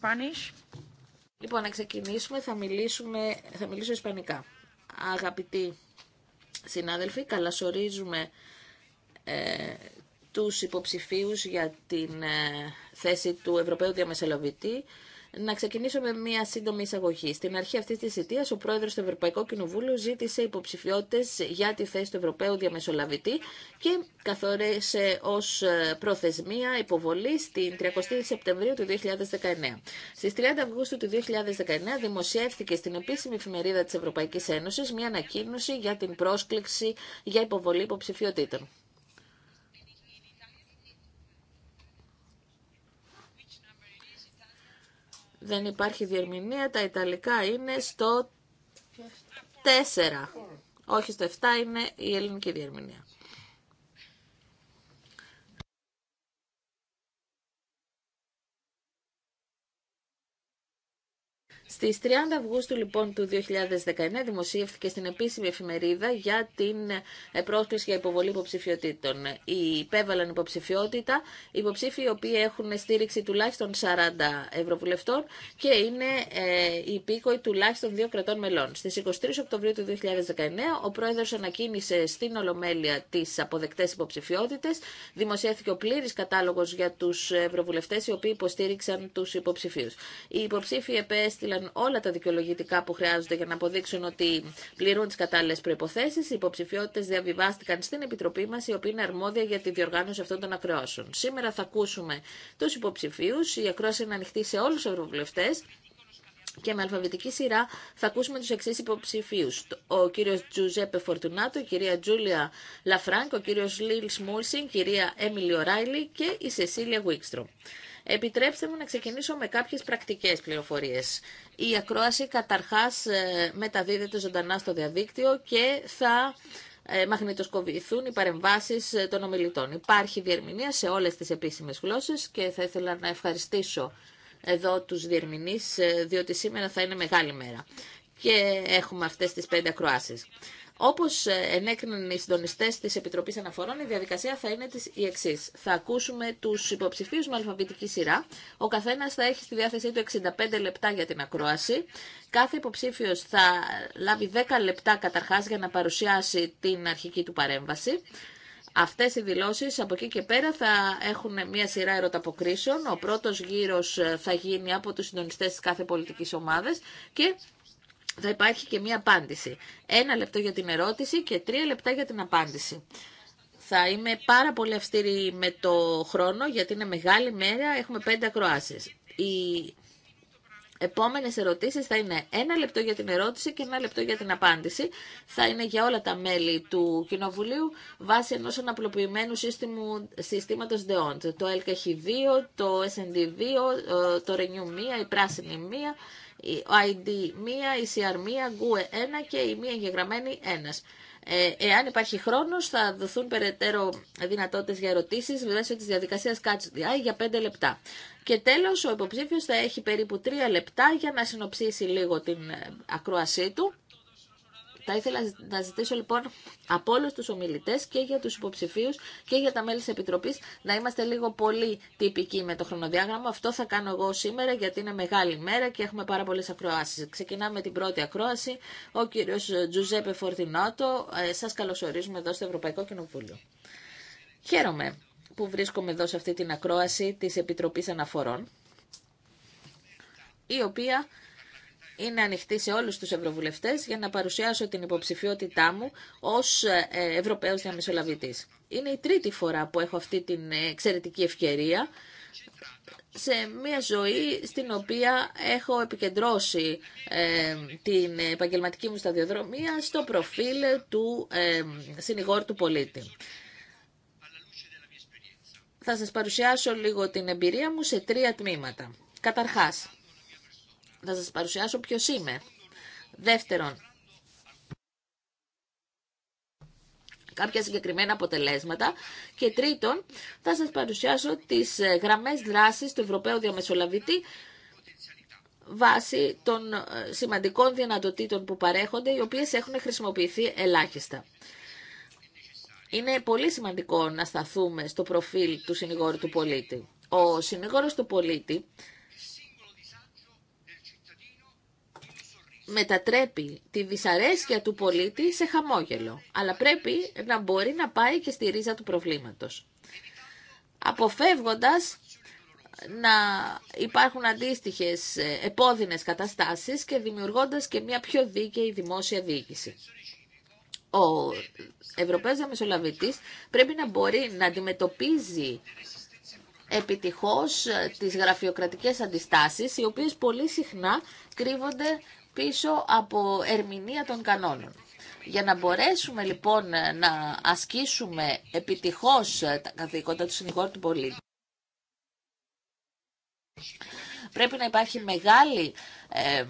Spanish. Λοιπόν, να ξεκινήσουμε. Θα, μιλήσουμε, θα μιλήσω ισπανικά. Αγαπητοί συνάδελφοι, καλασορίζουμε ε, τους υποψηφίους για την ε, θέση του Ευρωπαίου Διαμεσολαβητή να ξεκινήσω με μία σύντομη εισαγωγή. Στην αρχή αυτή τη θητεία, ο πρόεδρο του Ευρωπαϊκού Κοινοβούλου ζήτησε υποψηφιότητε για τη θέση του Ευρωπαίου Διαμεσολαβητή και καθόρισε ω ε, προθεσμία υποβολή στην 30 Σεπτεμβρίου του 2019. Στι 30 Αυγούστου του 2019 δημοσιεύθηκε στην επίσημη εφημερίδα τη Ευρωπαϊκή Ένωση μία ανακοίνωση για την πρόσκληση για υποβολή υποψηφιότητων. Δεν υπάρχει διερμηνία, τα Ιταλικά είναι στο 4. Όχι στο 7 είναι η ελληνική διερμηνία. Στις 30 Αυγούστου λοιπόν του 2019 δημοσίευθηκε στην επίσημη εφημερίδα για την ε, πρόσκληση για υποβολή υποψηφιότητων. Οι υπέβαλαν υποψηφιότητα, υποψήφοι οι οποίοι έχουν στήριξη τουλάχιστον 40 ευρωβουλευτών και είναι ε, υπήκοοι τουλάχιστον δύο κρατών μελών. Στις 23 Οκτωβρίου του 2019 ο πρόεδρος ανακοίνησε στην Ολομέλεια τις αποδεκτές υποψηφιότητες, δημοσιεύθηκε ο πλήρης κατάλογος για τους ευρωβουλευτέ οι οποίοι υποστήριξαν τους υποψηφίου. Οι υποψήφοι όλα τα δικαιολογητικά που χρειάζονται για να αποδείξουν ότι πληρούν τι κατάλληλε προποθέσει. Οι υποψηφιότητε διαβιβάστηκαν στην Επιτροπή μα, η οποία είναι αρμόδια για τη διοργάνωση αυτών των ακρεώσεων. Σήμερα θα ακούσουμε του υποψηφίου. Η ακρόαση είναι ανοιχτή σε όλου του ευρωβουλευτέ. Και με αλφαβητική σειρά θα ακούσουμε του εξή υποψηφίου, Ο κύριο Τζουζέπε Φορτουνάτο, η κυρία Τζούλια Λαφράνκ, ο κύριο Λίλ Σμούλσιν, η κυρία Έμιλι Οράιλι και η Σεσίλια Βίξτρομ. Επιτρέψτε μου να ξεκινήσω με κάποιες πρακτικές πληροφορίες. Η ακρόαση καταρχάς ε, μεταδίδεται ζωντανά στο διαδίκτυο και θα ε, μαγνητοσκοβηθούν οι παρεμβάσεις ε, των ομιλητών. Υπάρχει διερμηνία σε όλες τις επίσημες γλώσσες και θα ήθελα να ευχαριστήσω εδώ τους διερμηνείς, διότι σήμερα θα είναι μεγάλη μέρα. Και έχουμε αυτές τις πέντε ακροάσεις. Όπω ε, ενέκριναν οι συντονιστέ τη Επιτροπή Αναφορών, η διαδικασία θα είναι η εξή. Θα ακούσουμε του υποψηφίου με αλφαβητική σειρά. Ο καθένα θα έχει στη διάθεσή του 65 λεπτά για την ακρόαση. Κάθε υποψήφιο θα λάβει 10 λεπτά καταρχά για να παρουσιάσει την αρχική του παρέμβαση. Αυτές οι δηλώσει από εκεί και πέρα θα έχουν μια σειρά ερωταποκρίσεων. Ο πρώτο γύρο ε, θα γίνει από του συντονιστέ τη κάθε πολιτική ομάδα. και θα υπάρχει και μία απάντηση. Ένα λεπτό για την ερώτηση και τρία λεπτά για την απάντηση. Θα είμαι πάρα πολύ αυστηρή με το χρόνο, γιατί είναι μεγάλη μέρα, έχουμε πέντε ακροάσεις. Οι επόμενες ερωτήσεις θα είναι ένα λεπτό για την ερώτηση και ένα λεπτό για την απάντηση. Θα είναι για όλα τα μέλη του Κοινοβουλίου, βάσει ενός αναπλοποιημένου σύστημου, συστήματος ΔΕΟΝΤ. Το LKH2, το snd 2, ε, το Renew 1, η Πράσινη 1 η ID 1, η CR1, GUE 1 και η μία εγγεγραμμένη 1. Ε, εάν υπάρχει χρόνος θα δοθούν περαιτέρω δυνατότητες για ερωτήσεις Βέβαια της διαδικασίας Catch the Eye για 5 λεπτά. Και τέλος ο υποψήφιος θα έχει περίπου 3 λεπτά για να συνοψίσει λίγο την ε, ακρόασή του θα ήθελα να ζητήσω λοιπόν από όλου του ομιλητέ και για του υποψηφίου και για τα μέλη τη Επιτροπή να είμαστε λίγο πολύ τυπικοί με το χρονοδιάγραμμα. Αυτό θα κάνω εγώ σήμερα γιατί είναι μεγάλη μέρα και έχουμε πάρα πολλέ ακροάσει. Ξεκινάμε την πρώτη ακρόαση. Ο κύριο Τζουζέπε Φορτινάτο, ε, σα καλωσορίζουμε εδώ στο Ευρωπαϊκό Κοινοβούλιο. Χαίρομαι που βρίσκομαι εδώ σε αυτή την ακρόαση της Επιτροπής Αναφορών, η οποία είναι ανοιχτή σε όλους τους ευρωβουλευτές για να παρουσιάσω την υποψηφιότητά μου ως ε, Ευρωπαίος Διαμεσολαβητής. Είναι η τρίτη φορά που έχω αυτή την εξαιρετική ευκαιρία σε μια ζωή στην οποία έχω επικεντρώσει ε, την επαγγελματική μου σταδιοδρομία στο προφίλ του ε, του πολίτη. Θα σας παρουσιάσω λίγο την εμπειρία μου σε τρία τμήματα. Καταρχάς, θα σας παρουσιάσω ποιος είμαι. Δεύτερον, κάποια συγκεκριμένα αποτελέσματα. Και τρίτον, θα σας παρουσιάσω τις ε, γραμμές δράσης του Ευρωπαίου Διαμεσολαβητή βάσει των ε, σημαντικών δυνατοτήτων που παρέχονται, οι οποίες έχουν χρησιμοποιηθεί ελάχιστα. Είναι πολύ σημαντικό να σταθούμε στο προφίλ του συνηγόρου του πολίτη. Ο συνηγόρος του πολίτη μετατρέπει τη δυσαρέσκεια του πολίτη σε χαμόγελο. Αλλά πρέπει να μπορεί να πάει και στη ρίζα του προβλήματος. Αποφεύγοντας να υπάρχουν αντίστοιχες ε, επώδυνες καταστάσεις και δημιουργώντας και μια πιο δίκαιη δημόσια διοίκηση. Ο Ευρωπαίος Διαμεσολαβητής πρέπει να μπορεί να αντιμετωπίζει επιτυχώς ε, τις γραφειοκρατικές αντιστάσεις, οι οποίες πολύ συχνά κρύβονται πίσω από ερμηνεία των κανόνων. Για να μπορέσουμε λοιπόν να ασκήσουμε επιτυχώς τα καθήκοντα του συνηγόρου του πολίτη, πρέπει να υπάρχει μεγάλη ε,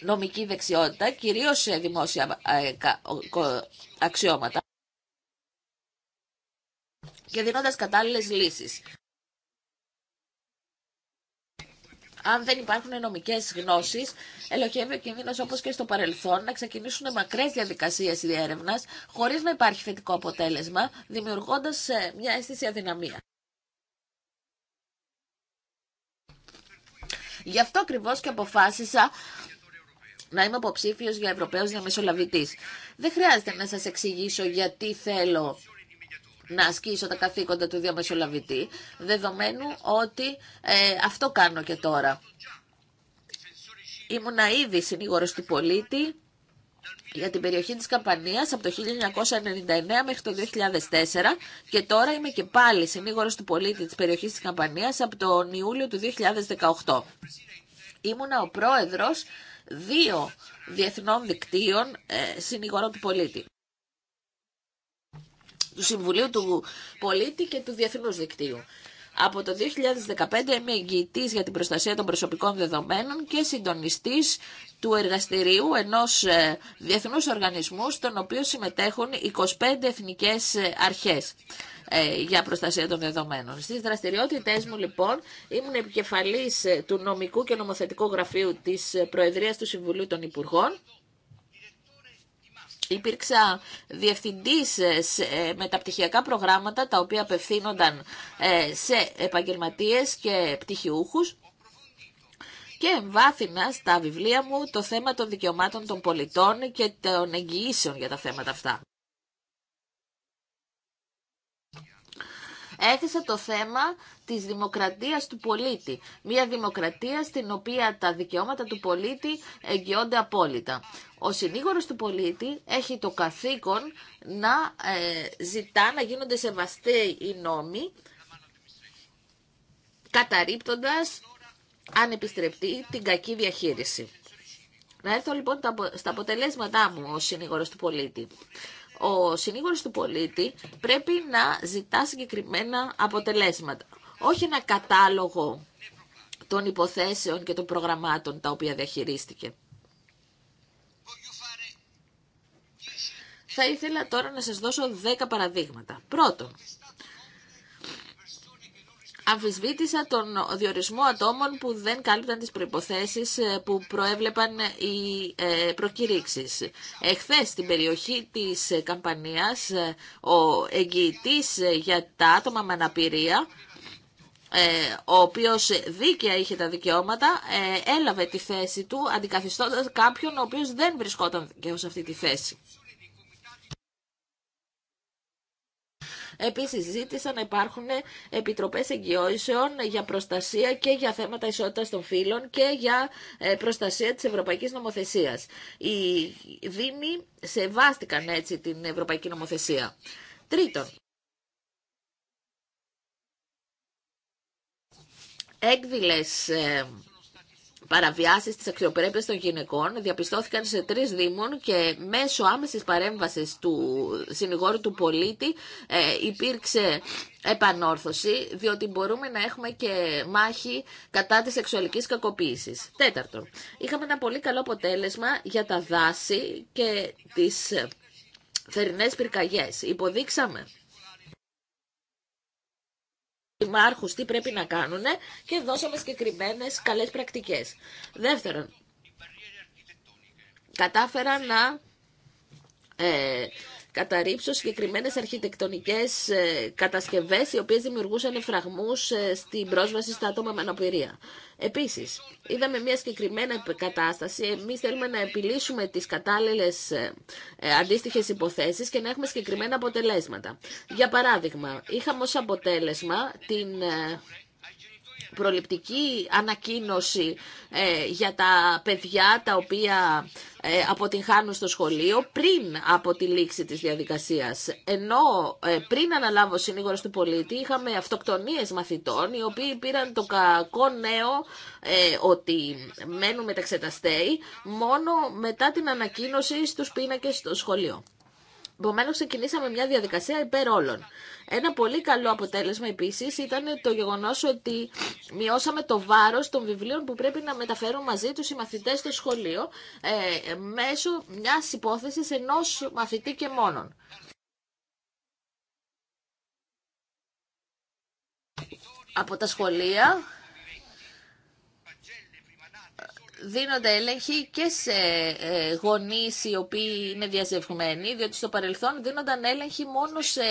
νομική δεξιότητα, κυρίως σε δημόσια ε, αξιώματα και δίνοντας κατάλληλες λύσεις. αν δεν υπάρχουν νομικέ γνώσει, ελοχεύει ο κίνδυνο όπω και στο παρελθόν να ξεκινήσουν μακρέ διαδικασίε διέρευνα χωρί να υπάρχει θετικό αποτέλεσμα, δημιουργώντα ε, μια αίσθηση αδυναμία. Γι' αυτό ακριβώ και αποφάσισα να είμαι υποψήφιο για Ευρωπαίο Διαμεσολαβητή. Δεν χρειάζεται να σα εξηγήσω γιατί θέλω να ασκήσω τα καθήκοντα του διαμεσολαβητή, δεδομένου ότι ε, αυτό κάνω και τώρα. Ήμουνα ήδη συνήγορος του πολίτη για την περιοχή της Καμπανίας από το 1999 μέχρι το 2004 και τώρα είμαι και πάλι συνήγορος του πολίτη της περιοχής της Καμπανίας από τον Ιούλιο του 2018. Ήμουνα ο πρόεδρος δύο διεθνών δικτύων ε, συνηγορών του πολίτη του Συμβουλίου του Πολίτη και του Διεθνούς Δικτύου. Από το 2015 είμαι εγγυητής για την προστασία των προσωπικών δεδομένων και συντονιστής του εργαστηρίου ενός ε, διεθνούς οργανισμού στον οποίο συμμετέχουν 25 εθνικές ε, αρχές ε, για προστασία των δεδομένων. Στις δραστηριότητές μου λοιπόν ήμουν επικεφαλής του νομικού και νομοθετικού γραφείου της Προεδρίας του Συμβουλίου των Υπουργών Υπήρξα διευθυντής τα ε, ε, μεταπτυχιακά προγράμματα τα οποία απευθύνονταν ε, σε επαγγελματίες και πτυχιούχους και εμβάθυνα στα βιβλία μου το θέμα των δικαιωμάτων των πολιτών και των εγγυήσεων για τα θέματα αυτά. έθεσα το θέμα της δημοκρατίας του πολίτη. Μια δημοκρατία στην οποία τα δικαιώματα του πολίτη εγγυώνται απόλυτα. Ο συνήγορος του πολίτη έχει το καθήκον να ε, ζητά να γίνονται σεβαστοί οι νόμοι, καταρρύπτοντας ανεπιστρεπτή την κακή διαχείριση. Να έρθω λοιπόν στα αποτελέσματά μου ως συνήγορος του πολίτη ο συνήγορος του πολίτη πρέπει να ζητά συγκεκριμένα αποτελέσματα. Όχι ένα κατάλογο των υποθέσεων και των προγραμμάτων τα οποία διαχειρίστηκε. Θα ήθελα τώρα να σας δώσω 10 παραδείγματα. Πρώτον, αμφισβήτησα τον διορισμό ατόμων που δεν κάλυπταν τις προϋποθέσεις ε, που προέβλεπαν οι ε, προκηρύξεις. Εχθές στην περιοχή της ε, Καμπανίας, ο εγγυητής για τα άτομα με αναπηρία, ο οποίος δίκαια είχε τα δικαιώματα, έλαβε τη θέση του αντικαθιστώντας κάποιον ο οποίος δεν βρισκόταν και σε αυτή τη θέση. Επίσης ζήτησαν να υπάρχουν επιτροπές εγκυώσεων για προστασία και για θέματα ισότητας των φύλων και για ε, προστασία της ευρωπαϊκής νομοθεσίας. Οι Δήμοι σεβάστηκαν έτσι την ευρωπαϊκή νομοθεσία. Τρίτον, έκδηλες ε, παραβιάσεις της αξιοπρέπειας των γυναικών διαπιστώθηκαν σε τρεις δήμων και μέσω άμεσης παρέμβασης του συνηγόρου του πολίτη ε, υπήρξε επανόρθωση, διότι μπορούμε να έχουμε και μάχη κατά της σεξουαλικής κακοποίησης. Τέταρτο, είχαμε ένα πολύ καλό αποτέλεσμα για τα δάση και τις θερινές πυρκαγιές. Υποδείξαμε δημάρχους τι πρέπει να κάνουν και δώσαμε συγκεκριμένε καλές πρακτικές. Δεύτερον, κατάφερα να ε, καταρρύψω συγκεκριμένες αρχιτεκτονικές ε, κατασκευές οι οποίες δημιουργούσαν φραγμούς ε, στην πρόσβαση στα άτομα με αναπηρία. Επίσης, είδαμε μια συγκεκριμένη κατάσταση. Εμείς θέλουμε να επιλύσουμε τις κατάλληλες ε, αντίστοιχες υποθέσεις και να έχουμε συγκεκριμένα αποτελέσματα. Για παράδειγμα, είχαμε ως αποτέλεσμα την προληπτική ανακοίνωση ε, για τα παιδιά τα οποία ε, αποτυγχάνουν στο σχολείο πριν από τη λήξη της διαδικασίας. Ενώ ε, πριν αναλάβω συνήγορος του πολίτη είχαμε αυτοκτονίες μαθητών οι οποίοι πήραν το κακό νέο ε, ότι μένουν μεταξεταστέοι μόνο μετά την ανακοίνωση στους πίνακες στο σχολείο. Επομένω, ξεκινήσαμε μια διαδικασία υπέρ όλων. Ένα πολύ καλό αποτέλεσμα επίση ήταν το γεγονό ότι μειώσαμε το βάρο των βιβλίων που πρέπει να μεταφέρουν μαζί του οι μαθητέ στο σχολείο ε, μέσω μια υπόθεση ενό μαθητή και μόνον. Από τα σχολεία δίνονται έλεγχοι και σε ε, γονεί οι οποίοι είναι διαζευγμένοι, διότι στο παρελθόν δίνονταν έλεγχοι μόνο σε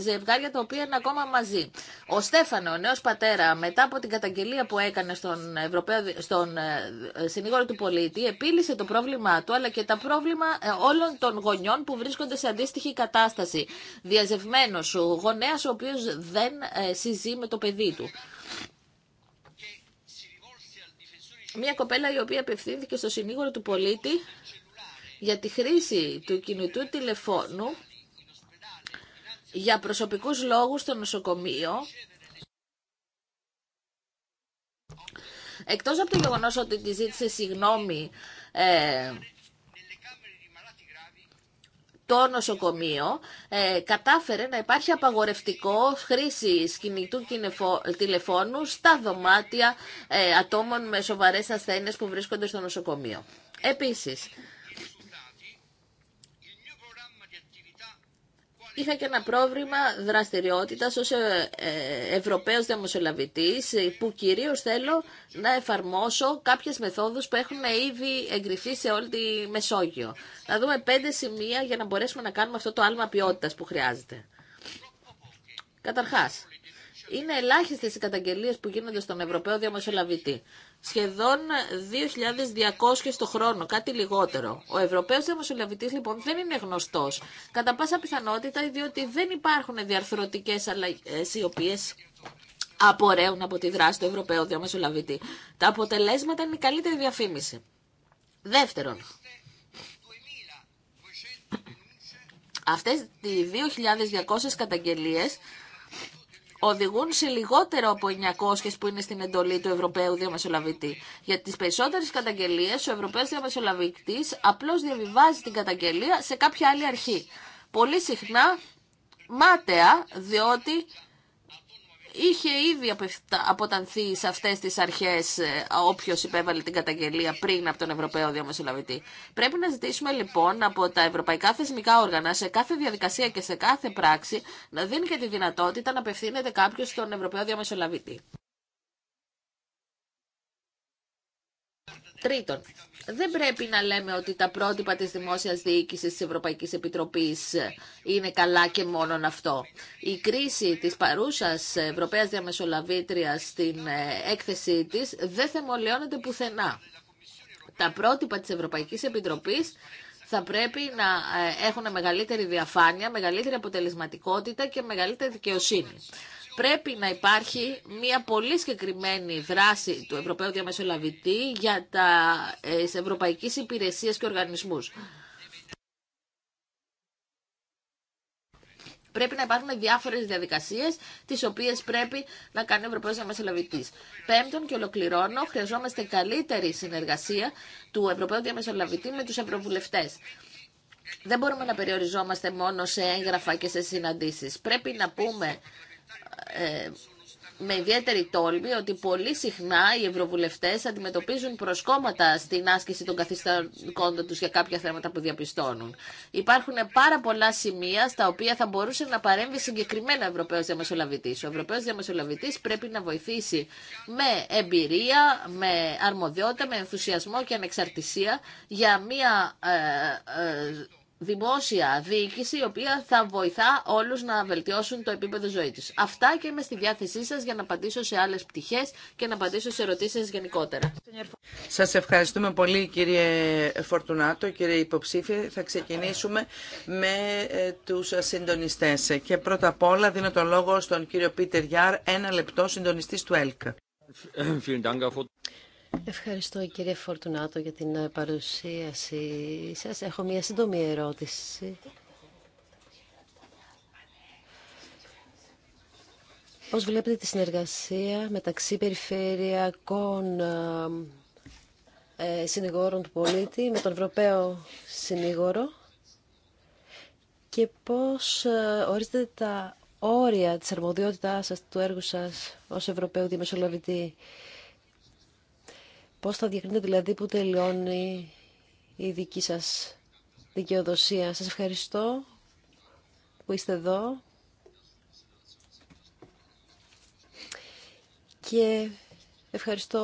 ζευγάρια τα οποία είναι ακόμα μαζί. Ο Στέφανο, ο νέος πατέρα, μετά από την καταγγελία που έκανε στον, Ευρωπαίο, στον ε, συνήγορο του πολίτη, επίλυσε το πρόβλημά του, αλλά και τα πρόβλημα ε, όλων των γονιών που βρίσκονται σε αντίστοιχη κατάσταση. Διαζευμένο, ο γονέας ο οποίο δεν συζεί με το παιδί του μια κοπέλα η οποία απευθύνθηκε στο συνήγορο του πολίτη για τη χρήση του κινητού τηλεφώνου για προσωπικούς λόγους στο νοσοκομείο εκτός από το γεγονός ότι τη ζήτησε συγγνώμη ε, το νοσοκομείο ε, κατάφερε να υπάρχει απαγορευτικό χρήση κινητού τηλεφώνου στα δωμάτια ε, ατόμων με σοβαρές ασθένειες που βρίσκονται στο νοσοκομείο. Επίσης, είχα και ένα πρόβλημα δραστηριότητας ως ε, ε, Ευρωπαίος Δημοσιολαβητής ε, που κυρίως θέλω να εφαρμόσω κάποιες μεθόδους που έχουν ήδη εγκριθεί σε όλη τη Μεσόγειο. Να δούμε πέντε σημεία για να μπορέσουμε να κάνουμε αυτό το άλμα ποιότητας που χρειάζεται. Καταρχάς, είναι ελάχιστες οι καταγγελίες που γίνονται στον Ευρωπαίο Διαμεσολαβητή σχεδόν 2.200 το χρόνο, κάτι λιγότερο. Ο Ευρωπαίος Δημοσιολαβητής λοιπόν δεν είναι γνωστός, κατά πάσα πιθανότητα διότι δεν υπάρχουν διαρθρωτικές αλλαγές ε, οι οποίες απορρέουν από τη δράση του Ευρωπαίου Διαμεσολαβητή. Τα αποτελέσματα είναι η καλύτερη διαφήμιση. Δεύτερον, αυτές οι 2.200 καταγγελίες οδηγούν σε λιγότερο από 900 που είναι στην εντολή του Ευρωπαίου Διαμεσολαβητή. Για τις περισσότερες καταγγελίες, ο Ευρωπαίος Διαμεσολαβητής απλώς διαβιβάζει την καταγγελία σε κάποια άλλη αρχή. Πολύ συχνά μάταια, διότι είχε ήδη αποτανθεί σε αυτές τις αρχές ε, όποιος υπέβαλε την καταγγελία πριν από τον Ευρωπαίο Διαμεσολαβητή. Πρέπει να ζητήσουμε λοιπόν από τα ευρωπαϊκά θεσμικά όργανα σε κάθε διαδικασία και σε κάθε πράξη να δίνει και τη δυνατότητα να απευθύνεται κάποιος στον Ευρωπαίο Διαμεσολαβητή. Τρίτον, δεν πρέπει να λέμε ότι τα πρότυπα της δημόσιας διοίκησης της Ευρωπαϊκής Επιτροπής είναι καλά και μόνο αυτό. Η κρίση της παρούσας Ευρωπαίας Διαμεσολαβήτριας στην ε, έκθεσή της δεν θεμολιώνεται πουθενά. Τα πρότυπα της Ευρωπαϊκής Επιτροπής θα πρέπει να ε, έχουν μεγαλύτερη διαφάνεια, μεγαλύτερη αποτελεσματικότητα και μεγαλύτερη δικαιοσύνη πρέπει να υπάρχει μια πολύ συγκεκριμένη δράση του Ευρωπαίου Διαμεσολαβητή για τα ε, ευρωπαϊκέ υπηρεσίες και οργανισμούς. Πρέπει να υπάρχουν διάφορε διαδικασίε, τι οποίε πρέπει να κάνει ο Ευρωπαίο Διαμεσολαβητή. Πέμπτον και ολοκληρώνω, χρειαζόμαστε καλύτερη συνεργασία του Ευρωπαίου Διαμεσολαβητή με του Ευρωβουλευτέ. Δεν μπορούμε να περιοριζόμαστε μόνο σε έγγραφα και σε συναντήσει. Πρέπει να πούμε ε, με ιδιαίτερη τόλμη ότι πολύ συχνά οι ευρωβουλευτέ αντιμετωπίζουν προσκόμματα στην άσκηση των καθιστών του για κάποια θέματα που διαπιστώνουν. Υπάρχουν πάρα πολλά σημεία στα οποία θα μπορούσε να παρέμβει συγκεκριμένα ο Ευρωπαίο Διαμεσολαβητή. Ο Ευρωπαίο Διαμεσολαβητή πρέπει να βοηθήσει με εμπειρία, με αρμοδιότητα, με ενθουσιασμό και ανεξαρτησία για μια. Ε, ε, δημόσια διοίκηση η οποία θα βοηθά όλους να βελτιώσουν το επίπεδο ζωής του. Αυτά και είμαι στη διάθεσή σας για να απαντήσω σε άλλες πτυχέ και να απαντήσω σε ερωτήσεις γενικότερα. Σας ευχαριστούμε πολύ κύριε Φορτουνάτο, κύριε υποψήφιε. Θα ξεκινήσουμε με τους συντονιστέ. Και πρώτα απ' όλα δίνω τον λόγο στον κύριο Πίτερ Γιάρ, ένα λεπτό συντονιστή του ΕΛΚ. Ευχαριστώ κύριε Φορτουνάτο για την ε, παρουσίαση σας. Έχω μια σύντομη ερώτηση. Πώς βλέπετε τη συνεργασία μεταξύ περιφερειακών ε, ε, συνηγόρων του πολίτη με τον Ευρωπαίο συνήγορο και πώς ορίζετε τα όρια της αρμοδιότητάς σας, του έργου σας ως Ευρωπαίου δημοσιολόγητη; Πώς θα διακρίνετε δηλαδή που τελειώνει η δική σας δικαιοδοσία. Σας ευχαριστώ που είστε εδώ. Και ευχαριστώ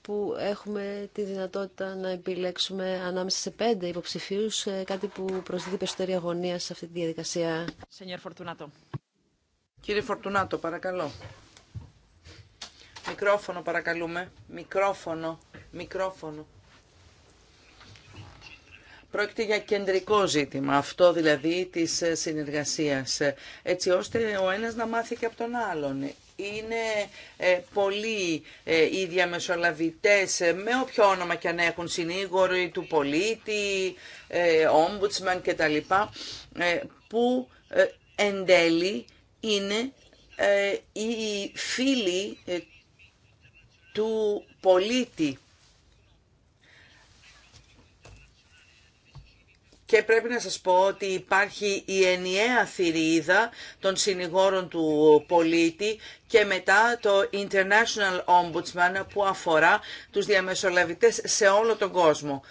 που έχουμε τη δυνατότητα να επιλέξουμε ανάμεσα σε πέντε υποψηφίους, ε, κάτι που προσδίδει περισσότερη αγωνία σε αυτή τη διαδικασία. Κύριε Φορτουνάτο, παρακαλώ. Μικρόφωνο παρακαλούμε. Μικρόφωνο. Μικρόφωνο. Πρόκειται για κεντρικό ζήτημα, αυτό δηλαδή της ε, συνεργασίας, έτσι ώστε ο ένας να μάθει και από τον άλλον. Είναι ε, πολλοί ε, οι διαμεσολαβητές, ε, με όποιο όνομα και αν έχουν, συνήγοροι του πολίτη, ε, τα κτλ, ε, που εν τέλει είναι οι φίλοι του πολίτη. Και πρέπει να σας πω ότι υπάρχει η ενιαία θηρίδα των συνηγόρων του πολίτη και μετά το International Ombudsman που αφορά τους διαμεσολαβητές σε όλο τον κόσμο.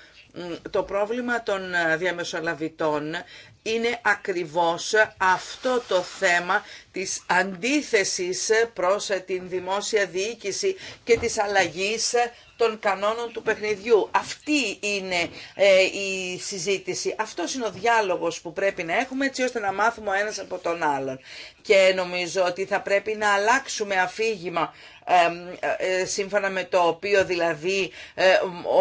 Το πρόβλημα των διαμεσολαβητών είναι ακριβώς αυτό το θέμα της αντίθεσης προς ε, την δημόσια διοίκηση και της αλλαγής ε, των κανόνων του παιχνιδιού. Αυτή είναι ε, η συζήτηση. Αυτό είναι ο διάλογος που πρέπει να έχουμε έτσι ώστε να μάθουμε ο ένας από τον άλλον. Και νομίζω ότι θα πρέπει να αλλάξουμε αφήγημα ε, ε, σύμφωνα με το οποίο δηλαδή ε,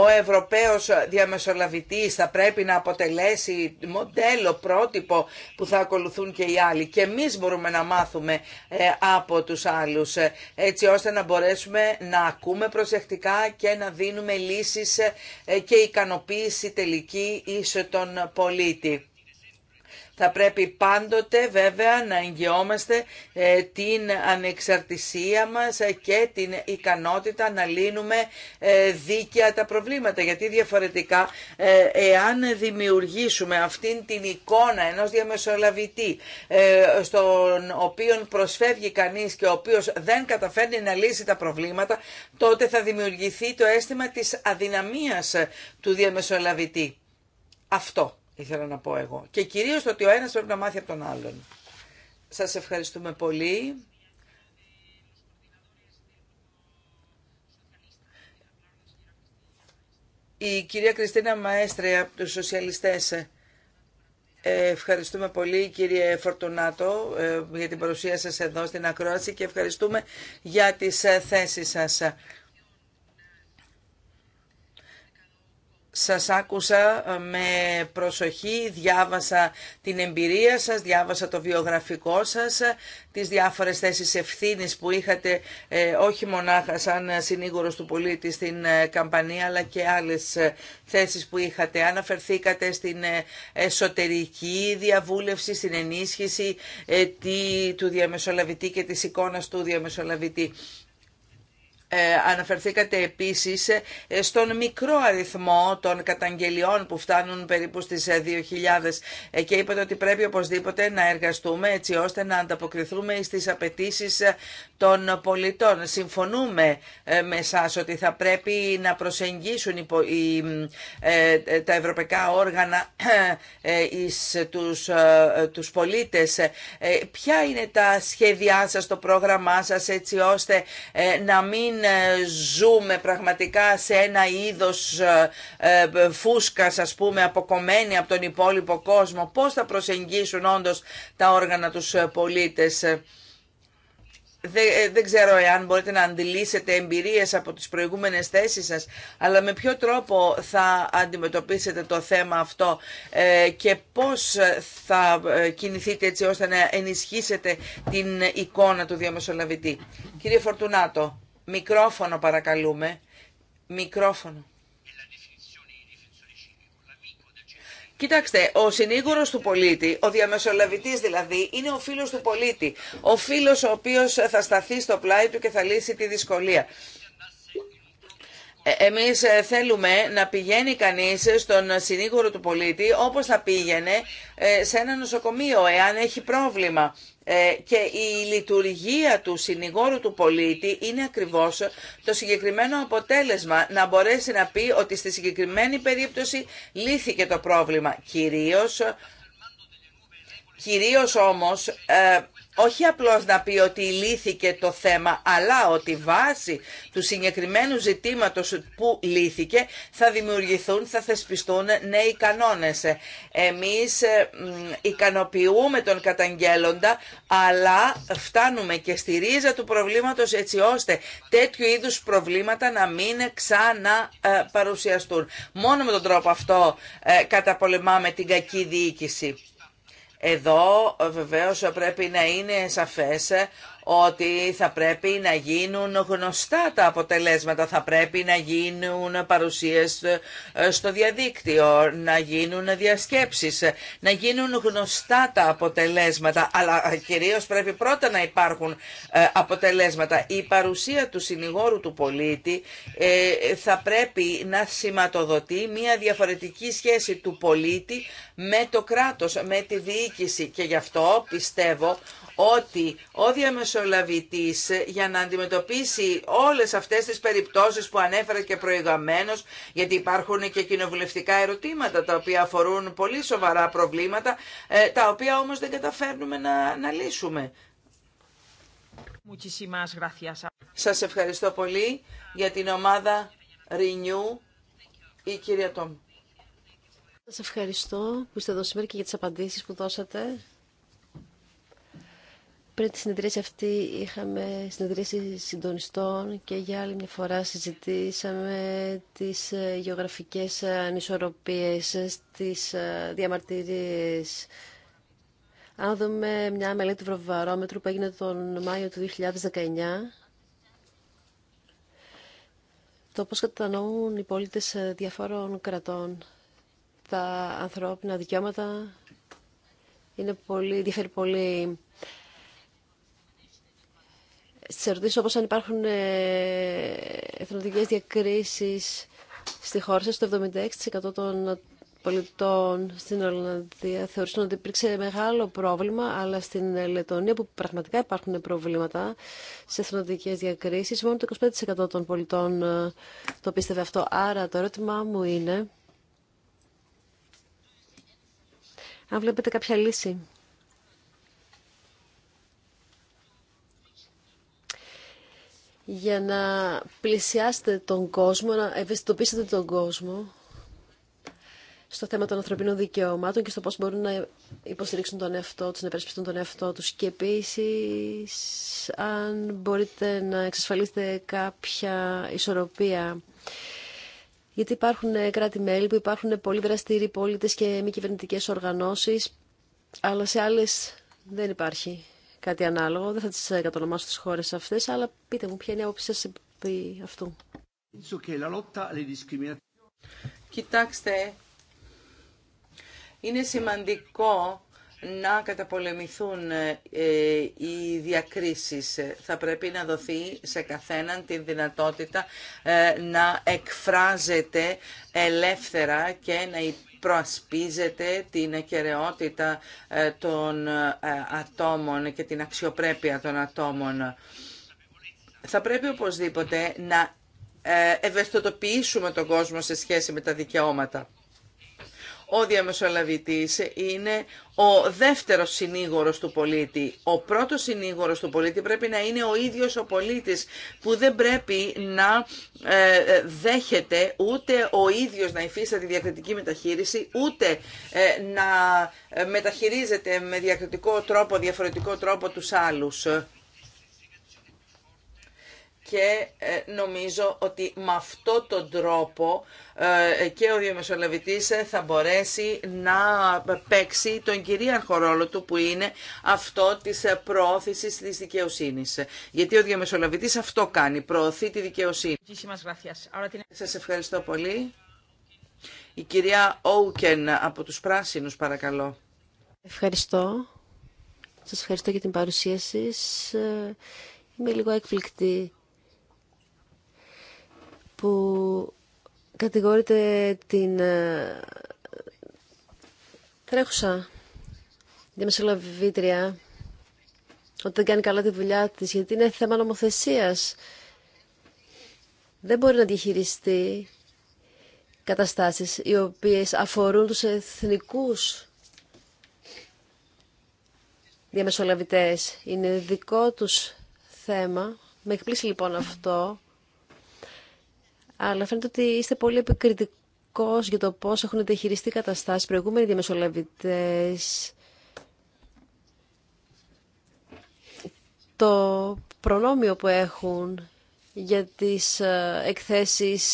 ο Ευρωπαίος διαμεσολαβητής θα πρέπει να αποτελέσει μοντέλο, πρότυπο που θα ακολουθούν και οι άλλοι. Και εμείς μπορούμε να μάθουμε από τους άλλους έτσι ώστε να μπορέσουμε να ακούμε προσεκτικά και να δίνουμε λύσεις και ικανοποίηση τελική εις τον πολίτη. Θα πρέπει πάντοτε βέβαια να εγγυόμαστε ε, την ανεξαρτησία μας και την ικανότητα να λύνουμε ε, δίκαια τα προβλήματα. Γιατί διαφορετικά ε, εάν δημιουργήσουμε αυτήν την εικόνα ενός διαμεσολαβητή στον οποίον προσφεύγει κανείς και ο οποίος δεν καταφέρνει να λύσει τα προβλήματα τότε θα δημιουργηθεί το αίσθημα της αδυναμίας του διαμεσολαβητή. Αυτό ήθελα να πω εγώ. Και κυρίως το ότι ο ένας πρέπει να μάθει από τον άλλον. Σας ευχαριστούμε πολύ. Η κυρία Κριστίνα Μαέστρε από τους Σοσιαλιστές. Ε, ευχαριστούμε πολύ κύριε Φορτουνάτο ε, για την παρουσία σας εδώ στην Ακρόαση και ευχαριστούμε για τις ε, θέσεις σας. σας άκουσα ε, με προσοχή, διάβασα την εμπειρία σας, διάβασα το βιογραφικό σας, ε, τις διάφορες θέσεις ευθύνης που είχατε ε, όχι μονάχα σαν συνήγορος του πολίτη στην καμπανία αλλά και άλλες θέσεις που είχατε. Αναφερθήκατε στην εσωτερική διαβούλευση, στην ενίσχυση του διαμεσολαβητή και της εικόνας του διαμεσολαβητή. Ε, αναφερθήκατε επίσης ε, στον μικρό αριθμό των καταγγελιών που φτάνουν περίπου στις 2.000 ε, και είπατε ότι πρέπει οπωσδήποτε να εργαστούμε έτσι ώστε να ανταποκριθούμε στις απαιτήσει των πολιτών. Συμφωνούμε με εσά ότι θα πρέπει να προσεγγίσουν τα ευρωπαϊκά όργανα εις τους, τους πολίτες. Ποια είναι τα σχέδιά σας, το πρόγραμμά σας έτσι ώστε να μην ε, ζούμε πραγματικά σε ένα είδος ε, ε, φούσκας ας πούμε αποκομμένη από τον υπόλοιπο κόσμο. Πώς θα προσεγγίσουν όντως τα όργανα τους πολίτες. Δεν, ξέρω εάν μπορείτε να αντιλήσετε εμπειρίες από τις προηγούμενες θέσεις σας, αλλά με ποιο τρόπο θα αντιμετωπίσετε το θέμα αυτό και πώς θα κινηθείτε έτσι ώστε να ενισχύσετε την εικόνα του διαμεσολαβητή. Κύριε Φορτουνάτο. Μικρόφωνο παρακαλούμε. Μικρόφωνο. Κοιτάξτε, ο συνήγορο του πολίτη, ο διαμεσολαβητή δηλαδή, είναι ο φίλο του πολίτη. Ο φίλο ο οποίο θα σταθεί στο πλάι του και θα λύσει τη δυσκολία. Ε, εμείς ε, θέλουμε να πηγαίνει κανεί στον συνήγορο του πολίτη όπως θα πήγαινε ε, σε ένα νοσοκομείο εάν έχει πρόβλημα. Ε, και η λειτουργία του συνηγόρου του πολίτη είναι ακριβώς το συγκεκριμένο αποτέλεσμα να μπορέσει να πει ότι στη συγκεκριμένη περίπτωση λύθηκε το πρόβλημα. Κυρίως, κυρίως όμως ε, όχι απλώς να πει ότι λύθηκε το θέμα, αλλά ότι βάσει του συγκεκριμένου ζητήματος που λύθηκε θα δημιουργηθούν, θα θεσπιστούν νέοι κανόνες. Εμείς ε, ικανοποιούμε τον καταγγέλλοντα, αλλά φτάνουμε και στη ρίζα του προβλήματος έτσι ώστε τέτοιου είδους προβλήματα να μην ξαναπαρουσιαστούν. Μόνο με τον τρόπο αυτό ε, καταπολεμάμε την κακή διοίκηση. Εδώ ε, βεβαίως πρέπει να είναι σαφές ε, ότι θα πρέπει να γίνουν γνωστά τα αποτελέσματα, θα πρέπει να γίνουν παρουσίες ε, στο διαδίκτυο, να γίνουν διασκέψεις, να γίνουν γνωστά τα αποτελέσματα, αλλά κυρίως πρέπει πρώτα να υπάρχουν αποτελέσματα. Η παρουσία του συνηγόρου του πολίτη θα πρέπει να σηματοδοτεί μια διαφορετική σχέση του πολίτη με το κράτος, με τη διοίκηση και γι' αυτό πιστεύω ότι ο διαμεσολαβητής για να αντιμετωπίσει όλες αυτές τις περιπτώσεις που ανέφερα και προηγουμένως, γιατί υπάρχουν και κοινοβουλευτικά ερωτήματα τα οποία αφορούν πολύ σοβαρά προβλήματα, ε, τα οποία όμως δεν καταφέρνουμε να, να λύσουμε. Σας ευχαριστώ πολύ για την ομάδα Renew, η κυρία Τόμ. Σας ευχαριστώ που είστε εδώ σήμερα και για τις απαντήσεις που δώσατε. Πριν τη συνεδρίαση αυτή είχαμε συνεδρίαση συντονιστών και για άλλη μια φορά συζητήσαμε τις ε, γεωγραφικές ανισορροπίες, τις ε, διαμαρτυρίες. Αν δούμε μια μελέτη του Ευρωβαρόμετρου που έγινε τον Μάιο του 2019, το πώς κατανοούν οι πολίτες ε, διαφόρων κρατών τα ανθρώπινα δικαιώματα είναι πολύ, διαφέρει πολύ Στι ερωτήσει, όπω αν υπάρχουν ε, εθνοτικέ διακρίσει στη χώρα σα, το 76% των πολιτών στην Ολλανδία θεωρούσαν ότι υπήρξε μεγάλο πρόβλημα, αλλά στην Λετωνία που πραγματικά υπάρχουν προβλήματα σε εθνοτικέ διακρίσει, μόνο το 25% των πολιτών ε, το πίστευε αυτό. Άρα το ερώτημά μου είναι αν βλέπετε κάποια λύση. Για να πλησιάσετε τον κόσμο, να ευαισθητοποιήσετε τον κόσμο στο θέμα των ανθρωπίνων δικαιωμάτων και στο πώς μπορούν να υποστηρίξουν τον εαυτό τους, να υπερασπιστούν τον εαυτό τους. Και επίση αν μπορείτε να εξασφαλίσετε κάποια ισορροπία γιατί υπάρχουν ε, κράτη-μέλη που υπάρχουν πολύ δραστήριοι πολίτες και μη κυβερνητικέ οργανώσεις, αλλά σε άλλες δεν υπάρχει κάτι ανάλογο. Δεν θα τις ε, κατονομάσω τις χώρες αυτές, αλλά πείτε μου ποια είναι η άποψη σας επί αυτού. Κοιτάξτε, είναι σημαντικό να καταπολεμηθούν ε, οι διακρίσεις. Θα πρέπει να δοθεί σε καθέναν την δυνατότητα ε, να εκφράζεται ελεύθερα και να προασπίζεται την κεραιότητα ε, των ατόμων και την αξιοπρέπεια των ατόμων. Θα πρέπει οπωσδήποτε να ευαισθητοποιήσουμε τον κόσμο σε σχέση με τα δικαιώματα. Ο διαμεσολαβητής είναι ο δεύτερος συνήγορος του πολίτη. Ο πρώτος συνήγορος του πολίτη πρέπει να είναι ο ίδιος ο πολίτης που δεν πρέπει να ε, δέχεται ούτε ο ίδιος να υφίσταται διακριτική μεταχείριση, ούτε ε, να μεταχειρίζεται με διακριτικό τρόπο, διαφορετικό τρόπο τους άλλους και ε, νομίζω ότι με αυτό τον τρόπο ε, και ο διαμεσολαβητής ε, θα μπορέσει να παίξει τον κυρίαρχο ρόλο του που είναι αυτό της προώθησης της δικαιοσύνης. Γιατί ο διαμεσολαβητής αυτό κάνει, προωθεί τη δικαιοσύνη. Σας ευχαριστώ πολύ. Η κυρία Όουκεν από τους Πράσινους παρακαλώ. Ευχαριστώ. Σας ευχαριστώ για την παρουσίαση. Είμαι λίγο έκπληκτη που κατηγορείται την ε, τρέχουσα διαμεσολαβήτρια ότι δεν κάνει καλά τη δουλειά της, γιατί είναι θέμα νομοθεσίας. Δεν μπορεί να διαχειριστεί καταστάσεις οι οποίες αφορούν τους εθνικούς διαμεσολαβητές. Είναι δικό τους θέμα. Με εκπλήσει λοιπόν αυτό αλλά φαίνεται ότι είστε πολύ επικριτικός για το πώς έχουν διαχειριστεί καταστάσεις προηγούμενοι διαμεσολαβητές. Το προνόμιο που έχουν για τις ε, εκθέσεις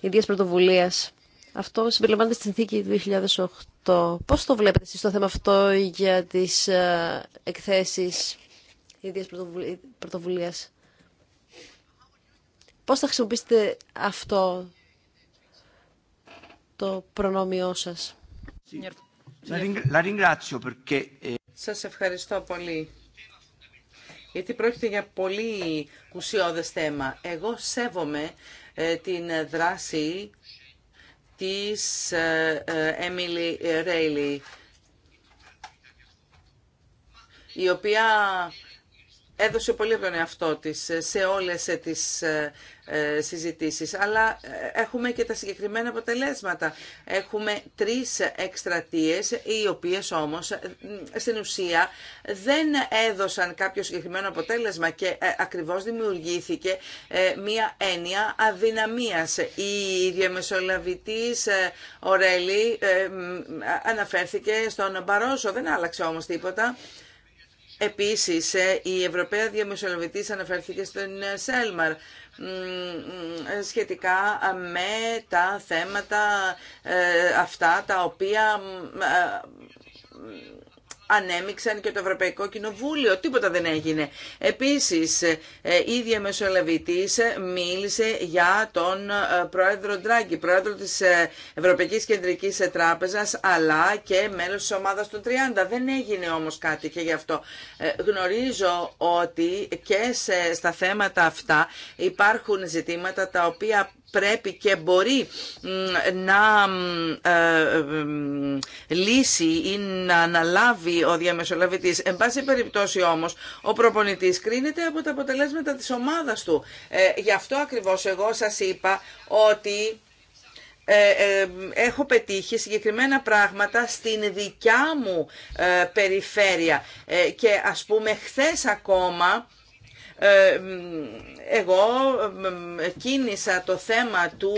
ιδίας πρωτοβουλίας. Αυτό συμπεριλαμβάνεται στην θήκη του 2008. Πώς το βλέπετε εσείς το θέμα αυτό για τις ε, εκθέσεις ιδίας πρωτοβουλίας. Πώς θα χρησιμοποιήσετε αυτό το προνόμιό σας. Ε, σας ευχαριστώ πολύ. Γιατί πρόκειται για πολύ ουσιώδες θέμα. Εγώ σέβομαι ε, την δράση της Έμιλι ε, Ρέιλι, η οποία έδωσε πολύ από τον εαυτό της σε όλες τις ε, ε, συζητήσεις. Αλλά ε, έχουμε και τα συγκεκριμένα αποτελέσματα. Έχουμε τρεις εκστρατείες, οι οποίες όμως στην ουσία δεν έδωσαν κάποιο συγκεκριμένο αποτέλεσμα και ακριβώς δημιουργήθηκε μία έννοια αδυναμίας. Η διαμεσολαβητής Ορέλη αναφέρθηκε στον Μπαρόσο, δεν άλλαξε όμως τίποτα. Επίσης, ε, η Ευρωπαία Διαμεσολαβητής αναφερθήκε στον ε, Σέλμαρ ε, σχετικά με τα θέματα αυτά τα οποία ανέμειξαν και το Ευρωπαϊκό Κοινοβούλιο. Τίποτα δεν έγινε. Επίσης, ε, η Μεσολαβητής μίλησε για τον ε, πρόεδρο Ντράγκη, πρόεδρο της ε, Ευρωπαϊκής Κεντρικής Τράπεζας, αλλά και μέλος της ομάδας των 30. Δεν έγινε όμως κάτι και γι' αυτό. Γνωρίζω ότι και στα θέματα αυτά υπάρχουν ζητήματα τα οποία πρέπει και μπορεί να ε, ε, λύσει ή να αναλάβει ο διαμεσολαβητής. Εν πάση περιπτώσει όμως, ο προπονητής κρίνεται από τα αποτελέσματα της ομάδας του. Ε, γι' αυτό ακριβώς εγώ σας είπα ότι... έχω πετύχει συγκεκριμένα πράγματα στην δικιά μου περιφέρεια και ας πούμε χθες ακόμα ε, εγώ κίνησα το θέμα του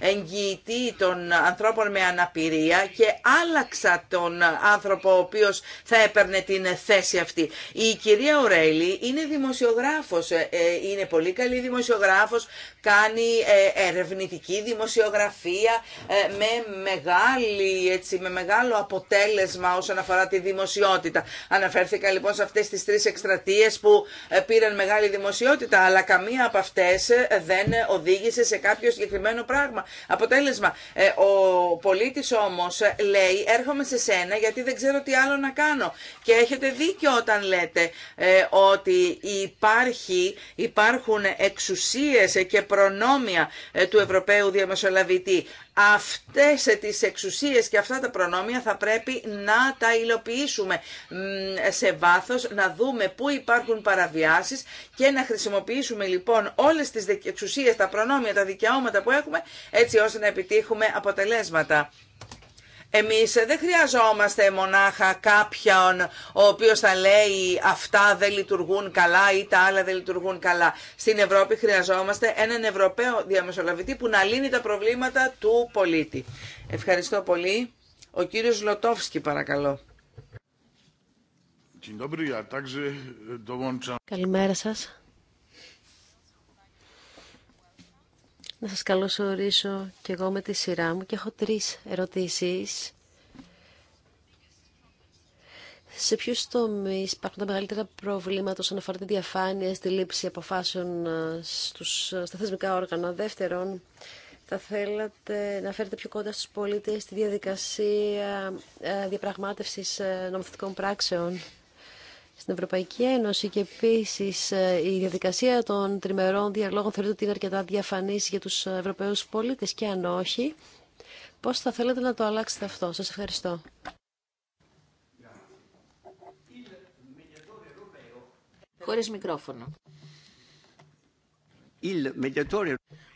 εγγυητή των ανθρώπων με αναπηρία και άλλαξα τον άνθρωπο ο οποίος θα έπαιρνε την θέση αυτή. Η κυρία Ορέλη είναι δημοσιογράφος, ε, ε, είναι πολύ καλή δημοσιογράφος, κάνει ερευνητική δημοσιογραφία με, μεγάλη, έτσι, με μεγάλο αποτέλεσμα όσον αφορά τη δημοσιότητα. Αναφέρθηκα λοιπόν σε αυτές τις τρεις εκστρατείες που πήραν μεγάλη μεγάλη δημοσιότητα, αλλά καμία από αυτέ ε, δεν οδήγησε σε κάποιο συγκεκριμένο πράγμα. Αποτέλεσμα, ε, ο πολίτη όμω ε, λέει έρχομαι σε σένα γιατί δεν ξέρω τι άλλο να κάνω. Και έχετε δίκιο όταν λέτε ότι υπάρχει, υπάρχουν εξουσίε και προνόμια του Ευρωπαίου Διαμεσολαβητή αυτές τις εξουσίες και αυτά τα προνόμια θα πρέπει να τα υλοποιήσουμε σε βάθος, να δούμε πού υπάρχουν παραβιάσεις και να χρησιμοποιήσουμε λοιπόν όλες τις εξουσίες, τα προνόμια, τα δικαιώματα που έχουμε έτσι ώστε να επιτύχουμε αποτελέσματα. Εμείς δεν χρειαζόμαστε μονάχα κάποιον ο οποίος θα λέει αυτά δεν λειτουργούν καλά ή τα άλλα δεν λειτουργούν καλά. Στην Ευρώπη χρειαζόμαστε έναν Ευρωπαίο διαμεσολαβητή που να λύνει τα προβλήματα του πολίτη. Ευχαριστώ πολύ. Ο κύριος Λοτόφσκι παρακαλώ. E, Καλημέρα σας. Να σας καλωσορίσω και εγώ με τη σειρά μου και έχω τρεις ερωτήσεις. Σε ποιους τομείς υπάρχουν τα μεγαλύτερα προβλήματα όσον αφορά τη διαφάνεια στη λήψη αποφάσεων ε, στους, στα θεσμικά όργανα. Δεύτερον, θα θέλατε να φέρετε πιο κοντά στους πολίτες τη διαδικασία ε, διαπραγμάτευσης ε, νομοθετικών πράξεων στην Ευρωπαϊκή Ένωση και επίση ε, η διαδικασία των τριμερών διαλόγων θεωρείται ότι είναι αρκετά διαφανή για του Ευρωπαίου πολίτε και αν όχι, πώ θα θέλετε να το αλλάξετε αυτό. Σα ευχαριστώ. Χωρίς μικρόφωνο.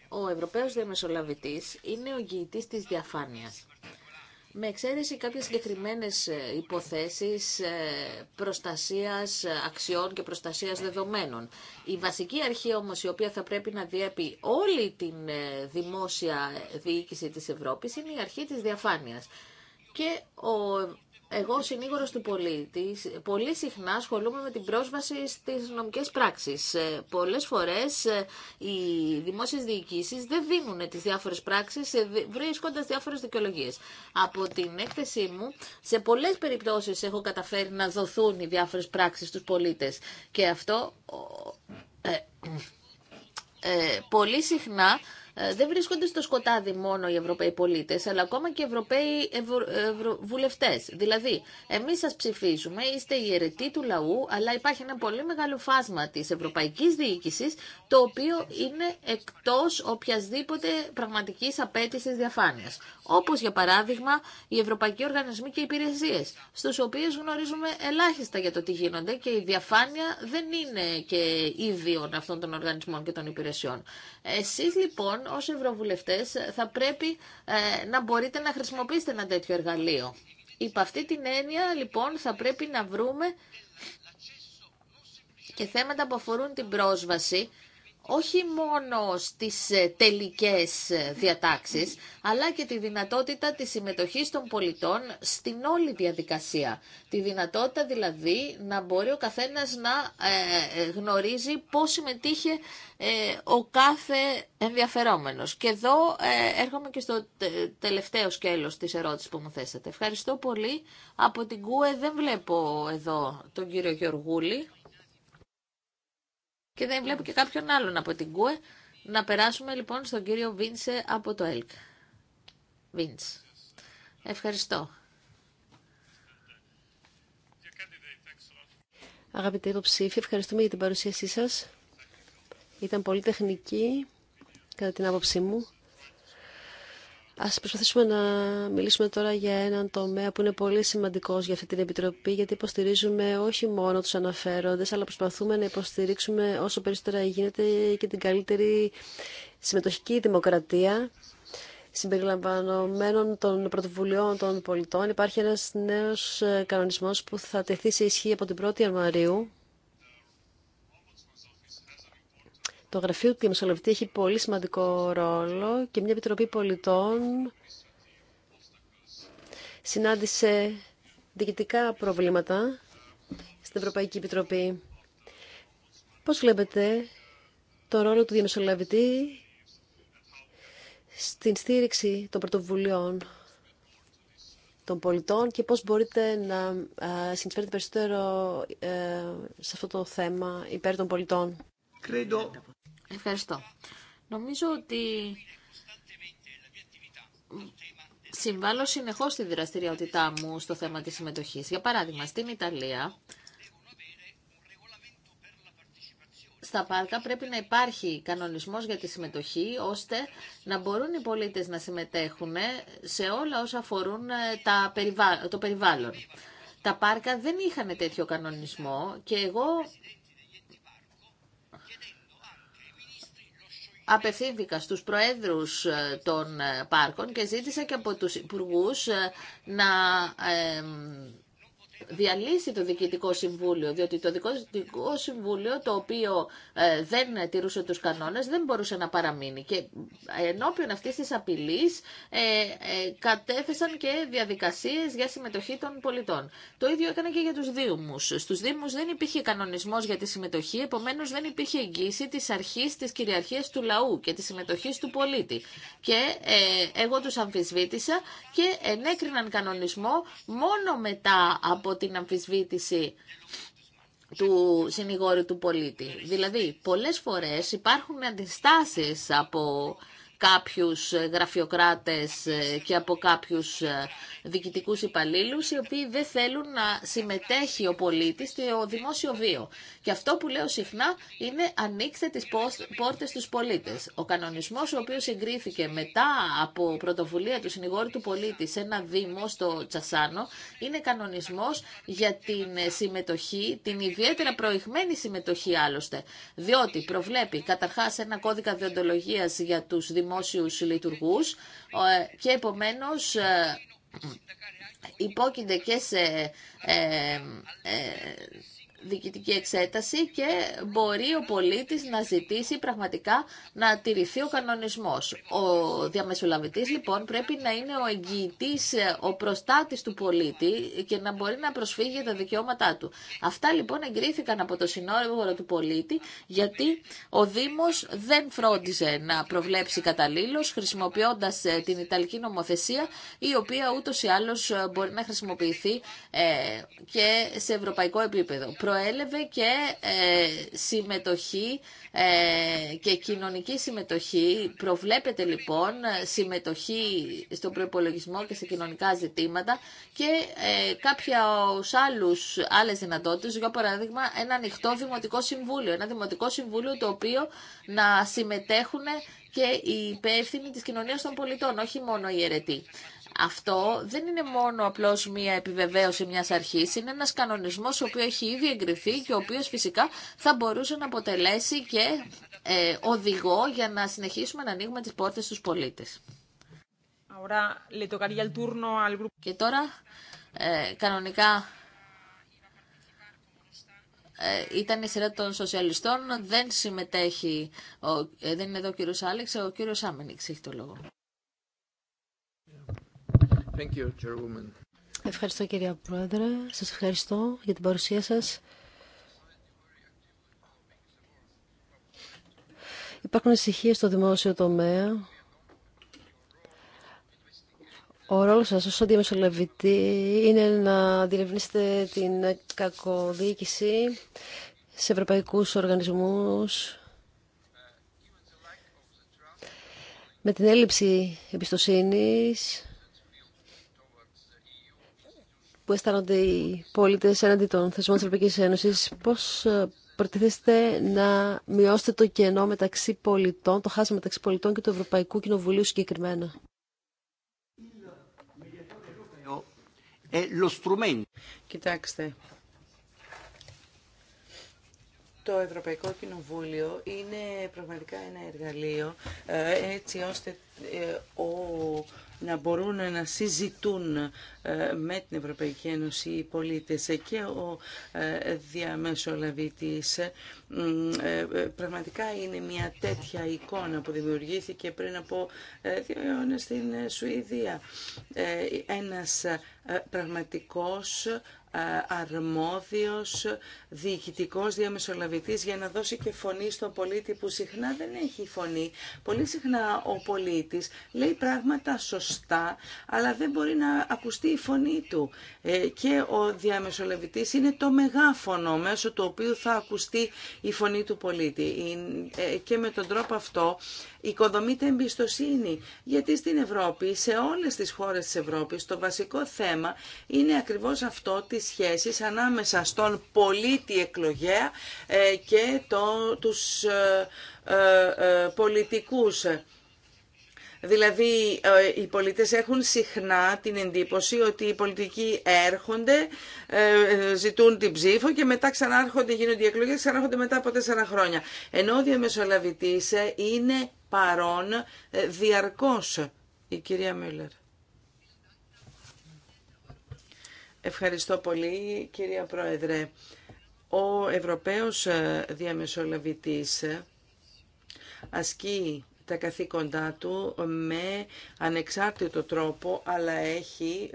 Ο Ευρωπαίος Διαμεσολαβητής είναι ο γητής της διαφάνειας με εξαίρεση κάποιες συγκεκριμένες ε, υποθέσεις ε, προστασίας ε, αξιών και προστασίας δεδομένων. Η βασική αρχή όμως η οποία θα πρέπει να διέπει όλη την δημόσια διοίκηση της Ευρώπης είναι η αρχή της διαφάνειας. Και ο εγώ συνήγορο του πολίτη πολύ συχνά ασχολούμαι με την πρόσβαση στι νομικές πράξει. Ε, πολλέ φορέ ε, οι δημόσιες διοικήσεις δεν δίνουν τις διάφορες πράξεις ε, βρίσκοντας διάφορες δικαιολογίε. Από την έκθεσή μου σε πολλέ περιπτώσεις έχω καταφέρει να δοθούν οι διάφορες πράξεις στου πολίτε. και αυτό πολύ συχνά ε, δεν βρίσκονται στο σκοτάδι μόνο οι Ευρωπαίοι πολίτε, αλλά ακόμα και οι Ευρωπαίοι βουλευτές. Δηλαδή, εμεί σα ψηφίζουμε, είστε οι αιρετοί του λαού, αλλά υπάρχει ένα πολύ μεγάλο φάσμα τη ευρωπαϊκή διοίκηση, το οποίο είναι εκτό οποιασδήποτε πραγματικής απέτηση διαφάνεια. Όπω για παράδειγμα οι ευρωπαϊκοί οργανισμοί και υπηρεσίε, στου οποίου γνωρίζουμε ελάχιστα για το τι γίνονται και η διαφάνεια δεν είναι και ίδιον αυτών των οργανισμών και των υπηρεσιών. Εσεί, λοιπόν ως ευρωβουλευτές θα πρέπει ε, να μπορείτε να χρησιμοποιήσετε ένα τέτοιο εργαλείο. Υπ' αυτή την έννοια, λοιπόν, θα πρέπει να βρούμε και θέματα που αφορούν την πρόσβαση όχι μόνο στις ε, τελικές ε, διατάξεις, αλλά και τη δυνατότητα της συμμετοχής των πολιτών στην όλη διαδικασία. Τη δυνατότητα δηλαδή να μπορεί ο καθένας να ε, γνωρίζει πώς συμμετείχε ο κάθε ενδιαφερόμενος. Και εδώ έρχομαι και στο τελευταίο σκέλος της ερώτησης που μου θέσατε. Ευχαριστώ πολύ. Από την ΚΟΕ δεν βλέπω εδώ τον κύριο Γεωργούλη και δεν βλέπω και κάποιον άλλον από την ΚΟΕ. Να περάσουμε λοιπόν στον κύριο Βίντσε από το ΕΛΚ. Βίντς. Ευχαριστώ. Αγαπητέ υποψήφοι, ευχαριστούμε για την παρουσίασή σας. Ήταν πολύ τεχνική, κατά την άποψή μου. Ας προσπαθήσουμε να μιλήσουμε τώρα για έναν τομέα που είναι πολύ σημαντικός για αυτή την Επιτροπή, γιατί υποστηρίζουμε όχι μόνο τους αναφέροντες, αλλά προσπαθούμε να υποστηρίξουμε όσο περισσότερα γίνεται και την καλύτερη συμμετοχική δημοκρατία συμπεριλαμβανομένων των πρωτοβουλειών των πολιτών. Υπάρχει ένας νέος ε, κανονισμός που θα τεθεί σε ισχύ από την 1η Ιανουαρίου Το γραφείο του διαμεσολαβητή έχει πολύ σημαντικό ρόλο και μια επιτροπή πολιτών συνάντησε διοικητικά προβλήματα στην Ευρωπαϊκή Επιτροπή. Πώς βλέπετε το ρόλο του διαμεσολαβητή στην στήριξη των πρωτοβουλειών των πολιτών και πώς μπορείτε να συνεισφέρετε περισσότερο ε, σε αυτό το θέμα υπέρ των πολιτών. Ευχαριστώ. Νομίζω ότι συμβάλλω συνεχώς στη δραστηριότητά μου στο θέμα της συμμετοχής. Για παράδειγμα, στην Ιταλία στα πάρκα πρέπει να υπάρχει κανονισμός για τη συμμετοχή, ώστε να μπορούν οι πολίτες να συμμετέχουν σε όλα όσα αφορούν ε, τα το περιβάλλον. Τα πάρκα δεν είχαν τέτοιο κανονισμό και εγώ απευθύνθηκα στους προέδρους ε, των ε, πάρκων και ζήτησα και από τους υπουργούς ε, να διαλύσει το Διοικητικό Συμβούλιο, διότι το Διοικητικό Συμβούλιο, το οποίο ε, δεν τηρούσε τους κανόνες, δεν μπορούσε να παραμείνει. Και ενώπιον αυτής της απειλής ε, ε, κατέθεσαν και διαδικασίες για συμμετοχή των πολιτών. Το ίδιο έκανε και για τους Δήμους. Στους Δήμους δεν υπήρχε κανονισμός για τη συμμετοχή, επομένως δεν υπήρχε εγγύηση της αρχής της κυριαρχίας του λαού και της συμμετοχής του πολίτη. Και ε, εγώ τους αμφισβήτησα και ενέκριναν κανονισμό μόνο μετά από από την αμφισβήτηση του συνηγόρου του πολίτη. Δηλαδή, πολλές φορές υπάρχουν αντιστάσεις από κάποιους ε, γραφειοκράτες ε, και από κάποιους ε, διοικητικούς υπαλλήλου, οι οποίοι δεν θέλουν να συμμετέχει ο πολίτης στο δημόσιο βίο. Και αυτό που λέω συχνά είναι ανοίξτε τις πόρτες στους πολίτες. Ο κανονισμός ο οποίος εγκρίθηκε μετά από πρωτοβουλία του συνηγόρου του πολίτη σε ένα δήμο στο Τσασάνο είναι κανονισμός για την συμμετοχή, την ιδιαίτερα προηγμένη συμμετοχή άλλωστε. Διότι προβλέπει καταρχάς ένα κώδικα διοντολογίας για τους δημοσιογράφους δημόσιους λειτουργούς ε, και επομένως ε, υπόκεινται και σε ε, ε, διοικητική εξέταση και μπορεί ο πολίτης να ζητήσει πραγματικά να τηρηθεί ο κανονισμός. Ο διαμεσολαβητής λοιπόν πρέπει να είναι ο εγγυητής, ο προστάτης του πολίτη και να μπορεί να προσφύγει για τα δικαιώματά του. Αυτά λοιπόν εγκρίθηκαν από το συνόργο του πολίτη γιατί ο Δήμος δεν φρόντιζε να προβλέψει καταλήλως χρησιμοποιώντας ε, την Ιταλική νομοθεσία η οποία ούτως ή άλλως ε, μπορεί να χρησιμοποιηθεί ε, και σε ευρωπαϊκό επίπεδο προέλευε και ε, συμμετοχή ε, και κοινωνική συμμετοχή. Προβλέπεται λοιπόν συμμετοχή στον προπολογισμό και σε κοινωνικά ζητήματα και ε, κάποια άλλους, άλλες δυνατότητες, για παράδειγμα ένα ανοιχτό δημοτικό συμβούλιο, ένα δημοτικό συμβούλιο το οποίο να συμμετέχουν και οι υπεύθυνοι της κοινωνίας των πολιτών, όχι μόνο οι αιρετοί. Αυτό δεν είναι μόνο απλώς μία επιβεβαίωση μιας αρχής, είναι ένας κανονισμός ο οποίος έχει ήδη εγκριθεί και ο οποίος φυσικά θα μπορούσε να αποτελέσει και ε, οδηγό για να συνεχίσουμε να ανοίγουμε τις πόρτες στους πολίτες. Και τώρα ε, κανονικά ε, ήταν η σειρά των σοσιαλιστών. Δεν συμμετέχει, ο, δεν είναι εδώ ο κύριος Άλεξ, ο κύριος Άμενιξ έχει το λόγο. Ευχαριστώ κυρία Πρόεδρε. Σας ευχαριστώ για την παρουσία σας. Υπάρχουν ησυχίες στο δημόσιο τομέα. Ο ρόλος σας ως διαμεσολαβητή είναι να διερευνήσετε την κακοδιοίκηση σε ευρωπαϊκούς οργανισμούς με την έλλειψη εμπιστοσύνης που αισθάνονται οι πολίτε έναντι των θεσμών τη Ευρωπαϊκή Ένωση, Πώς ε, προτίθεστε να μειώσετε το κενό μεταξύ πολιτών, το χάσμα μεταξύ πολιτών και του Ευρωπαϊκού Κοινοβουλίου συγκεκριμένα. Ε, Κοιτάξτε, το Ευρωπαϊκό Κοινοβούλιο είναι πραγματικά ένα εργαλείο ε, έτσι ώστε ο να μπορούν να συζητούν ε, με την Ευρωπαϊκή Ένωση οι πολίτες και ο ε, διαμεσολαβητής ε, πραγματικά είναι μια τέτοια εικόνα που δημιουργήθηκε πριν από δύο αιώνες στην Σουηδία. Ένας πραγματικός αρμόδιος διοικητικός διαμεσολαβητής για να δώσει και φωνή στον πολίτη που συχνά δεν έχει φωνή. Πολύ συχνά ο πολίτης λέει πράγματα σωστά αλλά δεν μπορεί να ακουστεί η φωνή του. Ε, και ο διαμεσολαβητής είναι το μεγάφωνο μέσω του οποίου θα ακουστεί η φωνή του πολίτη. Ε, και με τον τρόπο αυτό οικοδομείται εμπιστοσύνη. Γιατί στην Ευρώπη, σε όλες τις χώρες της Ευρώπης, το βασικό θέμα είναι ακριβώς αυτό της σχέσεις ανάμεσα στον πολίτη εκλογέα ε, και το, τους πολιτικούς. Δηλαδή ε, οι πολίτες έχουν συχνά την εντύπωση ότι οι πολιτικοί έρχονται, ε, ζητούν την ψήφο και μετά ξανάρχονται, γίνονται οι εκλογές, ξανάρχονται μετά από τέσσερα χρόνια. Ενώ ο διαμεσολαβητής ε, είναι παρόν διαρκώς. Η κυρία Μίλλερ. Ευχαριστώ πολύ κυρία Πρόεδρε. Ο Ευρωπαίος διαμεσολαβητής ασκεί τα καθήκοντά του με ανεξάρτητο τρόπο, αλλά έχει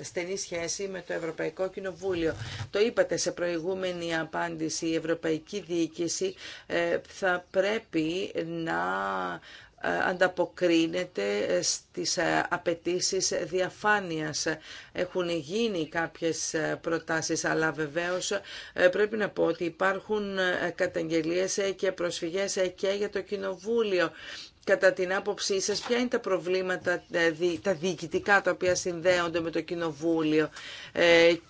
στενή σχέση με το Ευρωπαϊκό Κοινοβούλιο. Το είπατε σε προηγούμενη απάντηση, η Ευρωπαϊκή Διοίκηση ε, θα πρέπει να ε, ανταποκρίνεται ε, στις ε, απαιτήσεις διαφάνειας. Έχουν γίνει κάποιες προτάσεις, αλλά βεβαίως πρέπει να πω ότι υπάρχουν καταγγελίες και προσφυγές και για το Κοινοβούλιο. Κατά την άποψή σας, ποια είναι τα προβλήματα, τα διοικητικά τα οποία συνδέονται με το Κοινοβούλιο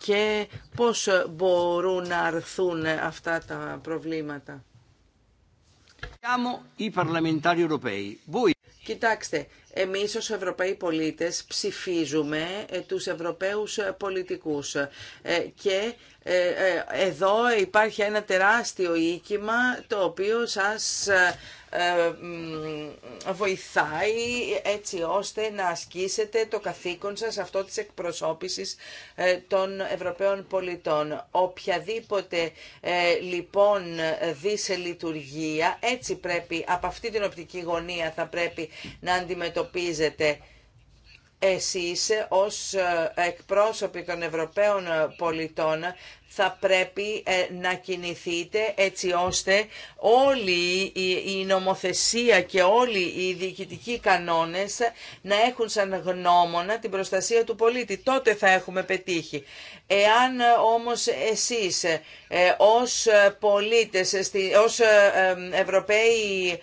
και πώς μπορούν να αρθούν αυτά τα προβλήματα. Κοιτάξτε, εμείς ως Ευρωπαίοι πολίτες ψηφίζουμε ε, τους Ευρωπαίους πολιτικούς ε, και ε, ε, εδώ υπάρχει ένα τεράστιο οίκημα το οποίο σας ε, βοηθάει έτσι ώστε να ασκήσετε το καθήκον σας αυτό της εκπροσώπησης των Ευρωπαίων πολιτών. Οποιαδήποτε λοιπόν λειτουργία έτσι πρέπει από αυτή την οπτική γωνία θα πρέπει να αντιμετωπίζετε εσείς ως ε, εκπρόσωποι των Ευρωπαίων πολιτών θα πρέπει ε, να κινηθείτε έτσι ώστε όλη η νομοθεσία και όλοι οι διοικητικοί κανόνες να έχουν σαν γνώμονα την προστασία του πολίτη. Τότε θα έχουμε πετύχει. Εάν όμως εσείς ε, ως πολίτες, ως Ευρωπαίοι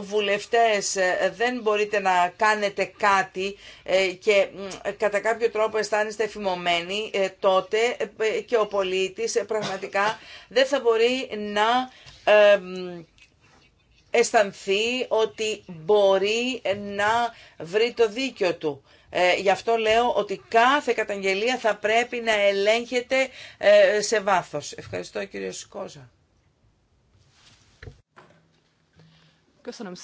βουλευτές ε, δεν μπορείτε να κάνετε κάτι ε, και κατά κάποιο τρόπο αισθάνεστε εφημωμένοι ε, τότε και ο πολίτης πραγματικά δεν θα μπορεί να αισθανθεί ότι μπορεί να βρει το δίκιο του. γι' αυτό λέω ότι κάθε καταγγελία θα πρέπει να ελέγχεται σε βάθος. Ευχαριστώ κύριε Σκόζα. Köszönöm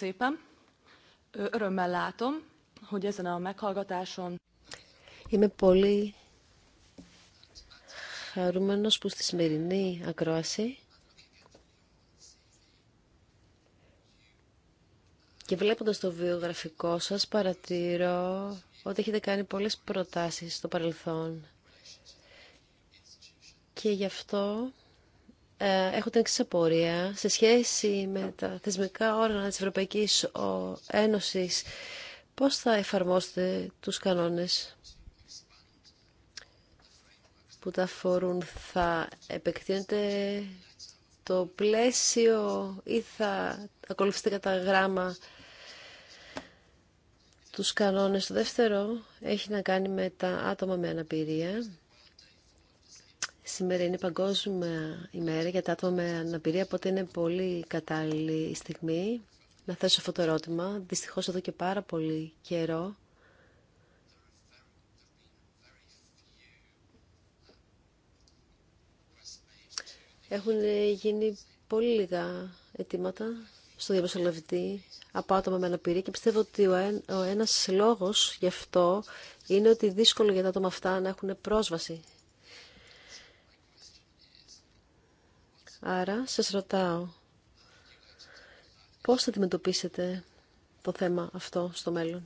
Είμαι πολύ χαρούμενος που στη σημερινή ακρόαση και βλέποντας το βιογραφικό σας παρατηρώ ότι έχετε κάνει πολλές προτάσεις στο παρελθόν και γι' αυτό ε, έχω την εξή σε σχέση με τα θεσμικά όργανα της Ευρωπαϊκής Ένωσης πώς θα εφαρμόσετε τους κανόνες που τα αφορούν θα επεκτείνετε το πλαίσιο ή θα ακολουθήσετε κατά γράμμα τους κανόνες. Το δεύτερο έχει να κάνει με τα άτομα με αναπηρία. Σήμερα είναι παγκόσμια ημέρα για τα άτομα με αναπηρία, οπότε είναι πολύ κατάλληλη η στιγμή να θέσω αυτό το ερώτημα. Δυστυχώς εδώ και πάρα πολύ καιρό έχουν γίνει πολύ λίγα αιτήματα στο διαμεσολαβητή από άτομα με αναπηρία και πιστεύω ότι ο ένας λόγος γι' αυτό είναι ότι δύσκολο για τα άτομα αυτά να έχουν πρόσβαση Άρα σας ρωτάω πώς θα αντιμετωπίσετε το θέμα αυτό στο μέλλον.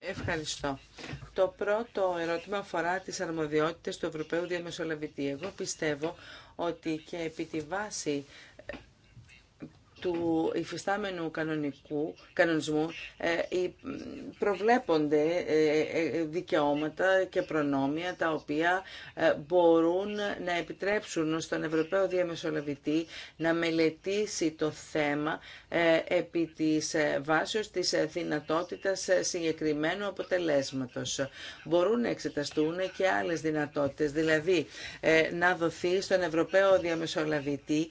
Ευχαριστώ. Το πρώτο ερώτημα αφορά τις αρμοδιότητες του Ευρωπαίου Διαμεσολαβητή. Εγώ πιστεύω ότι και επί τη βάση του υφιστάμενου κανονικού, κανονισμού ε, προβλέπονται ε, ε, δικαιώματα και προνόμια τα οποία μπορούν να επιτρέψουν στον Ευρωπαίο Διαμεσολαβητή να μελετήσει το θέμα επί της βάσεως της δυνατότητας συγκεκριμένου αποτελέσματος. Μπορούν να εξεταστούν και άλλες δυνατότητες, δηλαδή να δοθεί στον Ευρωπαίο Διαμεσολαβητή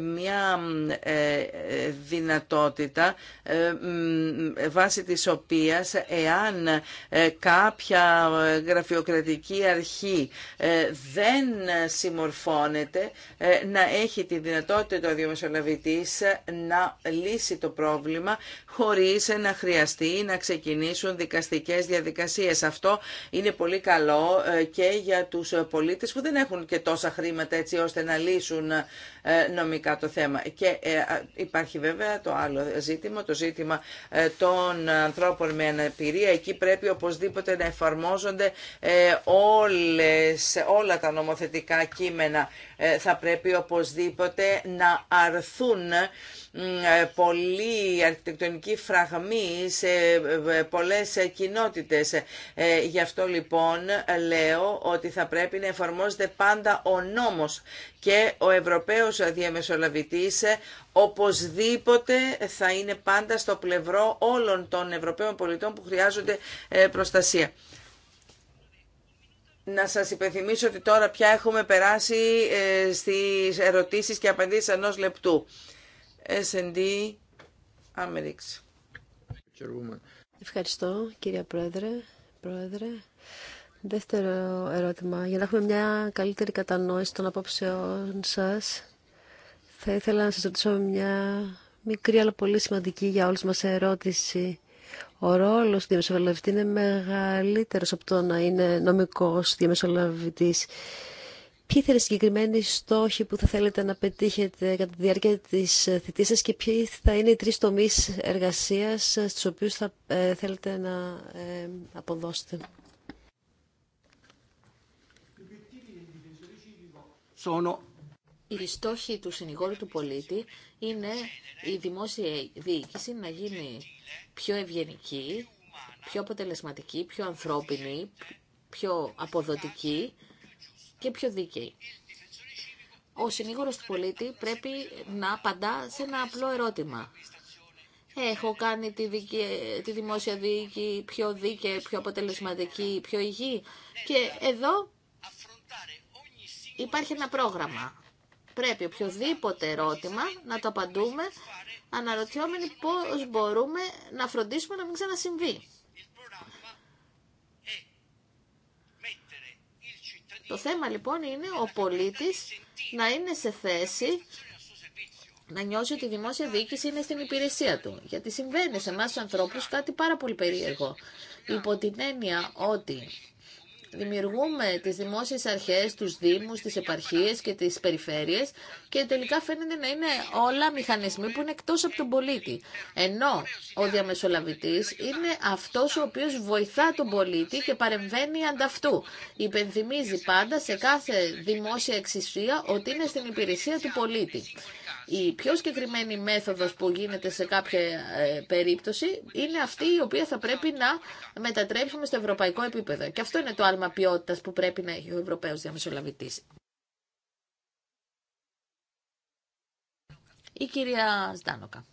μια δυνατότητα ε, βάσει της οποίας εάν ε, κάποια γραφειοκρατική αρχή ε, δεν συμμορφώνεται να έχει τη δυνατότητα το διαμεσολαβητής να λύσει το πρόβλημα χωρίς να χρειαστεί να ξεκινήσουν δικαστικές διαδικασίες. Αυτό είναι πολύ καλό και για τους πολίτες που δεν έχουν και τόσα χρήματα έτσι ώστε να λύσουν ε, νομικά το θέμα. Και ε, υπάρχει βέβαια το άλλο ζήτημα, το ζήτημα ε, των ανθρώπων με αναπηρία. Εκεί πρέπει οπωσδήποτε να εφαρμόζονται όλες, όλα τα νομοθετικά κείμενα ε, θα πρέπει οπωσδήποτε να αρθούν ε, πολλοί αρχιτεκτονικοί φραγμοί σε ε, πολλές κοινότητες. Γι' αυτό λοιπόν λέω ότι θα πρέπει να εφαρμόζεται πάντα ο νόμος και ο Ευρωπαίος Διαμεσολαβητής οπωσδήποτε θα είναι πάντα στο πλευρό όλων των Ευρωπαίων πολιτών που χρειάζονται προστασία. Να σας υπενθυμίσω ότι τώρα πια έχουμε περάσει ε, στις ερωτήσεις και απαντήσεις ενός λεπτού. S&D Άμεριξ. Ευχαριστώ κύριε Πρόεδρε. Πρόεδρε. Δεύτερο ερώτημα. Για να έχουμε μια καλύτερη κατανόηση των απόψεών σας, θα ήθελα να σας ρωτήσω μια μικρή αλλά πολύ σημαντική για όλους μας ερώτηση. Ο ρόλος του διαμεσολαβητή είναι μεγαλύτερος από το να είναι νομικός διαμεσολαβητής. Ποιοι θέλετε είναι συγκεκριμένοι στόχοι που θα θέλετε να πετύχετε κατά τη διάρκεια της θητής σας και ποιοι θα είναι οι τρεις τομείς εργασίας στους οποίους θα ε, θέλετε να ε, αποδώσετε. Sono η στόχοι του συνηγόρου του πολίτη είναι η δημόσια διοίκηση να γίνει πιο ευγενική, πιο αποτελεσματική, πιο ανθρώπινη, πιο αποδοτική και πιο δίκαιη. Ο συνήγορος του πολίτη πρέπει να απαντά σε ένα απλό ερώτημα. Έχω κάνει τη, δική, τη δημόσια δίκη πιο δίκαιη, πιο αποτελεσματική, πιο υγιή. Και εδώ υπάρχει ένα πρόγραμμα πρέπει οποιοδήποτε ερώτημα να το απαντούμε αναρωτιόμενοι πώς μπορούμε να φροντίσουμε να μην ξανασυμβεί. Το θέμα λοιπόν είναι ο πολίτης να είναι σε θέση να νιώσει ότι η δημόσια διοίκηση είναι στην υπηρεσία του. Γιατί συμβαίνει σε εμά του ανθρώπου κάτι πάρα πολύ περίεργο. Υπό την έννοια ότι δημιουργούμε τις δημόσιες αρχές, τους δήμους, τις επαρχίες και τις περιφέρειες και τελικά φαίνεται να είναι όλα μηχανισμοί που είναι εκτός από τον πολίτη. Ενώ ο διαμεσολαβητής είναι αυτός ο οποίος βοηθά τον πολίτη και παρεμβαίνει ανταυτού. Υπενθυμίζει πάντα σε κάθε δημόσια εξισία ότι είναι στην υπηρεσία του πολίτη. Η πιο συγκεκριμένη μέθοδος που γίνεται σε κάποια ε, περίπτωση είναι αυτή η οποία θα πρέπει να μετατρέψουμε στο ευρωπαϊκό επίπεδο. Και αυτό είναι το άλμα ποιότητας που πρέπει να έχει ο Ευρωπαίος Διαμεσολαβητής. Η κυρία Στάνοκα.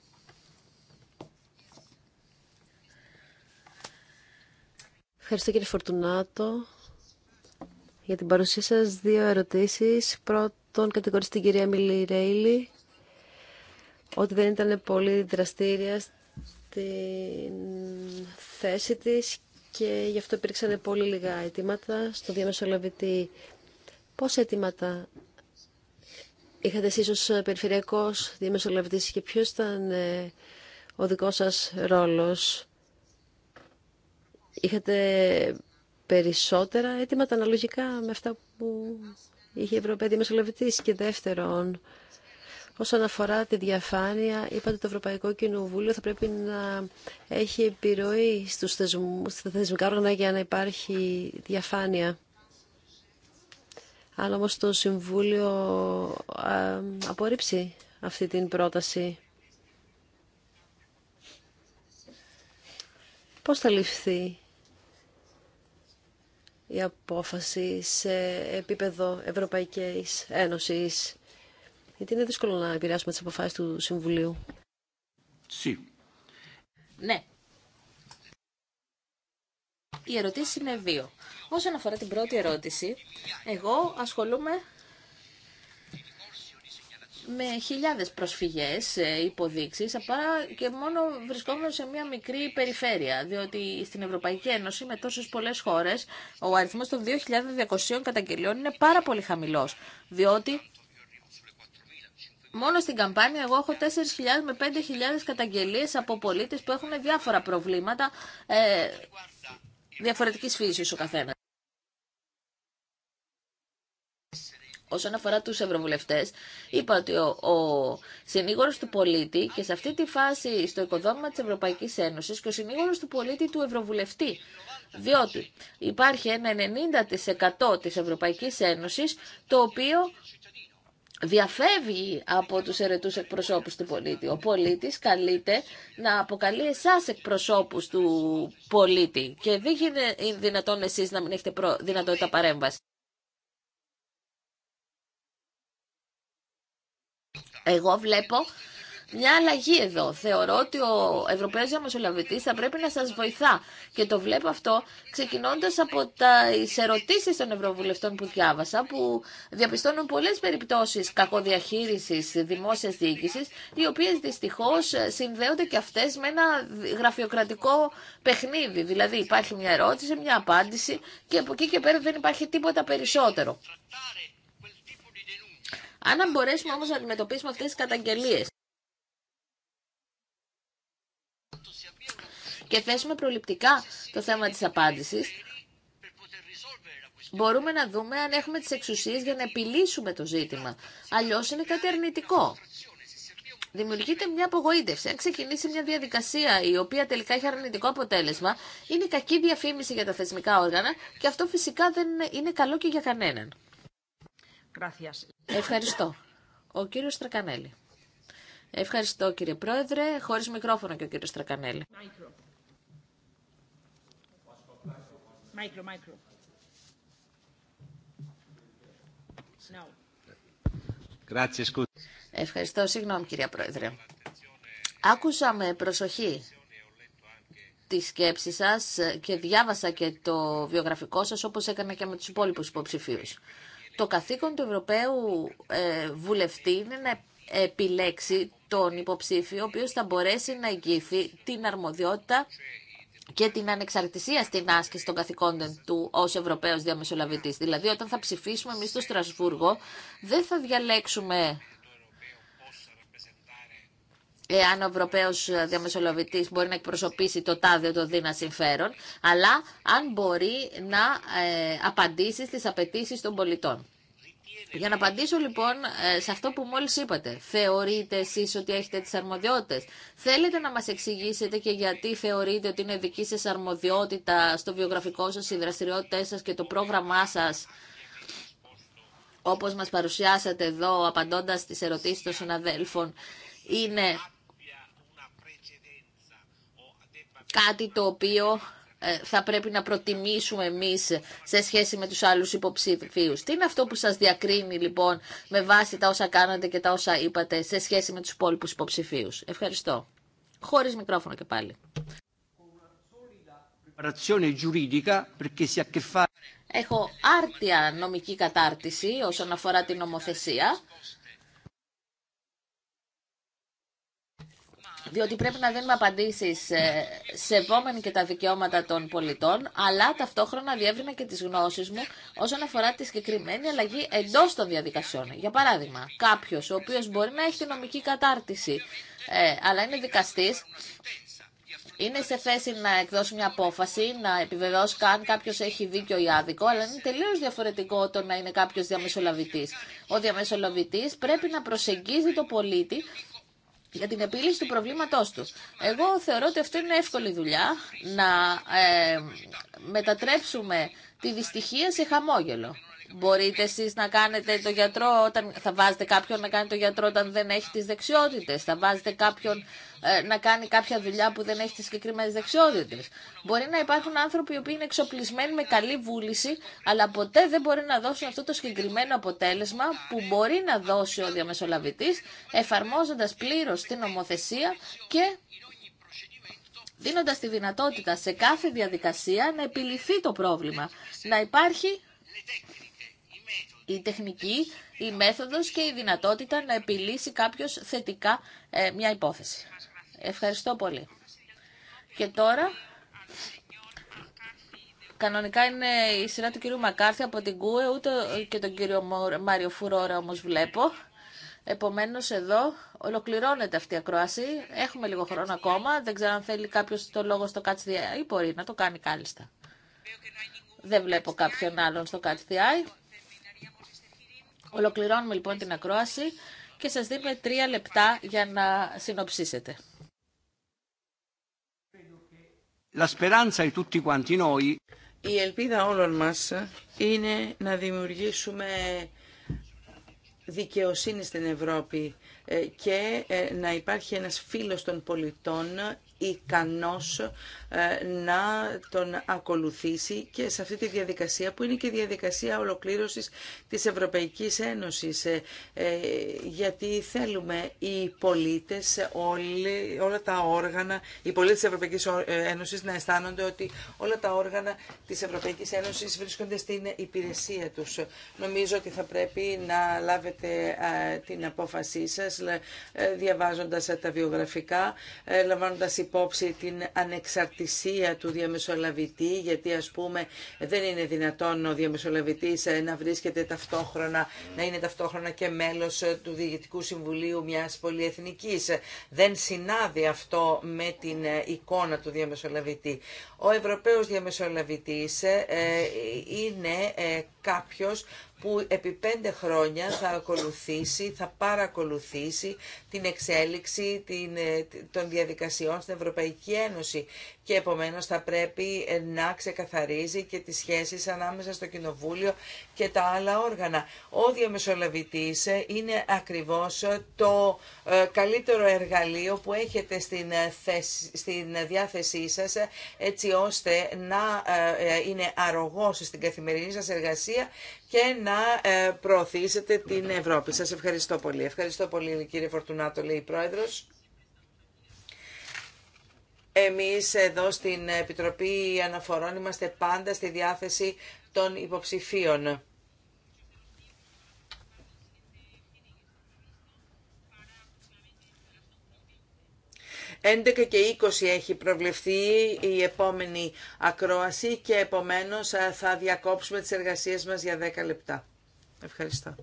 Ευχαριστώ κύριε Φορτουνάτο. Για την παρουσία σας δύο ερωτήσεις. Πρώτον, κατηγορήστε την κυρία Μιλή Ρέιλι ότι δεν ήταν πολύ δραστήρια στην θέση της και γι' αυτό υπήρξαν πολύ λίγα αιτήματα στο διαμεσολαβητή. Πόσα αιτήματα είχατε εσείς ως ε, περιφερειακός διαμεσολαβητής και ποιος ήταν ε, ο δικός σας ρόλος. Είχατε περισσότερα αιτήματα αναλογικά με αυτά που είχε η Ευρωπαϊκή Διαμεσολαβητής και δεύτερον. Όσον αφορά τη διαφάνεια, είπατε το Ευρωπαϊκό Κοινοβούλιο θα πρέπει να έχει επιρροή στους στα θεσμικά όργανα για να υπάρχει διαφάνεια. Αν όμως το Συμβούλιο απορρίψει αυτή την πρόταση, πώς θα ληφθεί η απόφαση σε επίπεδο Ευρωπαϊκής Ένωσης. Γιατί είναι δύσκολο να επηρεάσουμε τις αποφάσεις του Συμβουλίου. Ναι, οι ερωτήσει είναι δύο. Όσον αφορά την πρώτη ερώτηση, εγώ ασχολούμαι με χιλιάδες προσφυγές, ε, υποδείξεις, και μόνο βρισκόμενο σε μια μικρή περιφέρεια, διότι στην Ευρωπαϊκή Ένωση με τόσες πολλές χώρες ο αριθμός των 2.200 καταγγελιών είναι πάρα πολύ χαμηλός, διότι Μόνο στην καμπάνια εγώ έχω 4.000 με 5.000 καταγγελίες από πολίτες που έχουν διάφορα προβλήματα ε, διαφορετικής φύση ο καθένα. Όσον αφορά του ευρωβουλευτέ, είπα ότι ο, ο συνήγορος του πολίτη και σε αυτή τη φάση στο οικοδόμημα τη Ευρωπαϊκής Ένωσης και ο συνήγορο του πολίτη του ευρωβουλευτή. Διότι υπάρχει ένα 90% της Ευρωπαϊκής Ένωσης το οποίο διαφεύγει από τους ερετούς εκπροσώπους του πολίτη. Ο πολίτης καλείται να αποκαλεί εσάς εκπροσώπους του πολίτη και δεν είναι δυνατόν εσείς να μην έχετε δυνατότητα παρέμβαση. Εγώ βλέπω μια αλλαγή εδώ. Θεωρώ ότι ο Ευρωπαίος Διαμεσολαβητής θα πρέπει να σας βοηθά και το βλέπω αυτό ξεκινώντας από τα ερωτήσεις των Ευρωβουλευτών που διάβασα που διαπιστώνουν πολλές περιπτώσεις κακοδιαχείρισης δημόσιας διοίκησης οι οποίες δυστυχώς συνδέονται και αυτές με ένα γραφειοκρατικό παιχνίδι. Δηλαδή υπάρχει μια ερώτηση, μια απάντηση και από εκεί και πέρα δεν υπάρχει τίποτα περισσότερο. Αν μπορέσουμε όμως να αντιμετωπίσουμε αυτές τις καταγγελίες και θέσουμε προληπτικά το θέμα της απάντησης, μπορούμε να δούμε αν έχουμε τις εξουσίες για να επιλύσουμε το ζήτημα. Αλλιώς είναι κάτι αρνητικό. Δημιουργείται μια απογοήτευση. Αν ξεκινήσει μια διαδικασία η οποία τελικά έχει αρνητικό αποτέλεσμα, είναι κακή διαφήμιση για τα θεσμικά όργανα και αυτό φυσικά δεν είναι καλό και για κανέναν. Ευχαριστώ. Ο κύριο Στρακανέλη. Ευχαριστώ κύριε Πρόεδρε. Χωρί μικρόφωνο και ο κύριο Στρακανέλη. Micro, micro. Ευχαριστώ. Συγγνώμη, κυρία Πρόεδρε. Άκουσα με προσοχή τη σκέψη σας και διάβασα και το βιογραφικό σας όπως έκανα και με του υπόλοιπου υποψηφίου. Το καθήκον του Ευρωπαίου ε, βουλευτή είναι να επιλέξει τον υποψήφιο ο οποίος θα μπορέσει να εγγύθει την αρμοδιότητα και την ανεξαρτησία στην άσκηση των καθηκόντων του ως Ευρωπαίος Διαμεσολαβητής. Δηλαδή όταν θα ψηφίσουμε εμεί στο Στρασβούργο δεν θα διαλέξουμε εάν ο Ευρωπαίο Διαμεσολαβητή μπορεί να εκπροσωπήσει το τάδε το δίνα συμφέρον, αλλά αν μπορεί να ε, απαντήσει στι απαιτήσει των πολιτών. Για να απαντήσω λοιπόν ε, σε αυτό που μόλις είπατε, θεωρείτε εσείς ότι έχετε τις αρμοδιότητες. Θέλετε να μας εξηγήσετε και γιατί θεωρείτε ότι είναι δική σας αρμοδιότητα στο βιογραφικό σας, οι δραστηριότητε σας και το πρόγραμμά σας, όπως μας παρουσιάσατε εδώ, απαντώντας τις ερωτήσεις των συναδέλφων, είναι κάτι το οποίο ε, θα πρέπει να προτιμήσουμε εμείς σε σχέση με τους άλλους υποψηφίους. Τι είναι αυτό που σας διακρίνει λοιπόν με βάση τα όσα κάνατε και τα όσα είπατε σε σχέση με τους υπόλοιπους υποψηφίους. Ευχαριστώ. Χωρίς μικρόφωνο και πάλι. Έχω άρτια νομική κατάρτιση όσον αφορά την νομοθεσία διότι πρέπει να δίνουμε απαντήσεις ε, σεβόμενοι και τα δικαιώματα των πολιτών, αλλά ταυτόχρονα διεύρυνα και τι γνώσει μου όσον αφορά τη συγκεκριμένη αλλαγή εντό των διαδικασιών. Για παράδειγμα, κάποιο, ο οποίο μπορεί να έχει νομική κατάρτιση, ε, αλλά είναι δικαστή. είναι σε θέση να εκδώσει μια απόφαση, να επιβεβαιώσει καν κάποιο έχει δίκιο ή άδικο, αλλά είναι τελείω διαφορετικό το να είναι κάποιο διαμεσολαβητή. Ο διαμεσολαβητή πρέπει να προσεγγίζει το πολίτη για την επίλυση του προβλήματός τους. Εγώ θεωρώ ότι αυτό είναι εύκολη δουλειά, να ε, μετατρέψουμε τη δυστυχία σε χαμόγελο. Μπορείτε εσείς να κάνετε το γιατρό, όταν, θα βάζετε κάποιον να κάνει το γιατρό όταν δεν έχει τις δεξιότητες, θα βάζετε κάποιον ε, να κάνει κάποια δουλειά που δεν έχει τις συγκεκριμένες δεξιότητες. Μπορεί να υπάρχουν άνθρωποι οι οποίοι είναι εξοπλισμένοι με καλή βούληση, αλλά ποτέ δεν μπορεί να δώσουν αυτό το συγκεκριμένο αποτέλεσμα που μπορεί να δώσει ο διαμεσολαβητής, εφαρμόζοντας πλήρως την νομοθεσία και δίνοντας τη δυνατότητα σε κάθε διαδικασία να επιληθεί το πρόβλημα, να υπάρχει η τεχνική, η μέθοδος και η δυνατότητα να επιλύσει κάποιος θετικά ε, μια υπόθεση. Ευχαριστώ πολύ. Και τώρα, κανονικά είναι η σειρά του κυρίου Μακάρθη από την ΚΟΕ, ούτε και τον κύριο Μάριο Φουρόρα όμως βλέπω. Επομένως εδώ ολοκληρώνεται αυτή η ακρόαση. Έχουμε λίγο χρόνο ακόμα. Δεν ξέρω αν θέλει κάποιος το λόγο στο Catch ή μπορεί να το κάνει κάλλιστα. Δεν βλέπω κάποιον άλλον στο Catch Ολοκληρώνουμε λοιπόν την ακρόαση και σας δίνουμε τρία λεπτά για να συνοψίσετε. Η ελπίδα όλων μας είναι να δημιουργήσουμε δικαιοσύνη στην Ευρώπη ε, και ε, να υπάρχει ένας φίλος των πολιτών ικανός ε, να τον ακολουθήσει και σε αυτή τη διαδικασία που είναι και διαδικασία ολοκλήρωσης της Ευρωπαϊκής Ένωσης ε, ε, γιατί θέλουμε οι πολίτες όλοι, όλα τα όργανα οι πολίτες της Ευρωπαϊκής Ένωσης να αισθάνονται ότι όλα τα όργανα της Ευρωπαϊκής Ένωσης βρίσκονται στην υπηρεσία τους. Νομίζω ότι θα πρέπει να λάβετε την απόφασή σας διαβάζοντας τα βιογραφικά, λαμβάνοντας υπόψη την ανεξαρτησία του διαμεσολαβητή, γιατί ας πούμε δεν είναι δυνατόν ο διαμεσολαβητής ε, να βρίσκεται ταυτόχρονα, να είναι ταυτόχρονα και μέλος ε, του Διοικητικού Συμβουλίου μιας πολυεθνικής. Δεν συνάδει αυτό με την ε, εικόνα του διαμεσολαβητή. Ο Ευρωπαίος διαμεσολαβητής είναι κάποιος που επί πέντε χρόνια θα ακολουθήσει, θα παρακολουθήσει την εξέλιξη ε, των διαδικασιών στην Ευρωπαϊκή Ένωση και επομένως θα πρέπει ε, να ξεκαθαρίζει και τις σχέσεις ανάμεσα στο Κοινοβούλιο και τα άλλα όργανα. Ο διαμεσολαβητής ε, είναι ακριβώς το καλύτερο εργαλείο που έχετε στην, διάθεσή σας έτσι ώστε να είναι αρρωγός στην καθημερινή σας εργασία και να ε, προωθήσετε την Ευρώπη. Σας ευχαριστώ πολύ. Ευχαριστώ πολύ κύριε Φορτουνάτο, λέει η Πρόεδρος. Εμείς εδώ στην Επιτροπή Αναφορών είμαστε πάντα στη διάθεση των υποψηφίων. 11 και 20 έχει προβλεφθεί η επόμενη ακρόαση και επομένως ε, θα διακόψουμε τις εργασίες μας για 10 λεπτά. Ευχαριστώ.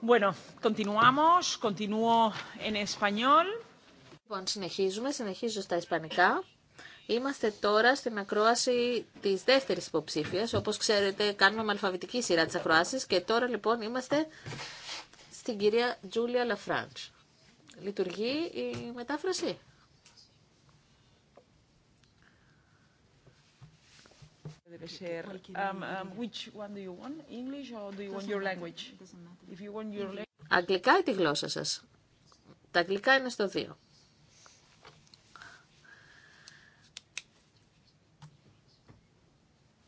Bueno, continuamos, continuo Λοιπόν, συνεχίζουμε, συνεχίζω στα ισπανικά. Είμαστε τώρα στην ακρόαση τη δεύτερη υποψήφια. Όπω ξέρετε, κάνουμε με αλφαβητική σειρά τι ακροάσει και τώρα λοιπόν είμαστε στην κυρία Τζούλια Λαφράντ. Λειτουργεί η μετάφραση. share. Um, um, which one do you want? English or do you want your language? If you want your Αγγλικά ή τη γλώσσα σας. Τα αγγλικά είναι στο 2.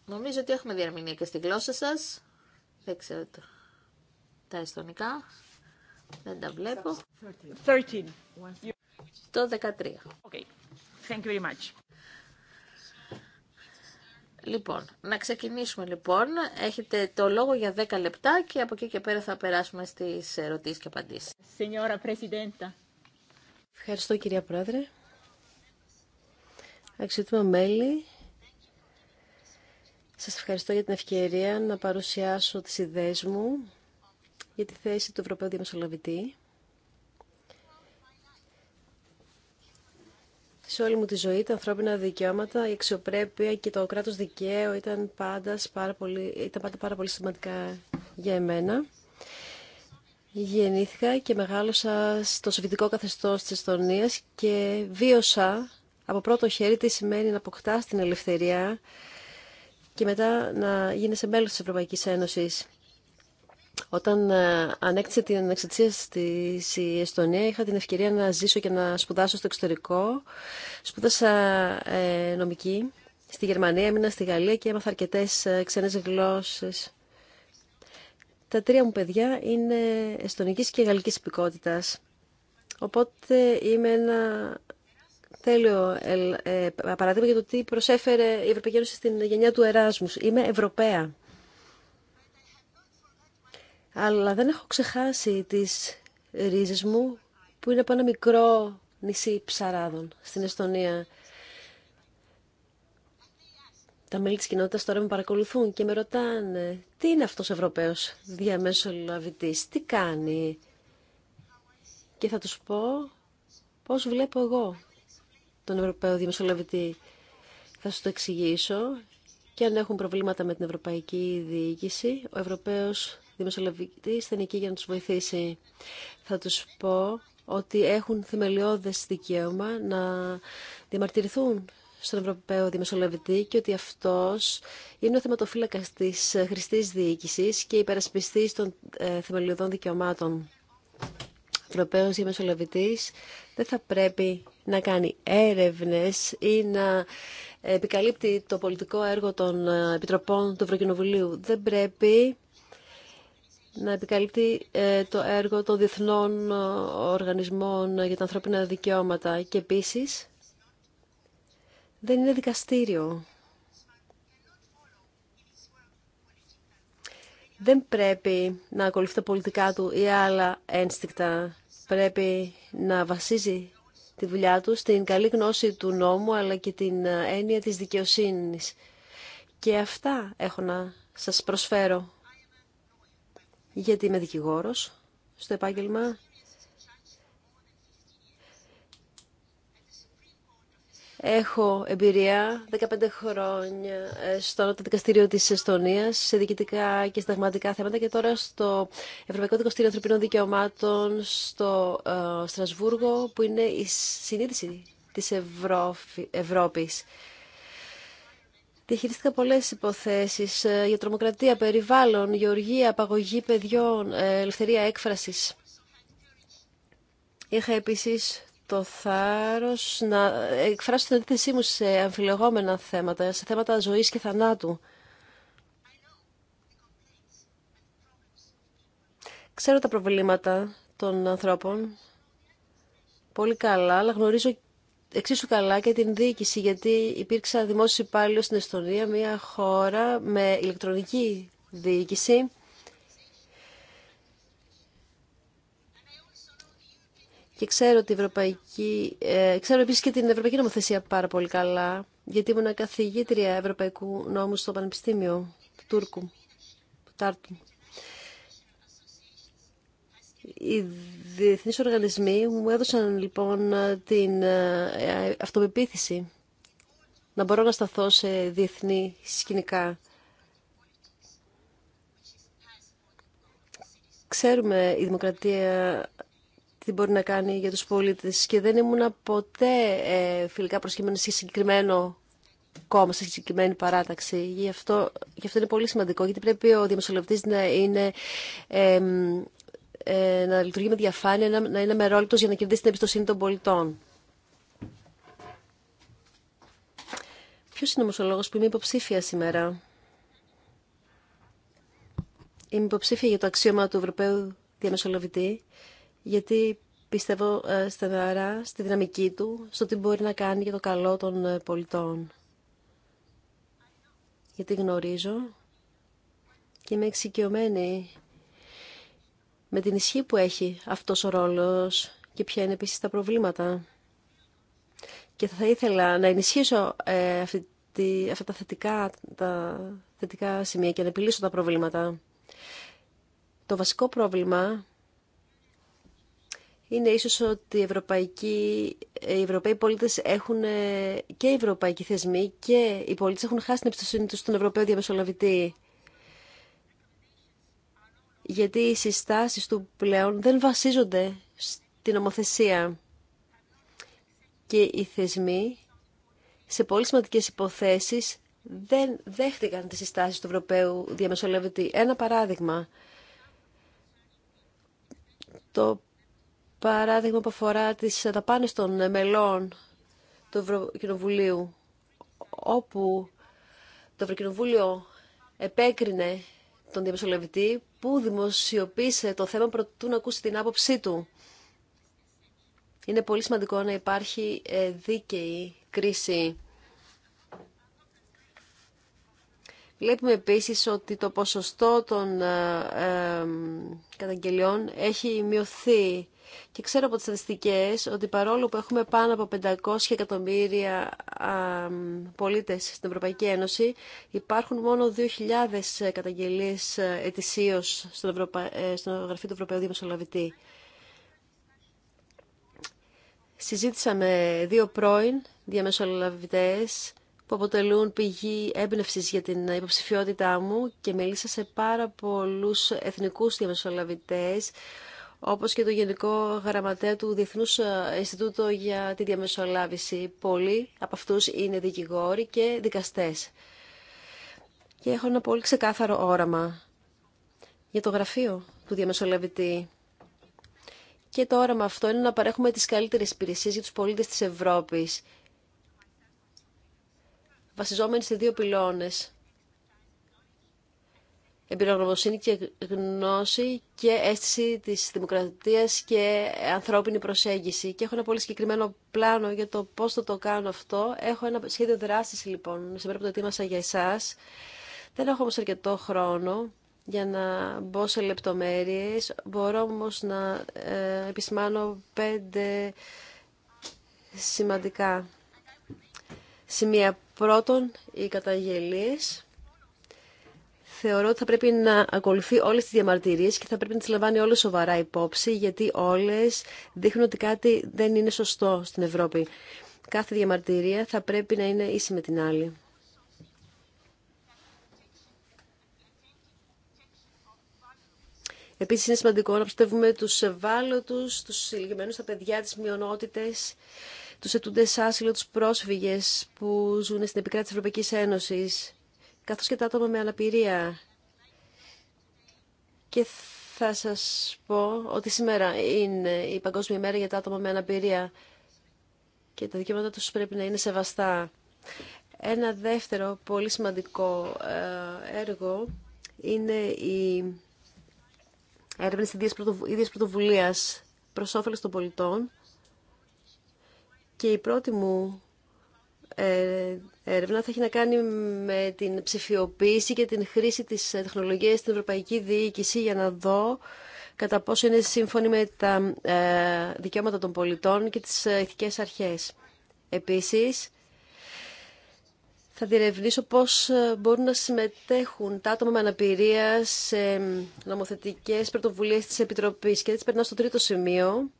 Νομίζω ότι έχουμε διαρμηνία και στη γλώσσα σας. Δεν ξέρω το. Τα εστονικά. Δεν τα βλέπω. 13. Το 13. Okay. Thank you very much. Λοιπόν, να ξεκινήσουμε λοιπόν. Έχετε το λόγο για 10 λεπτά και από εκεί και πέρα θα περάσουμε στις ερωτήσεις και απαντήσεις. Ευχαριστώ κυρία Πρόεδρε. Αξιότιμα μέλη, σας ευχαριστώ για την ευκαιρία να παρουσιάσω τις ιδέες μου για τη θέση του Ευρωπαίου Διαμεσολαβητή σε όλη μου τη ζωή τα ανθρώπινα δικαιώματα, η αξιοπρέπεια και το κράτος δικαίου ήταν πάντα πάρα πολύ, ήταν πάντα πάρα σημαντικά για εμένα. Γεννήθηκα και μεγάλωσα στο σοβιτικό καθεστώς της Εστονίας και βίωσα από πρώτο χέρι τι σημαίνει να αποκτάς την ελευθερία και μετά να γίνεσαι μέλος της Ευρωπαϊκής Ένωσης. Όταν ε, ανέκτησε την ανεξαρτησία στη Εστονία, είχα την ευκαιρία να ζήσω και να σπουδάσω στο εξωτερικό. Σπούδασα ε, νομική στη Γερμανία, έμεινα στη Γαλλία και έμαθα αρκετέ ε, ξένε γλώσσε. Τα τρία μου παιδιά είναι εστονική και γαλλικής υπηκότητα. Οπότε είμαι ένα τέλειο παράδειγμα για το τι προσέφερε η Ευρωπαϊκή Ένωση στην γενιά του Εράσμου. Είμαι Ευρωπαία. Αλλά δεν έχω ξεχάσει τις ρίζες μου που είναι από ένα μικρό νησί ψαράδων στην Εστονία. Τα μέλη της κοινότητας τώρα με παρακολουθούν και με ρωτάνε τι είναι αυτός ο Ευρωπαίος διαμεσολαβητής, τι κάνει. Και θα τους πω πώς βλέπω εγώ τον Ευρωπαίο διαμεσολαβητή. Θα σου το εξηγήσω και αν έχουν προβλήματα με την Ευρωπαϊκή Διοίκηση, ο Ευρωπαίος δημοσιολαβητή εκεί για να τους βοηθήσει. Θα τους πω ότι έχουν θεμελιώδες δικαίωμα να διαμαρτυρηθούν στον Ευρωπαίο Δημοσιολαβητή και ότι αυτός είναι ο θεματοφύλακας τη χρηστή διοίκηση και υπερασπιστή των ε, θεμελιωδών δικαιωμάτων. Ο Ευρωπαίο Δημοσιολογητή δεν θα πρέπει να κάνει έρευνες ή να επικαλύπτει το πολιτικό έργο των ε, Επιτροπών του Ευρωκοινοβουλίου. Δεν πρέπει να επικαλύπτει ε, το έργο των διεθνών ε, οργανισμών για τα ανθρώπινα δικαιώματα και επίσης δεν είναι δικαστήριο. Δεν πρέπει να ακολουθεί τα πολιτικά του ή άλλα ένστικτα. Πρέπει να βασίζει τη δουλειά του στην καλή γνώση του νόμου αλλά και την ε, έννοια της δικαιοσύνης. Και αυτά έχω να σας προσφέρω γιατί είμαι δικηγόρος στο επάγγελμα. Έχω εμπειρία 15 χρόνια στο δικαστήριο της Εστονίας σε διοικητικά και συνταγματικά θέματα και τώρα στο Ευρωπαϊκό Δικαστήριο Ανθρωπίνων Δικαιωμάτων στο ε, Στρασβούργο που είναι η συνείδηση της Ευρώπης. Διαχειρίστηκα πολλές υποθέσεις ε, για τρομοκρατία, περιβάλλον, γεωργία, απαγωγή παιδιών, ε, ελευθερία έκφρασης. Είχα επίση το θάρρος να ε, εκφράσω την αντίθεσή μου σε αμφιλεγόμενα θέματα, σε θέματα ζωής και θανάτου. Ξέρω τα προβλήματα των ανθρώπων πολύ καλά, αλλά γνωρίζω εξίσου καλά και την διοίκηση, γιατί υπήρξα δημόσιο υπάλληλο στην Εστονία, μια χώρα με ηλεκτρονική διοίκηση. Και ξέρω, ότι Ευρωπαϊκή, ε, ξέρω επίσης και την Ευρωπαϊκή Νομοθεσία πάρα πολύ καλά, γιατί ήμουν καθηγήτρια Ευρωπαϊκού Νόμου στο Πανεπιστήμιο του Τούρκου, του Τάρτου. Οι διεθνείς οργανισμοί μου έδωσαν λοιπόν την ε, αυτοπεποίθηση να μπορώ να σταθώ σε διεθνή σκηνικά. Ξέρουμε η δημοκρατία τι μπορεί να κάνει για τους πολίτες και δεν ήμουν ποτέ ε, φιλικά προσκύμενη σε συγκεκριμένο κόμμα, σε συγκεκριμένη παράταξη. Γι' αυτό, γι αυτό είναι πολύ σημαντικό, γιατί πρέπει ο διαμεσολαβητής να είναι ε, να λειτουργεί με διαφάνεια, να είναι μερόληπτο για να κερδίσει την εμπιστοσύνη των πολιτών. Ποιο είναι ο λόγο που είμαι υποψήφια σήμερα. Είμαι υποψήφια για το αξίωμα του Ευρωπαίου Διαμεσολαβητή, γιατί πιστεύω ε, στεναρά στη δυναμική του, στο τι μπορεί να κάνει για το καλό των ε, πολιτών. Γιατί γνωρίζω και είμαι εξοικειωμένη με την ισχύ που έχει αυτός ο ρόλος και ποια είναι επίσης τα προβλήματα. Και θα ήθελα να ενισχύσω ε, αυτή, τη, αυτά τα θετικά, σημεία και να επιλύσω τα προβλήματα. Το βασικό πρόβλημα είναι ίσως ότι ε, οι, ευρωπαϊκοί, Ευρωπαίοι πολίτες έχουν ε, και οι ευρωπαϊκοί θεσμοί και οι πολίτες έχουν χάσει την εμπιστοσύνη τους στον Ευρωπαίο Διαμεσολαβητή γιατί οι συστάσεις του πλέον δεν βασίζονται στην ομοθεσία και οι θεσμοί σε πολύ σημαντικές υποθέσεις δεν δέχτηκαν τις συστάσεις του Ευρωπαίου διαμεσολαβητή. Ένα παράδειγμα, το παράδειγμα που αφορά τις δαπάνες των μελών του Ευρωκοινοβουλίου, όπου το Ευρωκοινοβούλιο επέκρινε τον διαμεσολαβητή που δημοσιοποίησε το θέμα προτού να ακούσει την άποψή του. Είναι πολύ σημαντικό να υπάρχει ε, δίκαιη κρίση. Βλέπουμε επίσης ότι το ποσοστό των ε, ε, καταγγελιών έχει μειωθεί και ξέρω από τις στατιστικές ότι παρόλο που έχουμε πάνω από 500 εκατομμύρια πολίτες στην Ευρωπαϊκή Ένωση, υπάρχουν μόνο 2.000 καταγγελίες ε, ετησίως ε, στο, Ευρωπα... Γραφείο του Ευρωπαϊκού Δημοσιολαβητή. Συζήτησα με δύο πρώην διαμεσολαβητές που αποτελούν πηγή έμπνευσης για την υποψηφιότητά μου και μίλησα σε πάρα πολλούς εθνικούς διαμεσολαβητές όπως και το Γενικό Γραμματέα του Διεθνούς ε, Ινστιτούτου για τη Διαμεσολάβηση. Πολλοί από αυτούς είναι δικηγόροι και δικαστές. Και έχω ένα πολύ ξεκάθαρο όραμα για το γραφείο του διαμεσολαβητή. Και το όραμα αυτό είναι να παρέχουμε τις καλύτερες υπηρεσίες για τους πολίτες της Ευρώπης, βασιζόμενοι σε δύο πυλώνες εμπειρογνωμοσύνη και γνώση και αίσθηση της δημοκρατίας και ανθρώπινη προσέγγιση. Και έχω ένα πολύ συγκεκριμένο πλάνο για το πώς θα το κάνω αυτό. Έχω ένα σχέδιο δράσης λοιπόν, σήμερα που το ετοίμασα για εσάς. Δεν έχω όμως αρκετό χρόνο για να μπω σε λεπτομέρειες. Μπορώ όμως να ε, επισημάνω πέντε σημαντικά σημεία. Πρώτον, οι καταγγελίες θεωρώ ότι θα πρέπει να ακολουθεί όλες τις διαμαρτυρίες και θα πρέπει να τις λαμβάνει όλες σοβαρά υπόψη, γιατί όλες δείχνουν ότι κάτι δεν είναι σωστό στην Ευρώπη. Κάθε διαμαρτυρία θα πρέπει να είναι ίση με την άλλη. Επίσης είναι σημαντικό να πιστεύουμε τους ευάλωτους, τους ηλικιωμένους, τα παιδιά, τις μειονότητες, τους ετούντες άσυλο, τους πρόσφυγες που ζουν στην επικράτηση της Ευρωπαϊκής Ένωσης καθώς και τα άτομα με αναπηρία. Και θα σας πω ότι σήμερα είναι η Παγκόσμια ημέρα για τα άτομα με αναπηρία και τα δικαιώματα τους πρέπει να είναι σεβαστά. Ένα δεύτερο πολύ σημαντικό ε, έργο είναι η έρευνη της ίδιας πρωτοβουλίας προς όφελος των πολιτών και η πρώτη μου έρευνα θα έχει να κάνει με την ψηφιοποίηση και την χρήση της τεχνολογίας στην Ευρωπαϊκή Διοίκηση για να δω κατά πόσο είναι σύμφωνη με τα ε, δικαιώματα των πολιτών και τις ηθικές ε, αρχές. Επίσης, θα διερευνήσω πώς ε, μπορούν να συμμετέχουν τα άτομα με αναπηρία σε νομοθετικές πρωτοβουλίες της Επιτροπής. Και έτσι περνάω στο τρίτο σημείο,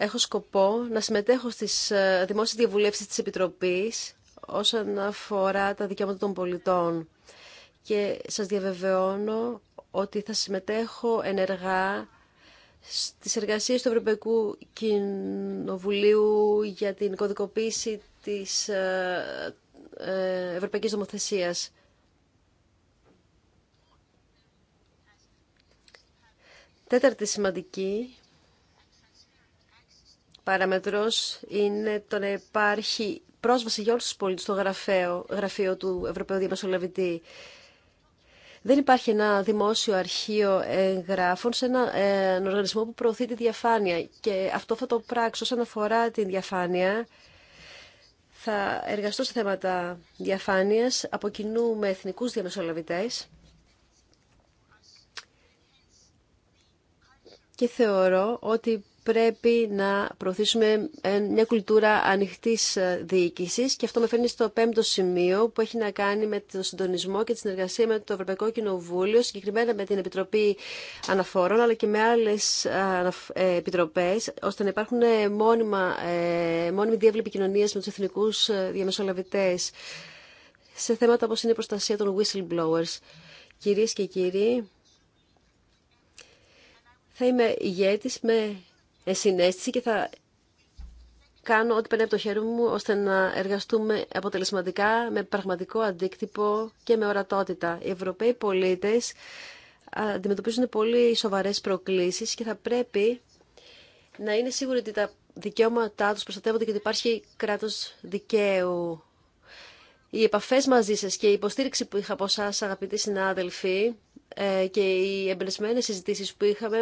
έχω σκοπό να συμμετέχω στις ε, δημόσιες διαβουλεύσεις της Επιτροπής όσον αφορά τα δικαιώματα των πολιτών. Και σας διαβεβαιώνω ότι θα συμμετέχω ενεργά στις εργασίες του Ευρωπαϊκού Κοινοβουλίου για την κωδικοποίηση της ε, ε, Ευρωπαϊκής Δομοθεσίας. Τέταρτη σημαντική παραμετρός είναι το να υπάρχει πρόσβαση για όλους τους πολίτες στο γραφείο, γραφείο του Ευρωπαίου Διαμεσολαβητή. Δεν υπάρχει ένα δημόσιο αρχείο εγγράφων σε ένα, ε, οργανισμό που προωθεί τη διαφάνεια. Και αυτό θα το πράξω όσον αφορά τη διαφάνεια. Θα εργαστώ σε θέματα διαφάνειας από κοινού με εθνικούς διαμεσολαβητές. Και θεωρώ ότι πρέπει να προωθήσουμε μια κουλτούρα ανοιχτής ε, διοίκηση. και αυτό με φέρνει στο πέμπτο σημείο που έχει να κάνει με το συντονισμό και τη συνεργασία με το Ευρωπαϊκό Κοινοβούλιο, συγκεκριμένα με την Επιτροπή Αναφόρων αλλά και με άλλες ε, ε, επιτροπές, ώστε να υπάρχουν μόνιμα, μόνιμη διεύλη επικοινωνία με του εθνικού διαμεσολαβητέ. σε θέματα όπως είναι η προστασία των whistleblowers. Κυρίες και κύριοι, θα είμαι ηγέτης με και θα κάνω ό,τι περνάει από το χέρι μου ώστε να εργαστούμε αποτελεσματικά με πραγματικό αντίκτυπο και με ορατότητα. Οι Ευρωπαίοι πολίτες αντιμετωπίζουν πολύ σοβαρές προκλήσεις και θα πρέπει να είναι σίγουροι ότι τα δικαιώματά τους προστατεύονται και ότι υπάρχει κράτος δικαίου. Οι επαφές μαζί σας και η υποστήριξη που είχα από εσά, αγαπητοί συνάδελφοι, ε, και οι εμπνευσμένες συζητήσεις που είχαμε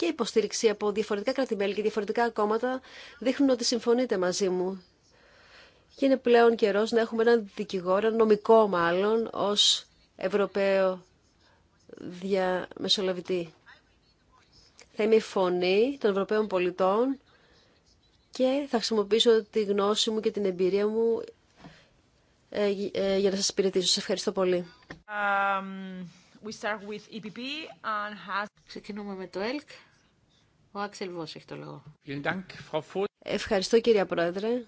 και υποστήριξη από διαφορετικά κρατημέλη και διαφορετικά κόμματα δείχνουν ότι συμφωνείτε μαζί μου. Και είναι πλέον καιρός να έχουμε έναν δικηγόρο, νομικό μάλλον, ως Ευρωπαίο διαμεσολαβητή. Θα είμαι η φωνή των Ευρωπαίων πολιτών και θα χρησιμοποιήσω τη γνώση μου και την εμπειρία μου ε, ε, για να σας υπηρετήσω. Σας ευχαριστώ πολύ. Um, we start with EPP and has... Ξεκινούμε με το ΕΛΚ. Ο Άξελ Βός έχει το λόγο. Ευχαριστώ κυρία Πρόεδρε.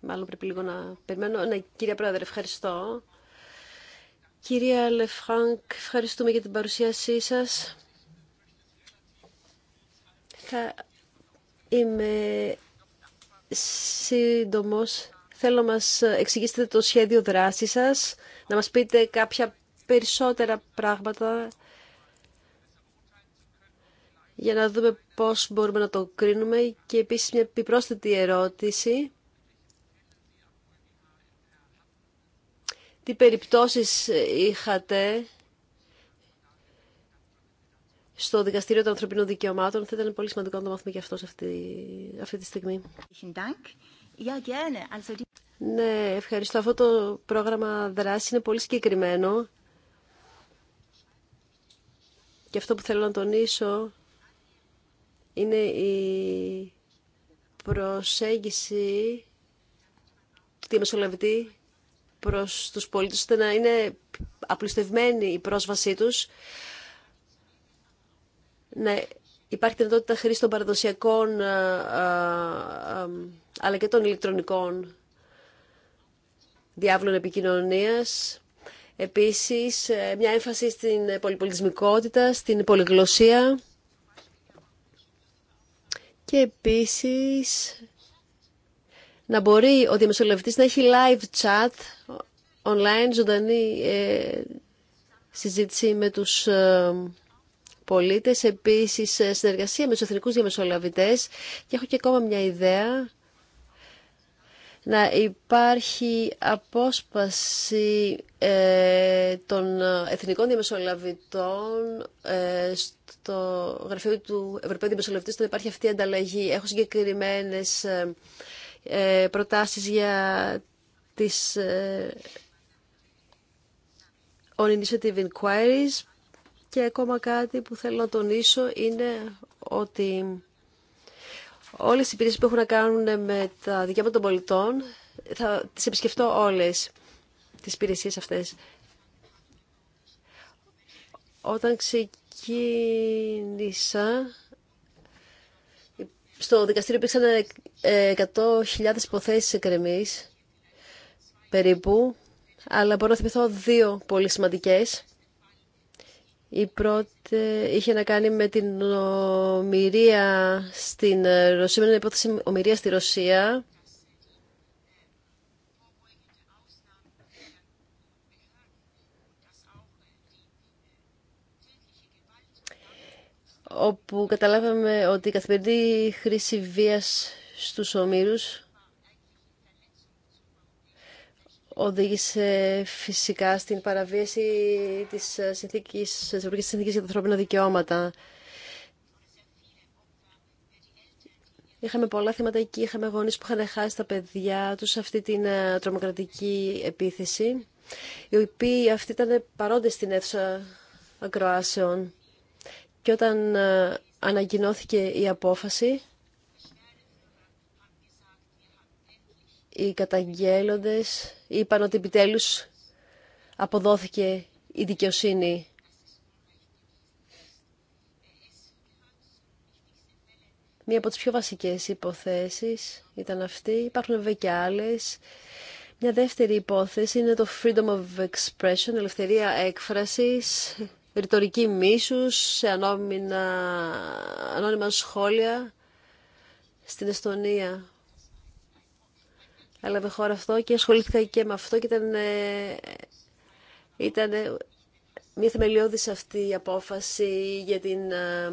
Μάλλον πρέπει λίγο να περιμένω. Ναι, κυρία Πρόεδρε, ευχαριστώ. Κυρία Λεφρανκ, ευχαριστούμε για την παρουσίασή σας. Θα είμαι σύντομος. Θέλω να μας εξηγήσετε το σχέδιο δράσης σας, να μας πείτε κάποια περισσότερα πράγματα για να δούμε πώς μπορούμε να το κρίνουμε και επίσης μια επιπρόσθετη ερώτηση. Τι περιπτώσεις είχατε στο Δικαστήριο των Ανθρωπίνων Δικαιωμάτων. Θα ήταν πολύ σημαντικό να το μάθουμε και αυτό σε αυτή, αυτή τη στιγμή. Ναι, ευχαριστώ. Αυτό το πρόγραμμα δράση είναι πολύ συγκεκριμένο. Και αυτό που θέλω να τονίσω είναι η προσέγγιση του διαμεσολαβητή προς τους πολίτες, ώστε να είναι απλουστευμένη η πρόσβασή τους, να υπάρχει δυνατότητα χρήση των παραδοσιακών ε, ε, ε, αλλά και των ηλεκτρονικών διάβλων επικοινωνίας. Επίσης, μια έμφαση στην πολυπολιτισμικότητα, στην πολυγλωσία και επίσης να μπορεί ο διαμεσολαβητής να έχει live chat online, ζωντανή ε, συζήτηση με τους ε, πολίτες, επίσης ε, συνεργασία με τους εθνικούς διαμεσολαβητές και έχω και ακόμα μια ιδέα να υπάρχει απόσπαση ε, των εθνικών διαμεσολαβητών ε, στο γραφείο του Ευρωπαίου Διαμεσολαβητή, να υπάρχει αυτή η ανταλλαγή. Έχω συγκεκριμένε ε, ε, προτάσεις για τις ε, on initiative inquiries και ακόμα κάτι που θέλω να τονίσω είναι ότι Όλες οι υπηρεσίε που έχουν να κάνουν με τα δικαιώματα των πολιτών, θα τι επισκεφτώ όλες τις υπηρεσίε αυτές. Όταν ξεκίνησα, στο δικαστήριο υπήρξαν 100.000 ε, υποθέσεις εκκρεμή περίπου, αλλά μπορώ να θυμηθώ δύο πολύ σημαντικές. Η πρώτη είχε να κάνει με την ομοιρία στην Ρωσία, με την υπόθεση ομοιρία στη Ρωσία. όπου καταλάβαμε ότι η καθημερινή χρήση βίας στους ομήρους οδήγησε φυσικά στην παραβίαση της συνθήκης, της Συνθήκης για τα ανθρώπινα δικαιώματα. Είχαμε πολλά θέματα εκεί, είχαμε γονείς που είχαν χάσει τα παιδιά τους αυτή την ε, τρομοκρατική επίθεση, οι οποίοι αυτοί ήταν παρόντες στην αίθουσα ακροάσεων. Και όταν ε, ανακοινώθηκε η απόφαση, οι καταγγέλλοντες είπαν ότι επιτέλους αποδόθηκε η δικαιοσύνη. Μία από τις πιο βασικές υποθέσεις ήταν αυτή. Υπάρχουν βέβαια και άλλες. Μια δεύτερη υπόθεση είναι το freedom of expression, ελευθερία έκφρασης, ρητορική μίσους σε ανώνυμα σχόλια στην Εστονία έλαβε χώρα αυτό και ασχολήθηκα και με αυτό και ήταν, ε, ήταν ε, μια θεμελιώδης αυτή η απόφαση για την ε,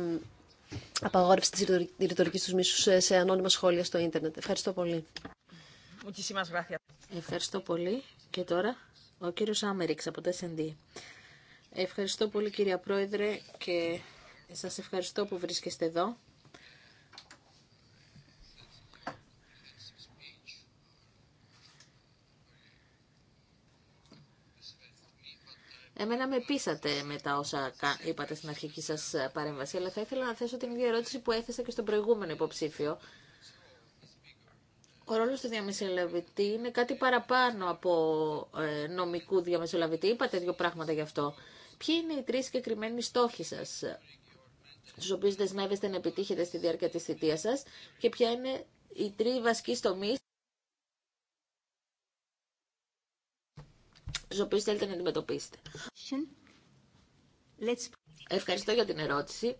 απαγόρευση της ρητορικής τους μίσους σε ανώνυμα σχόλια στο ίντερνετ. Ευχαριστώ πολύ. Ευχαριστώ πολύ. Και τώρα ο κύριος Άμεριξ από το S&D. Ευχαριστώ πολύ κυρία Πρόεδρε και σας ευχαριστώ που βρίσκεστε εδώ. Εμένα με πείσατε με τα όσα είπατε στην αρχική σας παρέμβαση, αλλά θα ήθελα να θέσω την ίδια ερώτηση που έθεσα και στον προηγούμενο υποψήφιο. Ο ρόλο του διαμεσολαβητή είναι κάτι παραπάνω από ε, νομικού διαμεσολαβητή. Είπατε δύο πράγματα γι' αυτό. Ποιοι είναι οι τρει συγκεκριμένοι στόχοι σα, τους οποίου δεσμεύεστε να επιτύχετε στη διάρκεια τη θητεία σα και ποια είναι οι τρει βασικοί τομεί. τις οποίους θέλετε να αντιμετωπίσετε. Ευχαριστώ για την ερώτηση.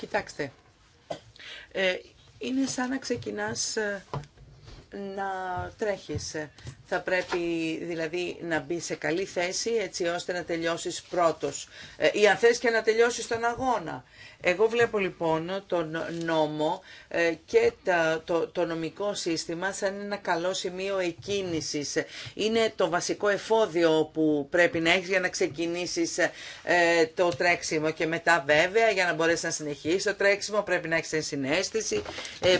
Κοιτάξτε, ε, είναι σαν να ξεκινάς ε, να τρέχεις. Θα πρέπει δηλαδή να μπει σε καλή θέση έτσι ώστε να τελειώσεις πρώτος ε, ή αν θες και να τελειώσεις τον αγώνα. Εγώ βλέπω λοιπόν τον νόμο ε, και το, το νομικό σύστημα σαν ένα καλό σημείο εκκίνησης. Είναι το βασικό εφόδιο που πρέπει να έχεις για να ξεκινήσεις ε, το τρέξιμο και μετά βέβαια για να μπορέσει να συνεχίσεις το τρέξιμο πρέπει να έχεις συνέστηση,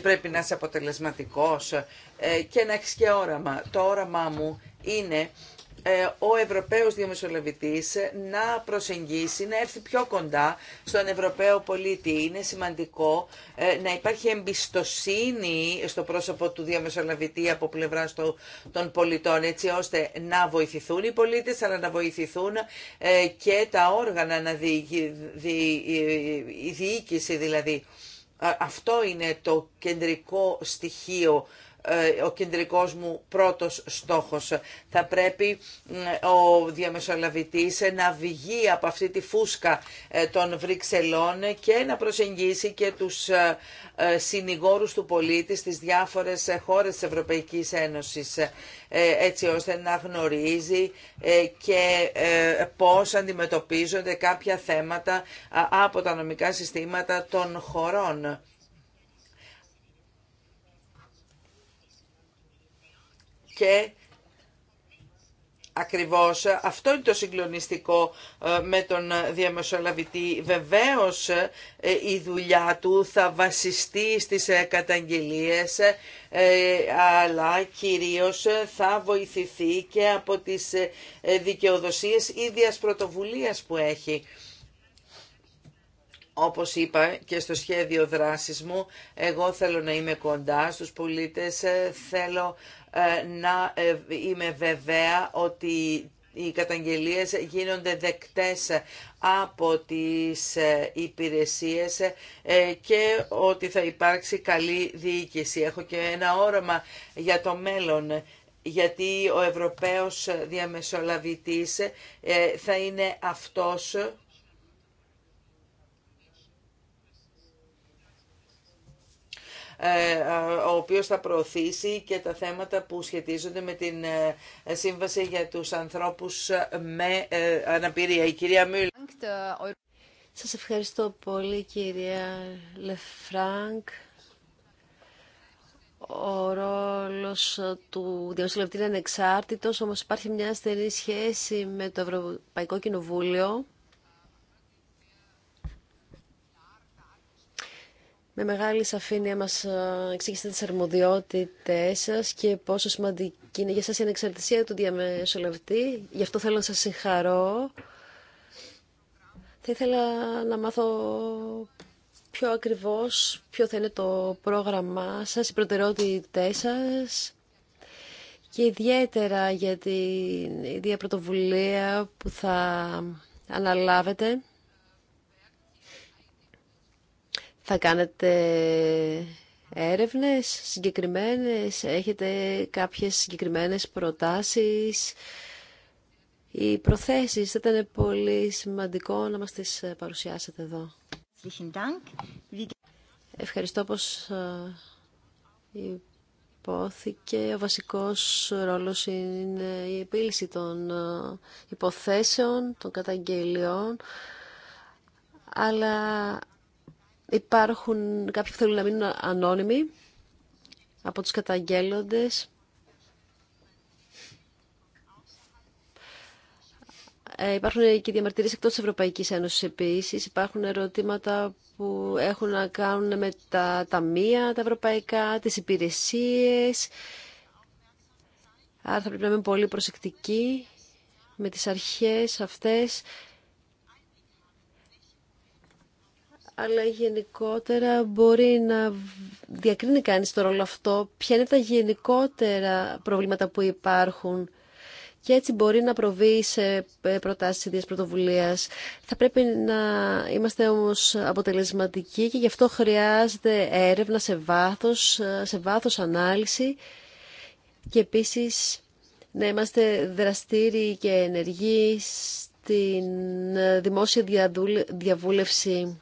πρέπει να είσαι αποτελεσματικός ε, και να έχει και όραμα. Το όραμά μου είναι ε, ο Ευρωπαίος Διαμεσολαβητής να προσεγγίσει, να έρθει πιο κοντά στον Ευρωπαίο πολίτη. Είναι σημαντικό ε, να υπάρχει εμπιστοσύνη στο πρόσωπο του Διαμεσολαβητή από πλευρά των πολιτών, έτσι ώστε να βοηθηθούν οι πολίτες, αλλά να βοηθηθούν και τα όργανα, να η διοίκηση δηλαδή. Αυτό είναι το κεντρικό στοιχείο ε, ο κεντρικός μου πρώτος στόχος. Θα πρέπει ο διαμεσολαβητής να βγει από αυτή τη φούσκα ε, των Βρυξελών και να προσεγγίσει και τους ε, συνηγόρους του πολίτη στις διάφορες χώρες της Ευρωπαϊκής Ένωσης έτσι ώστε να γνωρίζει και πώς αντιμετωπίζονται κάποια θέματα από τα νομικά συστήματα των χωρών. και Ακριβώς αυτό είναι το συγκλονιστικό ε, με τον διαμεσολαβητή. Βεβαίως ε, η δουλειά του θα βασιστεί στις ε, καταγγελίες αλλά κυρίως θα βοηθηθεί και από τις δικαιοδοσίες ίδιας πρωτοβουλίας που έχει. Όπως είπα και στο σχέδιο δράσης μου, εγώ θέλω να είμαι κοντά στους πολίτες, θέλω ε, να ε, είμαι βεβαία ότι οι καταγγελίες γίνονται δεκτές από τις ε, υπηρεσίες και ότι θα υπάρξει καλή διοίκηση. Έχω και ένα όραμα για το μέλλον γιατί ο Ευρωπαίος διαμεσολαβητής θα είναι αυτός Ε, ε, ο οποίος θα προωθήσει και τα θέματα που σχετίζονται με την ε, σύμβαση για τους ανθρώπους με αναπηρία. Η κυρία Μίλ. Σας ευχαριστώ πολύ κυρία Λεφράνκ. Ο ρόλος του διαμεσολαβητή είναι ανεξάρτητος, όμως υπάρχει μια στενή σχέση με το Ευρωπαϊκό Κοινοβούλιο με μεγάλη σαφήνεια μας ε, εξήγησατε τις αρμοδιότητες σας και πόσο σημαντική είναι για σας η ανεξαρτησία του διαμεσολαβητή. Γι' αυτό θέλω να σας συγχαρώ. Θα ήθελα να μάθω πιο ακριβώς ποιο θα είναι το πρόγραμμά σας, οι προτεραιότητές σας και ιδιαίτερα για την ίδια πρωτοβουλία που θα αναλάβετε. Θα κάνετε έρευνες συγκεκριμένες, έχετε κάποιες συγκεκριμένες προτάσεις ή προθέσεις. Θα ήταν πολύ σημαντικό να μας τις παρουσιάσετε εδώ. Ευχαριστώ πως ε, υπόθηκε. Ο βασικός ρόλος είναι η επίλυση των ε, υποθέσεων, των καταγγελιών, αλλά Υπάρχουν κάποιοι που θέλουν να μείνουν ανώνυμοι από τους καταγγέλλοντες. Ε, υπάρχουν και διαμαρτυρίες εκτός της Ευρωπαϊκής Ένωσης επίσης. Υπάρχουν ερωτήματα που έχουν να κάνουν με τα ταμεία, τα ευρωπαϊκά, τις υπηρεσίες. Άρα θα πρέπει να είμαι πολύ προσεκτικοί με τις αρχές αυτές αλλά γενικότερα μπορεί να διακρίνει κανείς το ρόλο αυτό, ποια είναι τα γενικότερα προβλήματα που υπάρχουν και έτσι μπορεί να προβεί σε ε, προτάσεις ίδιας πρωτοβουλίας. Θα πρέπει να είμαστε όμως αποτελεσματικοί και γι' αυτό χρειάζεται έρευνα σε βάθος, ε, σε βάθος ανάλυση και επίσης να είμαστε δραστήριοι και ενεργοί στην ε, δημόσια διαβούλευση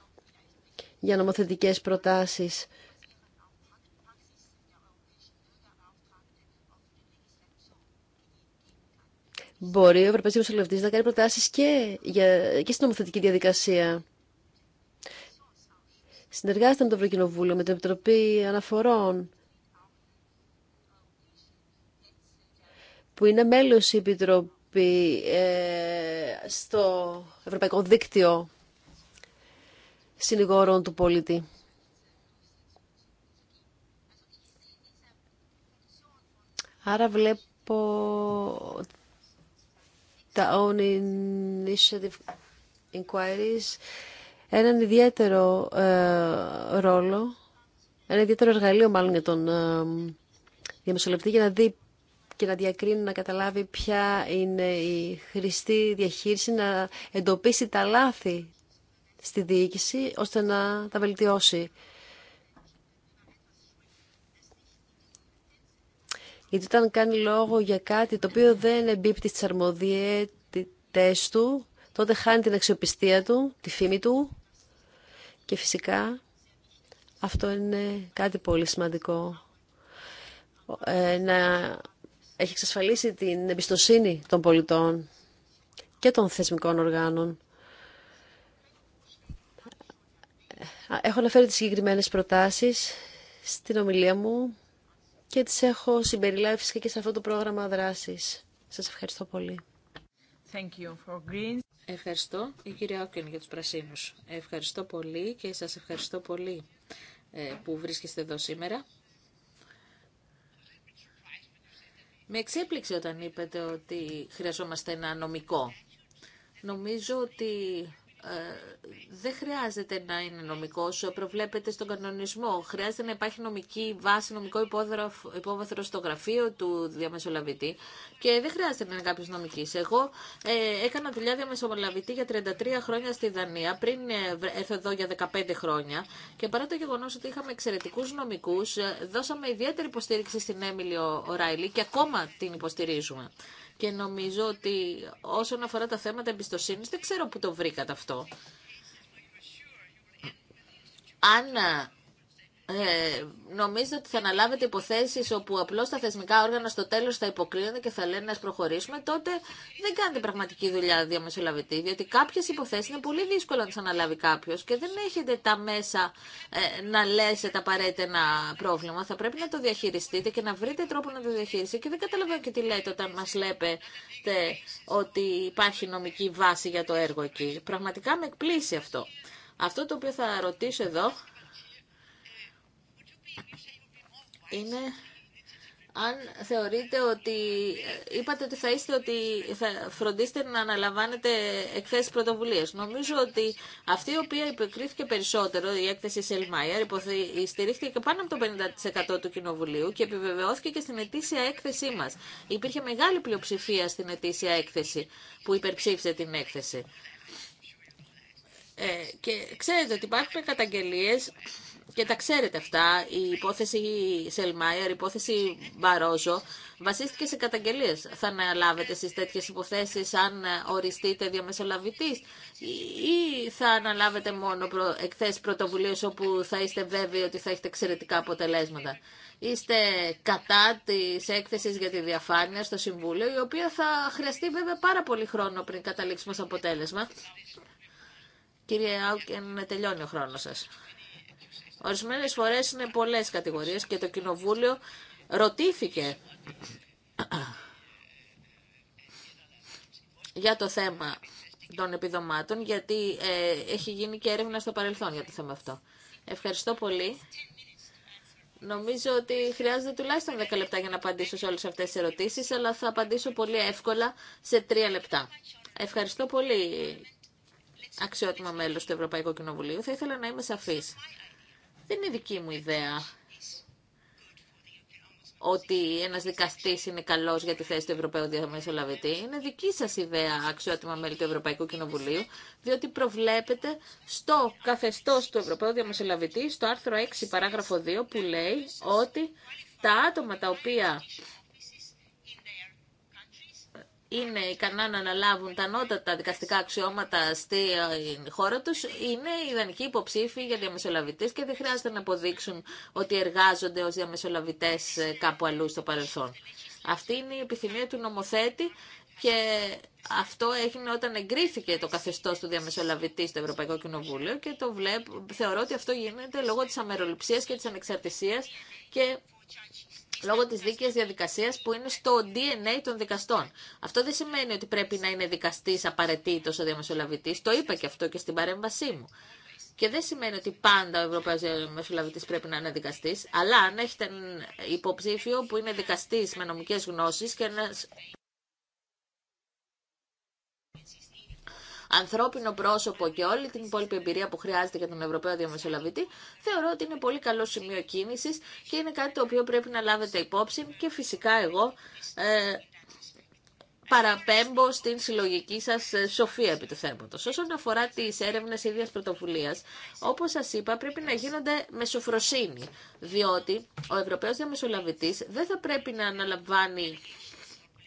για νομοθετικές προτάσεις. Μπορεί ο Ευρωπαϊκός Δημοσιολογητής να κάνει προτάσεις και, για, και στην νομοθετική διαδικασία. Συνεργάζεται με το Ευρωκοινοβούλιο, με την Επιτροπή Αναφορών, που είναι μέλος η Επιτροπή ε, στο Ευρωπαϊκό Δίκτυο συνηγόρων του πολίτη. Άρα βλέπω τα own initiative inquiries έναν ιδιαίτερο ε, ρόλο, ένα ιδιαίτερο εργαλείο μάλλον για τον ε, διαμεσολευτή για να δει και να διακρίνει, να καταλάβει ποια είναι η χρηστή διαχείριση, να εντοπίσει τα λάθη στη διοίκηση ώστε να τα βελτιώσει. Γιατί όταν κάνει λόγο για κάτι το οποίο δεν εμπίπτει στις αρμοδιαίτητες του, τότε χάνει την αξιοπιστία του, τη φήμη του και φυσικά αυτό είναι κάτι πολύ σημαντικό. Ε, να έχει εξασφαλίσει την εμπιστοσύνη των πολιτών και των θεσμικών οργάνων. Έχω αναφέρει τις συγκεκριμένες προτάσεις στην ομιλία μου και τις έχω συμπεριλάβει και σε αυτό το πρόγραμμα δράσης. Σας ευχαριστώ πολύ. Thank you for green. Ευχαριστώ η κυρία Όκεν για τους πρασίνους. Ευχαριστώ πολύ και σας ευχαριστώ πολύ ε, που βρίσκεστε εδώ σήμερα. Με εξέπληξε όταν είπατε ότι χρειαζόμαστε ένα νομικό. Νομίζω ότι ε, δεν χρειάζεται να είναι νομικό. προβλέπεται στον κανονισμό. Χρειάζεται να υπάρχει νομική βάση, νομικό υπόβαθρο στο γραφείο του διαμεσολαβητή και δεν χρειάζεται να είναι κάποιο νομική. Εγώ ε, έκανα δουλειά διαμεσολαβητή για 33 χρόνια στη Δανία, πριν ε, έρθω εδώ για 15 χρόνια και παρά το γεγονό ότι είχαμε εξαιρετικούς νομικούς, ε, δώσαμε ιδιαίτερη υποστήριξη στην Έμιλιο Ράιλι και ακόμα την υποστηρίζουμε. Και νομίζω ότι όσον αφορά τα θέματα εμπιστοσύνης, δεν ξέρω που το βρήκατε αυτό. Αν ε, νομίζω ότι θα αναλάβετε υποθέσεις όπου απλώς τα θεσμικά όργανα στο τέλος θα υποκλίνονται και θα λένε να προχωρήσουμε, τότε δεν κάνετε πραγματική δουλειά διαμεσολαβητή, διότι κάποιες υποθέσεις είναι πολύ δύσκολο να τις αναλάβει κάποιος και δεν έχετε τα μέσα ε, να λέσετε απαραίτητα ένα πρόβλημα. Θα πρέπει να το διαχειριστείτε και να βρείτε τρόπο να το διαχειριστείτε και δεν καταλαβαίνω και τι λέτε όταν μας λέτε ότι υπάρχει νομική βάση για το έργο εκεί. Πραγματικά με εκπλήσει αυτό. Αυτό το οποίο θα ρωτήσω εδώ είναι αν θεωρείτε ότι είπατε ότι θα είστε ότι φροντίστε να αναλαμβάνετε εκθέσεις πρωτοβουλίες. Νομίζω ότι αυτή η οποία υπεκρίθηκε περισσότερο, η έκθεση Σελμάιερ, στηρίχθηκε πάνω από το 50% του Κοινοβουλίου και επιβεβαιώθηκε και στην ετήσια έκθεσή μας. Υπήρχε μεγάλη πλειοψηφία στην ετήσια έκθεση που υπερψήφισε την έκθεση. Ε, και ξέρετε ότι υπάρχουν καταγγελίες και τα ξέρετε αυτά, η υπόθεση Σελμάιερ, η υπόθεση Μπαρόζο, βασίστηκε σε καταγγελίες. Θα αναλάβετε εσείς τέτοιες υποθέσεις αν οριστείτε διαμεσολαβητής ή θα αναλάβετε μόνο εκθέσεις πρωτοβουλίες όπου θα είστε βέβαιοι ότι θα έχετε εξαιρετικά αποτελέσματα. Είστε κατά τη έκθεση για τη διαφάνεια στο Συμβούλιο, η οποία θα χρειαστεί βέβαια πάρα πολύ χρόνο πριν καταλήξουμε στο αποτέλεσμα. Κύριε Άουκεν, τελειώνει ο χρόνος σας. Ορισμένες φορές είναι πολλές κατηγορίες και το Κοινοβούλιο ρωτήθηκε για το θέμα των επιδομάτων, γιατί ε, έχει γίνει και έρευνα στο παρελθόν για το θέμα αυτό. Ευχαριστώ πολύ. Νομίζω ότι χρειάζεται τουλάχιστον 10 λεπτά για να απαντήσω σε όλες αυτές τις ερωτήσεις, αλλά θα απαντήσω πολύ εύκολα σε 3 λεπτά. Ευχαριστώ πολύ, αξιότιμα μέλος του Ευρωπαϊκού Κοινοβουλίου. Θα ήθελα να είμαι σαφής. Δεν είναι δική μου ιδέα ότι ένα δικαστή είναι καλό για τη θέση του Ευρωπαίου Διαμεσολαβητή. Είναι δική σα ιδέα, αξιότιμα μέλη του Ευρωπαϊκού Κοινοβουλίου, διότι προβλέπεται στο καθεστώ του Ευρωπαίου Διαμεσολαβητή, στο άρθρο 6, παράγραφο 2, που λέει ότι τα άτομα τα οποία είναι ικανά να αναλάβουν τα ανώτατα δικαστικά αξιώματα στη ε, χώρα τους, είναι ιδανικοί υποψήφοι για διαμεσολαβητές και δεν χρειάζεται να αποδείξουν ότι εργάζονται ως διαμεσολαβητές ε, κάπου αλλού στο παρελθόν. Αυτή είναι η επιθυμία του νομοθέτη και αυτό έγινε όταν εγκρίθηκε το καθεστώ του διαμεσολαβητή στο Ευρωπαϊκό Κοινοβούλιο και το θεωρώ ότι αυτό γίνεται λόγω τη αμεροληψία και τη ανεξαρτησία και λόγω της δίκαιας διαδικασίας που είναι στο DNA των δικαστών. Αυτό δεν σημαίνει ότι πρέπει να είναι δικαστής απαραίτητος ο διαμεσολαβητή, Το είπα και αυτό και στην παρέμβασή μου. Και δεν σημαίνει ότι πάντα ο Ευρωπαίο Μεσολαβητής πρέπει να είναι δικαστής, αλλά αν έχετε υποψήφιο που είναι δικαστής με νομικές γνώσεις και ένας ανθρώπινο πρόσωπο και όλη την υπόλοιπη εμπειρία που χρειάζεται για τον Ευρωπαίο Διαμεσολαβητή, θεωρώ ότι είναι πολύ καλό σημείο κίνηση και είναι κάτι το οποίο πρέπει να λάβετε υπόψη και φυσικά εγώ ε, παραπέμπω στην συλλογική σα ε, σοφία επί του θέματο. Όσον αφορά τι έρευνε ίδια πρωτοβουλία, όπω σα είπα, πρέπει να γίνονται με σοφροσύνη. Διότι ο Ευρωπαίο Διαμεσολαβητή δεν θα πρέπει να αναλαμβάνει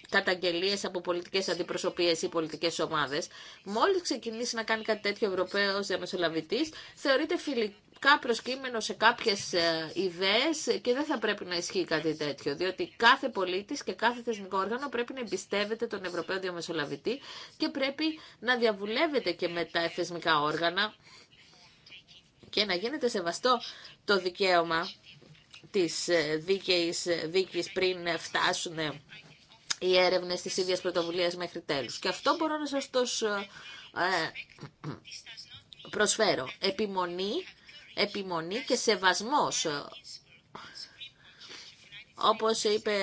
Καταγγελίε από πολιτικέ αντιπροσωπείε ή πολιτικέ ομάδε. Μόλι ξεκινήσει να κάνει κάτι τέτοιο Ευρωπαίος διαμεσολαβητή, θεωρείται φιλικά προσκύμενο σε κάποιε ε, ιδέε και δεν θα πρέπει να ισχύει κάτι τέτοιο, διότι κάθε πολίτη και κάθε θεσμικό όργανο πρέπει να εμπιστεύεται τον Ευρωπαίο διαμεσολαβητή και πρέπει να διαβουλεύεται και με τα θεσμικά όργανα και να γίνεται σεβαστό το δικαίωμα της ε, δίκαιης ε, δίκης πριν φτάσουν οι έρευνε τη ίδια πρωτοβουλία μέχρι τέλου. Και αυτό μπορώ να σα το ε, προσφέρω. Επιμονή, επιμονή και σεβασμό. Όπω είπε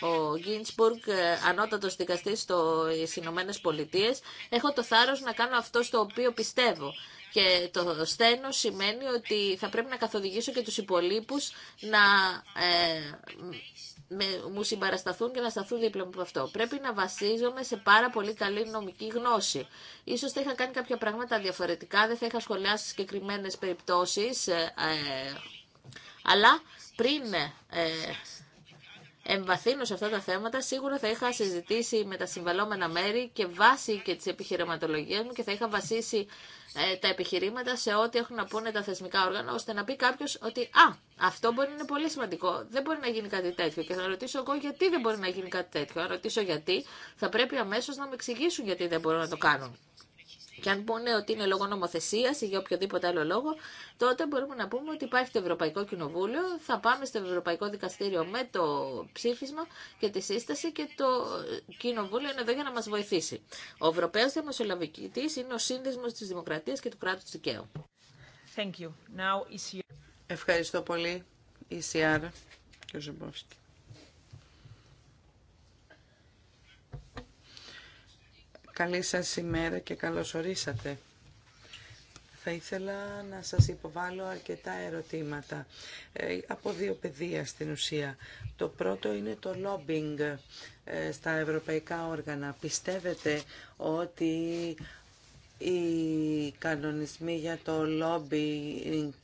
ο Γκίνσπουργκ, ανώτατο δικαστή στο Ηνωμένε Πολιτείε, έχω το θάρρο να κάνω αυτό στο οποίο πιστεύω. Και το στένο σημαίνει ότι θα πρέπει να καθοδηγήσω και τους υπολείπους να ε, μου συμπαρασταθούν και να σταθούν δίπλα μου από αυτό. Πρέπει να βασίζομαι σε πάρα πολύ καλή νομική γνώση. Ίσως θα είχα κάνει κάποια πράγματα διαφορετικά, δεν θα είχα σχολιάσει συγκεκριμένε περιπτώσεις, ε, ε, αλλά πριν ε, εμβαθύνω σε αυτά τα θέματα, σίγουρα θα είχα συζητήσει με τα συμβαλώμενα μέρη και βάσει και τις επιχειρηματολογίες μου και θα είχα βασίσει ε, τα επιχειρήματα σε ό,τι έχουν να πούνε τα θεσμικά όργανα, ώστε να πει κάποιο ότι Α, αυτό μπορεί να είναι πολύ σημαντικό, δεν μπορεί να γίνει κάτι τέτοιο. Και θα ρωτήσω εγώ γιατί δεν μπορεί να γίνει κάτι τέτοιο. Αν ρωτήσω γιατί, θα πρέπει αμέσω να με εξηγήσουν γιατί δεν μπορούν να το κάνουν και αν πούνε ότι είναι λόγω νομοθεσία ή για οποιοδήποτε άλλο λόγο, τότε μπορούμε να πούμε ότι υπάρχει το Ευρωπαϊκό Κοινοβούλιο, θα πάμε στο Ευρωπαϊκό Δικαστήριο με το ψήφισμα και τη σύσταση και το Κοινοβούλιο είναι εδώ για να μα βοηθήσει. Ο Ευρωπαίο Δημοσιολαβητή είναι ο σύνδεσμο τη δημοκρατία και του κράτου δικαίου. Thank you. Now, e Ευχαριστώ πολύ, Ισιάρα και ο Καλή σας ημέρα και καλώς ορίσατε. Θα ήθελα να σας υποβάλω αρκετά ερωτήματα ε, από δύο πεδία στην ουσία. Το πρώτο είναι το lobbying ε, στα ευρωπαϊκά όργανα. Πιστεύετε ότι οι κανονισμοί για το λόμπι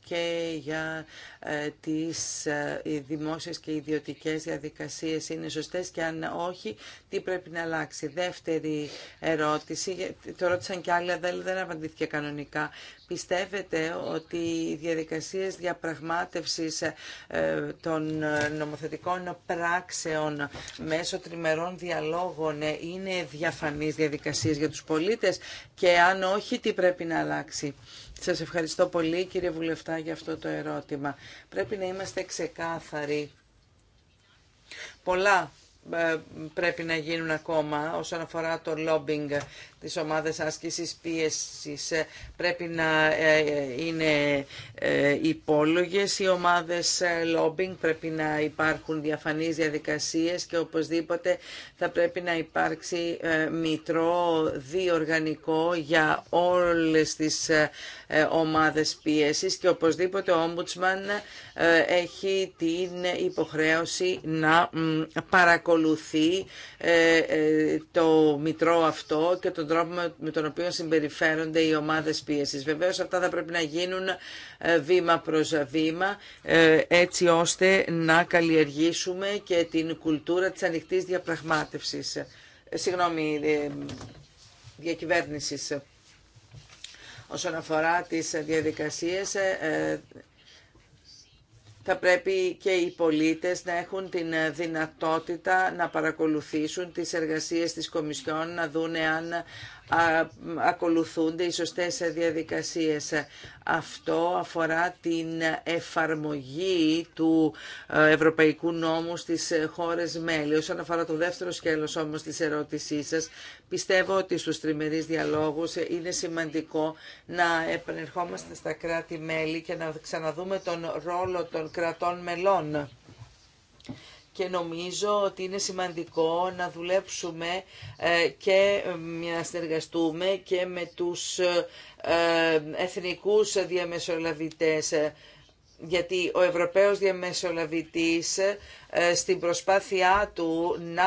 και για ε, τις ε, δημόσιες και ιδιωτικές διαδικασίες είναι σωστές και αν όχι, τι πρέπει να αλλάξει. Δεύτερη ερώτηση, το ρώτησαν και άλλοι, αλλά δεν απαντήθηκε κανονικά. Πιστεύετε ότι οι διαδικασίες διαπραγμάτευσης ε, των νομοθετικών πράξεων μέσω τριμερών διαλόγων είναι διαφανείς διαδικασίες για τους πολίτες και αν όχι τι πρέπει να αλλάξει. Σας ευχαριστώ πολύ κύριε Βουλευτά για αυτό το ερώτημα. Πρέπει να είμαστε ξεκάθαροι. Πολλά ε, πρέπει να γίνουν ακόμα όσον αφορά το lobbying τις ομάδες άσκησης πίεσης. Ε, πρέπει να ε, είναι ε, υπόλογες οι ομάδες lobbying, πρέπει να υπάρχουν διαφανείς διαδικασίες και οπωσδήποτε θα πρέπει να υπάρξει μητρό διοργανικό για όλες τις ομάδες πίεσης και οπωσδήποτε ο Ombudsman έχει την υποχρέωση να παρακολουθεί το μητρό αυτό και τον με τον οποίο συμπεριφέρονται οι ομάδες πίεσης. Βεβαίως αυτά θα πρέπει να γίνουν ε, βήμα προς βήμα ε, έτσι ώστε να καλλιεργήσουμε και την κουλτούρα της ανοιχτής διαπραγμάτευσης. Ε, συγγνώμη, διακυβέρνησης. Όσον αφορά τις διαδικασίες, θα πρέπει και οι πολίτες να έχουν την ε, δυνατότητα να παρακολουθήσουν τις εργασίες της Κομισιόν, να δουν αν ακολουθούνται οι σωστές διαδικασίες. Αυτό αφορά την εφαρμογή του ε, Ευρωπαϊκού Νόμου στις χώρες μέλη. Όσον αφορά το δεύτερο σκέλος όμως της ερώτησής σας, πιστεύω ότι στους τριμερείς διαλόγους είναι σημαντικό να επανερχόμαστε στα κράτη-μέλη και να ξαναδούμε τον ρόλο των κρατών μελών και νομίζω ότι είναι σημαντικό να δουλέψουμε ε, και να συνεργαστούμε και με τους ε, εθνικούς διαμεσολαβητές γιατί ο Ευρωπαίος Διαμεσολαβητής ε, στην προσπάθειά του να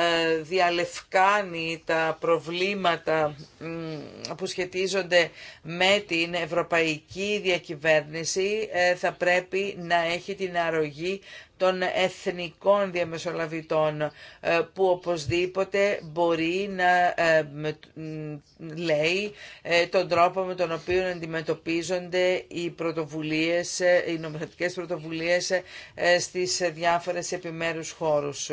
ε, διαλευκάνει τα προβλήματα που σχετίζονται με την ευρωπαϊκή διακυβέρνηση ε, θα πρέπει να έχει την αρρωγή των εθνικών διαμεσολαβητών που οπωσδήποτε μπορεί να λέει τον τρόπο με τον οποίο αντιμετωπίζονται οι πρωτοβουλίες, οι νομοθετικές πρωτοβουλίες στις διάφορες διάφορες επιμέρους χώρους.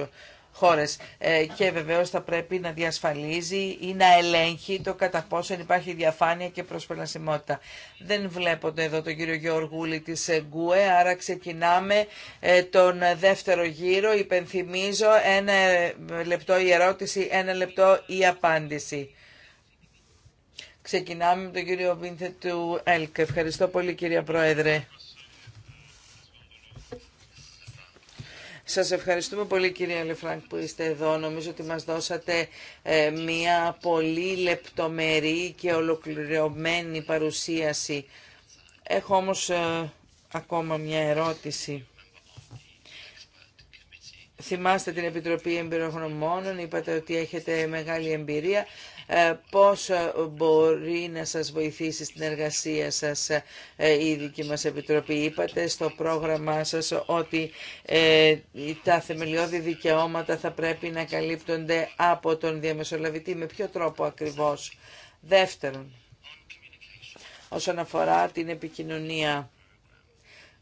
Χώρες. Ε, και βεβαίως θα πρέπει να διασφαλίζει ή να ελέγχει το κατά πόσο υπάρχει διαφάνεια και προσπελασιμότητα. Δεν βλέπονται εδώ τον κύριο Γεωργούλη της Γκουέ, άρα ξεκινάμε ε, τον δεύτερο γύρο. Υπενθυμίζω ένα ε, λεπτό η ερώτηση, ένα λεπτό η απάντηση. Ξεκινάμε με τον κύριο Βίνθε του ΕΛΚ. Ευχαριστώ πολύ κύριε Πρόεδρε. Σας ευχαριστούμε πολύ κύριε Λεφράνκ που είστε εδώ. Νομίζω ότι μας δώσατε ε, μια πολύ λεπτομερή και ολοκληρωμένη παρουσίαση. Έχω όμως ε, ακόμα μια ερώτηση. Θυμάστε την Επιτροπή Εμπειρογνωμόνων, είπατε ότι έχετε μεγάλη εμπειρία. Ε, πώς ε, μπορεί να σας βοηθήσει στην εργασία σας ε, η δική μας Επιτροπή. Είπατε στο πρόγραμμά σας ότι τα θεμελιώδη δικαιώματα θα πρέπει να καλύπτονται από τον διαμεσολαβητή. Με ποιο τρόπο ακριβώς. Δεύτερον, όσον αφορά την επικοινωνία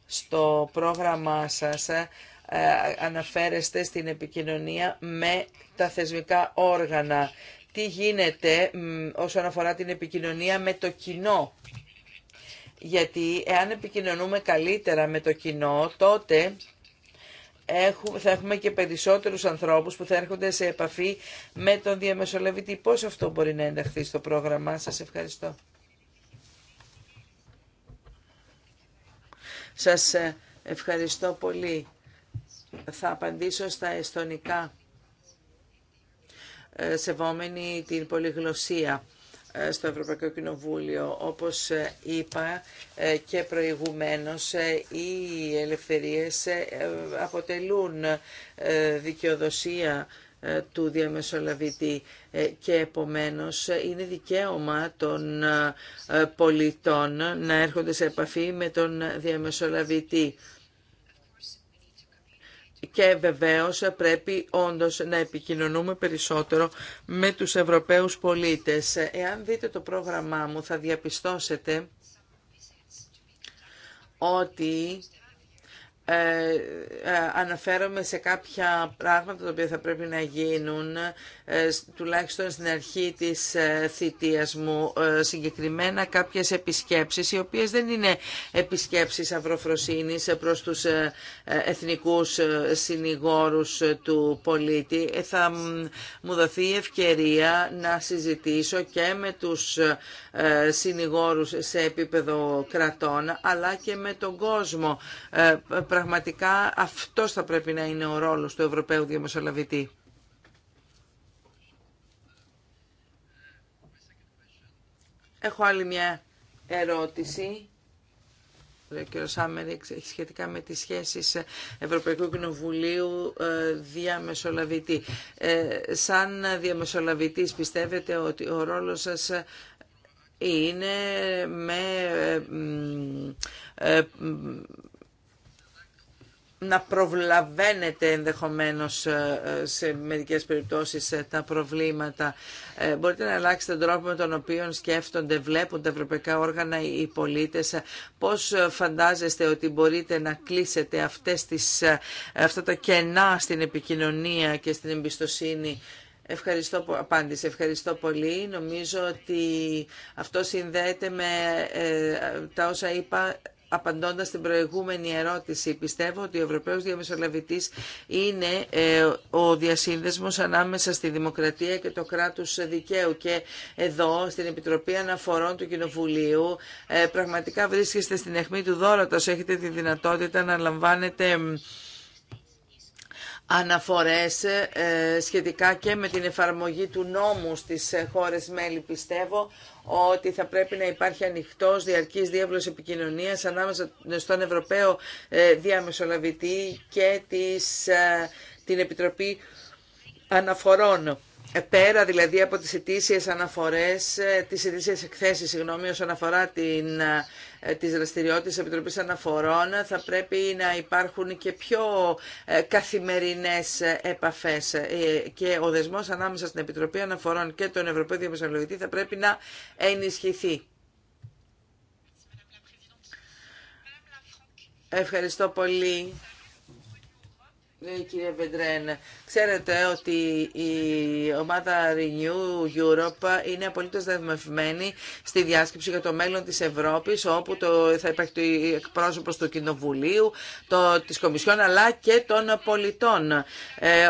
στο πρόγραμμά σας αναφέρεστε στην επικοινωνία με τα θεσμικά όργανα τι γίνεται όσον αφορά την επικοινωνία με το κοινό. Γιατί εάν επικοινωνούμε καλύτερα με το κοινό, τότε θα έχουμε και περισσότερους ανθρώπους που θα έρχονται σε επαφή με τον διαμεσολαβητή. Πώς αυτό μπορεί να ενταχθεί στο πρόγραμμά σας. Ευχαριστώ. Σας ε, ευχαριστώ πολύ. Θα απαντήσω στα εστονικά. Ε, Σεβόμενη την πολυγλωσία ε, στο Ευρωπαϊκό Κοινοβούλιο. Όπως ε, είπα και προηγουμένως, οι ελευθερίες αποτελούν δικαιοδοσία του διαμεσολαβητή και επομένως είναι δικαίωμα των πολιτών να έρχονται σε επαφή με τον διαμεσολαβητή και βεβαίως πρέπει όντως να επικοινωνούμε περισσότερο με τους Ευρωπαίους πολίτες. Εάν δείτε το πρόγραμμά μου θα διαπιστώσετε ότι ε, ε, αναφέρομαι σε κάποια πράγματα τα οποία θα πρέπει να γίνουν ε, τουλάχιστον στην αρχή της ε, θητείας μου ε, συγκεκριμένα κάποιες επισκέψεις οι οποίες δεν είναι επισκέψεις αυροφροσύνης προς τους εθνικούς συνηγόρους του πολίτη. Θα μου δοθεί η ευκαιρία να συζητήσω και με τους συνηγόρους σε επίπεδο κρατών αλλά και με τον κόσμο. Πραγματικά αυτός θα πρέπει να είναι ο ρόλος του Ευρωπαίου Διαμεσολαβητή. Έχω άλλη μια ερώτηση. Ο κ. έχει σχετικά με τις σχέσεις Ευρωπαϊκού Κοινοβουλίου ε, διαμεσολαβητή. Ε, σαν διαμεσολαβητής πιστεύετε ότι ο ρόλος σας είναι με ε, να προβλαβαίνετε ενδεχομένως ε, ε, σε μερικές περιπτώσεις ε, τα προβλήματα. Μπορείτε να αλλάξετε τον τρόπο με τον οποίο σκέφτονται, βλέπουν τα ευρωπαϊκά όργανα οι πολίτες. Πώς φαντάζεστε ότι μπορείτε να κλείσετε αυτές τις, αυτά τα κενά στην επικοινωνία και στην εμπιστοσύνη Ευχαριστώ που απάντησε. Ευχαριστώ πολύ. Νομίζω ότι αυτό συνδέεται με τα όσα είπα απαντώντας την προηγούμενη ερώτηση, πιστεύω ότι ο Ευρωπαίος Διαμεσολαβητής είναι ε, ο διασύνδεσμος ανάμεσα στη δημοκρατία και το κράτος δικαίου και εδώ στην Επιτροπή Αναφορών του Κοινοβουλίου ε, πραγματικά βρίσκεστε στην αιχμή του δόρατος. έχετε τη δυνατότητα να λαμβάνετε αναφορές ε, σχετικά και με την εφαρμογή του νόμου στις ε, χώρες μέλη. Πιστεύω ότι θα πρέπει να υπάρχει ανοιχτός διαρκής διάβλος επικοινωνίας ανάμεσα στον Ευρωπαίο ε, Διαμεσολαβητή και της, την Επιτροπή Αναφορών. Πέρα δηλαδή από τις ετήσιες αναφορές, τις ετήσιες εκθέσεις, συγγνώμη, όσον αφορά την ε, της δραστηριότητες της Επιτροπής Αναφορών θα πρέπει να υπάρχουν και πιο ε, καθημερινές ε, επαφές και ο δεσμός ανάμεσα στην Επιτροπή Αναφορών και τον Ευρωπαϊκό Διαμεσολογητή θα πρέπει να ενισχυθεί. Ευχαριστώ πολύ. Κύριε Βεντρέν, ξέρετε ότι η ομάδα Renew Europe είναι απολύτως δεσμευμένη στη διάσκεψη για το μέλλον της Ευρώπης, όπου το, θα υπάρχει το εκπρόσωπο του Κοινοβουλίου, το, της Κομισιόν, αλλά και των πολιτών. Ε,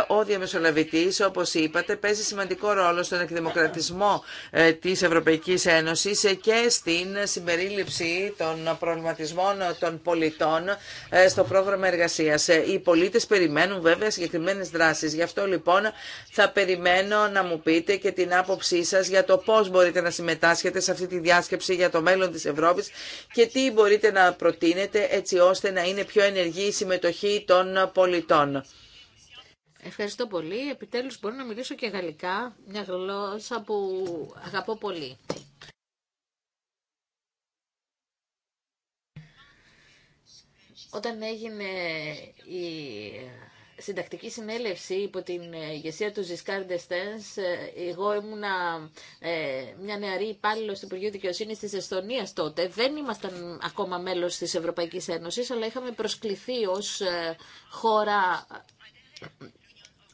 ο διαμεσολαβητής, όπως είπατε, παίζει σημαντικό ρόλο στον εκδημοκρατισμό ε, της Ευρωπαϊκής Ένωσης και στην συμπερίληψη των προβληματισμών των πολιτών ε, στο πρόγραμμα εργασίας. Ε, οι πολίτες περιμένουν περιμένουν βέβαια συγκεκριμένες δράσεις. Γι' αυτό λοιπόν θα περιμένω να μου πείτε και την άποψή σας για το πώς μπορείτε να συμμετάσχετε σε αυτή τη διάσκεψη για το μέλλον της Ευρώπης και τι μπορείτε να προτείνετε έτσι ώστε να είναι πιο ενεργή η συμμετοχή των πολιτών. Ευχαριστώ πολύ. Επιτέλους μπορώ να μιλήσω και γαλλικά, μια γλώσσα που αγαπώ πολύ. Όταν έγινε η συντακτική συνέλευση υπό την ε, ηγεσία του Ζισκάρ Ντεστένς, ε, εγώ ήμουνα ε, μια νεαρή υπάλληλο του Υπουργείου Δικαιοσύνη τη Εστονία τότε. Δεν ήμασταν ακόμα μέλο τη Ευρωπαϊκή Ένωση, αλλά είχαμε προσκληθεί ω χώρα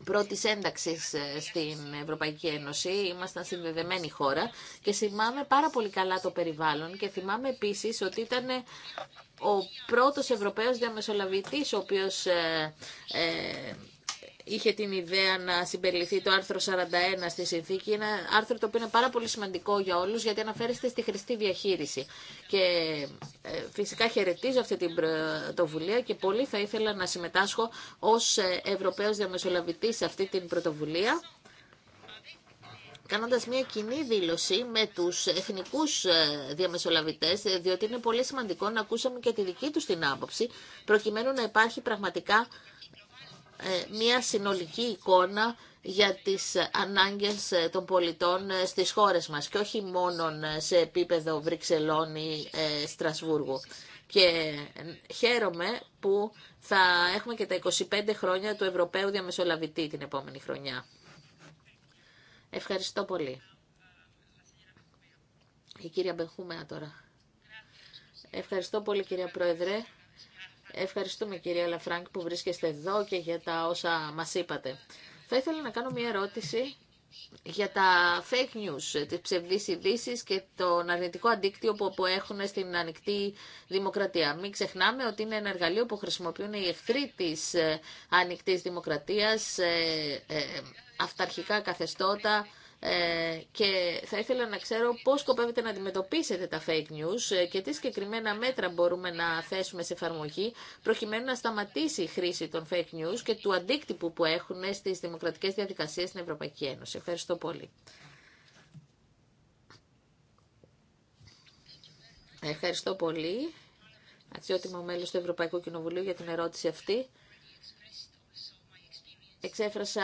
πρώτη ένταξη στην Ευρωπαϊκή Ένωση. Ήμασταν συνδεδεμένη χώρα και θυμάμαι πάρα πολύ καλά το περιβάλλον και θυμάμαι επίση ότι ήταν ο πρώτος Ευρωπαίος διαμεσολαβητής, ο οποίος ε, ε, είχε την ιδέα να συμπεριληφθεί το άρθρο 41 στη συνθήκη. είναι Ένα άρθρο το οποίο είναι πάρα πολύ σημαντικό για όλους γιατί αναφέρεστε στη χρηστή διαχείριση. Και ε, φυσικά χαιρετίζω αυτή την πρωτοβουλία και πολύ θα ήθελα να συμμετάσχω ως ε, Ευρωπαίος Διαμεσολαβητής σε αυτή την πρωτοβουλία κάνοντας μια κοινή δήλωση με τους εθνικούς ε, διαμεσολαβητές, ε, διότι είναι πολύ σημαντικό να ακούσαμε και τη δική τους την άποψη, προκειμένου να υπάρχει πραγματικά ε, μια συνολική εικόνα για τις ανάγκες των πολιτών στις χώρες μας και όχι μόνο σε επίπεδο Βρυξελών ή Στρασβούργου. Και χαίρομαι που θα έχουμε και τα 25 χρόνια του Ευρωπαίου Διαμεσολαβητή την επόμενη χρονιά. Ευχαριστώ πολύ. Η κυρία Μπεχούμεα τώρα. Ευχαριστώ πολύ κυρία Πρόεδρε. Ευχαριστούμε κυρία Λαφράνκ που βρίσκεστε εδώ και για τα όσα μας είπατε. Θα ήθελα να κάνω μια ερώτηση για τα fake news, ε, τις ψευδείς ειδήσει και τον αρνητικό αντίκτυο που έχουν στην ανοιχτή δημοκρατία. Μην ξεχνάμε ότι είναι ένα εργαλείο που χρησιμοποιούν οι εχθροί της ε, ανοιχτής δημοκρατίας, ε, αυταρχικά καθεστώτα, ε, και θα ήθελα να ξέρω πώς σκοπεύετε να αντιμετωπίσετε τα fake news ε, και τι συγκεκριμένα μέτρα μπορούμε να θέσουμε σε εφαρμογή προκειμένου να σταματήσει η χρήση των fake news και του αντίκτυπου που έχουν στις δημοκρατικές διαδικασίες στην Ευρωπαϊκή Ένωση. Ευχαριστώ πολύ. Ευχαριστώ πολύ, αξιότιμο μέλος του Ευρωπαϊκού Κοινοβουλίου, για την ερώτηση αυτή. Εξέφρασα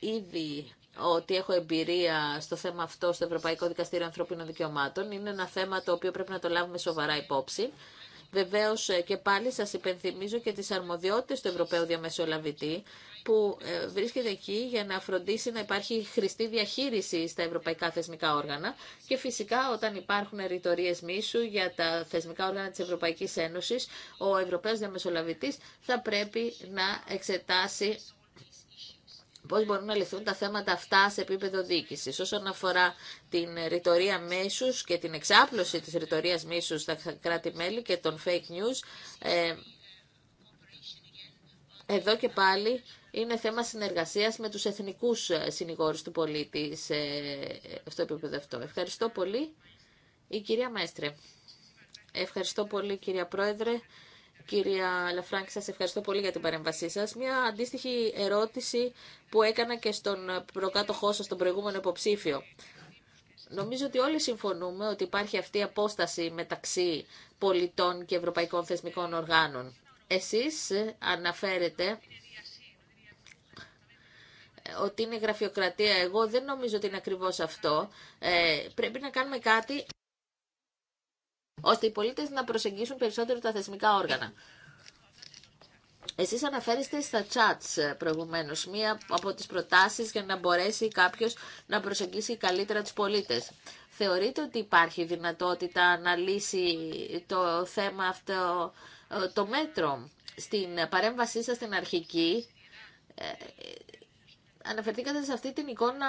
ήδη ότι έχω εμπειρία στο θέμα αυτό στο Ευρωπαϊκό Δικαστήριο Ανθρώπινων Δικαιωμάτων. Είναι ένα θέμα το οποίο πρέπει να το λάβουμε σοβαρά υπόψη. Βεβαίω ε, και πάλι σα υπενθυμίζω και τι αρμοδιότητε του Ευρωπαίου Διαμεσολαβητή που ε, βρίσκεται εκεί για να φροντίσει να υπάρχει χρηστή διαχείριση στα ευρωπαϊκά θεσμικά όργανα και φυσικά όταν υπάρχουν ρητορίε μίσου για τα θεσμικά όργανα τη Ευρωπαϊκή Ένωση, ο Ευρωπαίο Διαμεσολαβητή θα πρέπει να εξετάσει πώ μπορούν να λυθούν τα θέματα αυτά σε επίπεδο διοίκηση. Όσον αφορά την ρητορία μέσους και την εξάπλωση της ρητορίας μίσου στα κράτη-μέλη και των fake news, ε, εδώ και πάλι είναι θέμα συνεργασίας με τους εθνικούς ε, συνηγόρους του πολίτη σε, στο επίπεδο αυτό. Ευχαριστώ πολύ. Η κυρία Μέστρε. Ευχαριστώ πολύ κυρία Πρόεδρε. Κυρία Λαφράνκη, σας ευχαριστώ πολύ για την παρέμβασή σας. Μια αντίστοιχη ερώτηση που έκανα και στον προκάτοχό σας, τον προηγούμενο υποψήφιο. Νομίζω ότι όλοι συμφωνούμε ότι υπάρχει αυτή η απόσταση μεταξύ πολιτών και ευρωπαϊκών θεσμικών οργάνων. Εσείς αναφέρετε ότι είναι γραφειοκρατία. Εγώ δεν νομίζω ότι είναι ακριβώς αυτό. Ε, πρέπει να κάνουμε κάτι ώστε οι πολίτες να προσεγγίσουν περισσότερο τα θεσμικά όργανα. Εσείς αναφέρεστε στα chats ε, προηγουμένως, μία από τις προτάσεις για να μπορέσει κάποιος να προσεγγίσει καλύτερα τους πολίτες. Θεωρείτε ότι υπάρχει δυνατότητα να λύσει το θέμα αυτό ε, το μέτρο. Στην παρέμβασή σας στην αρχική ε, αναφερθήκατε σε αυτή την εικόνα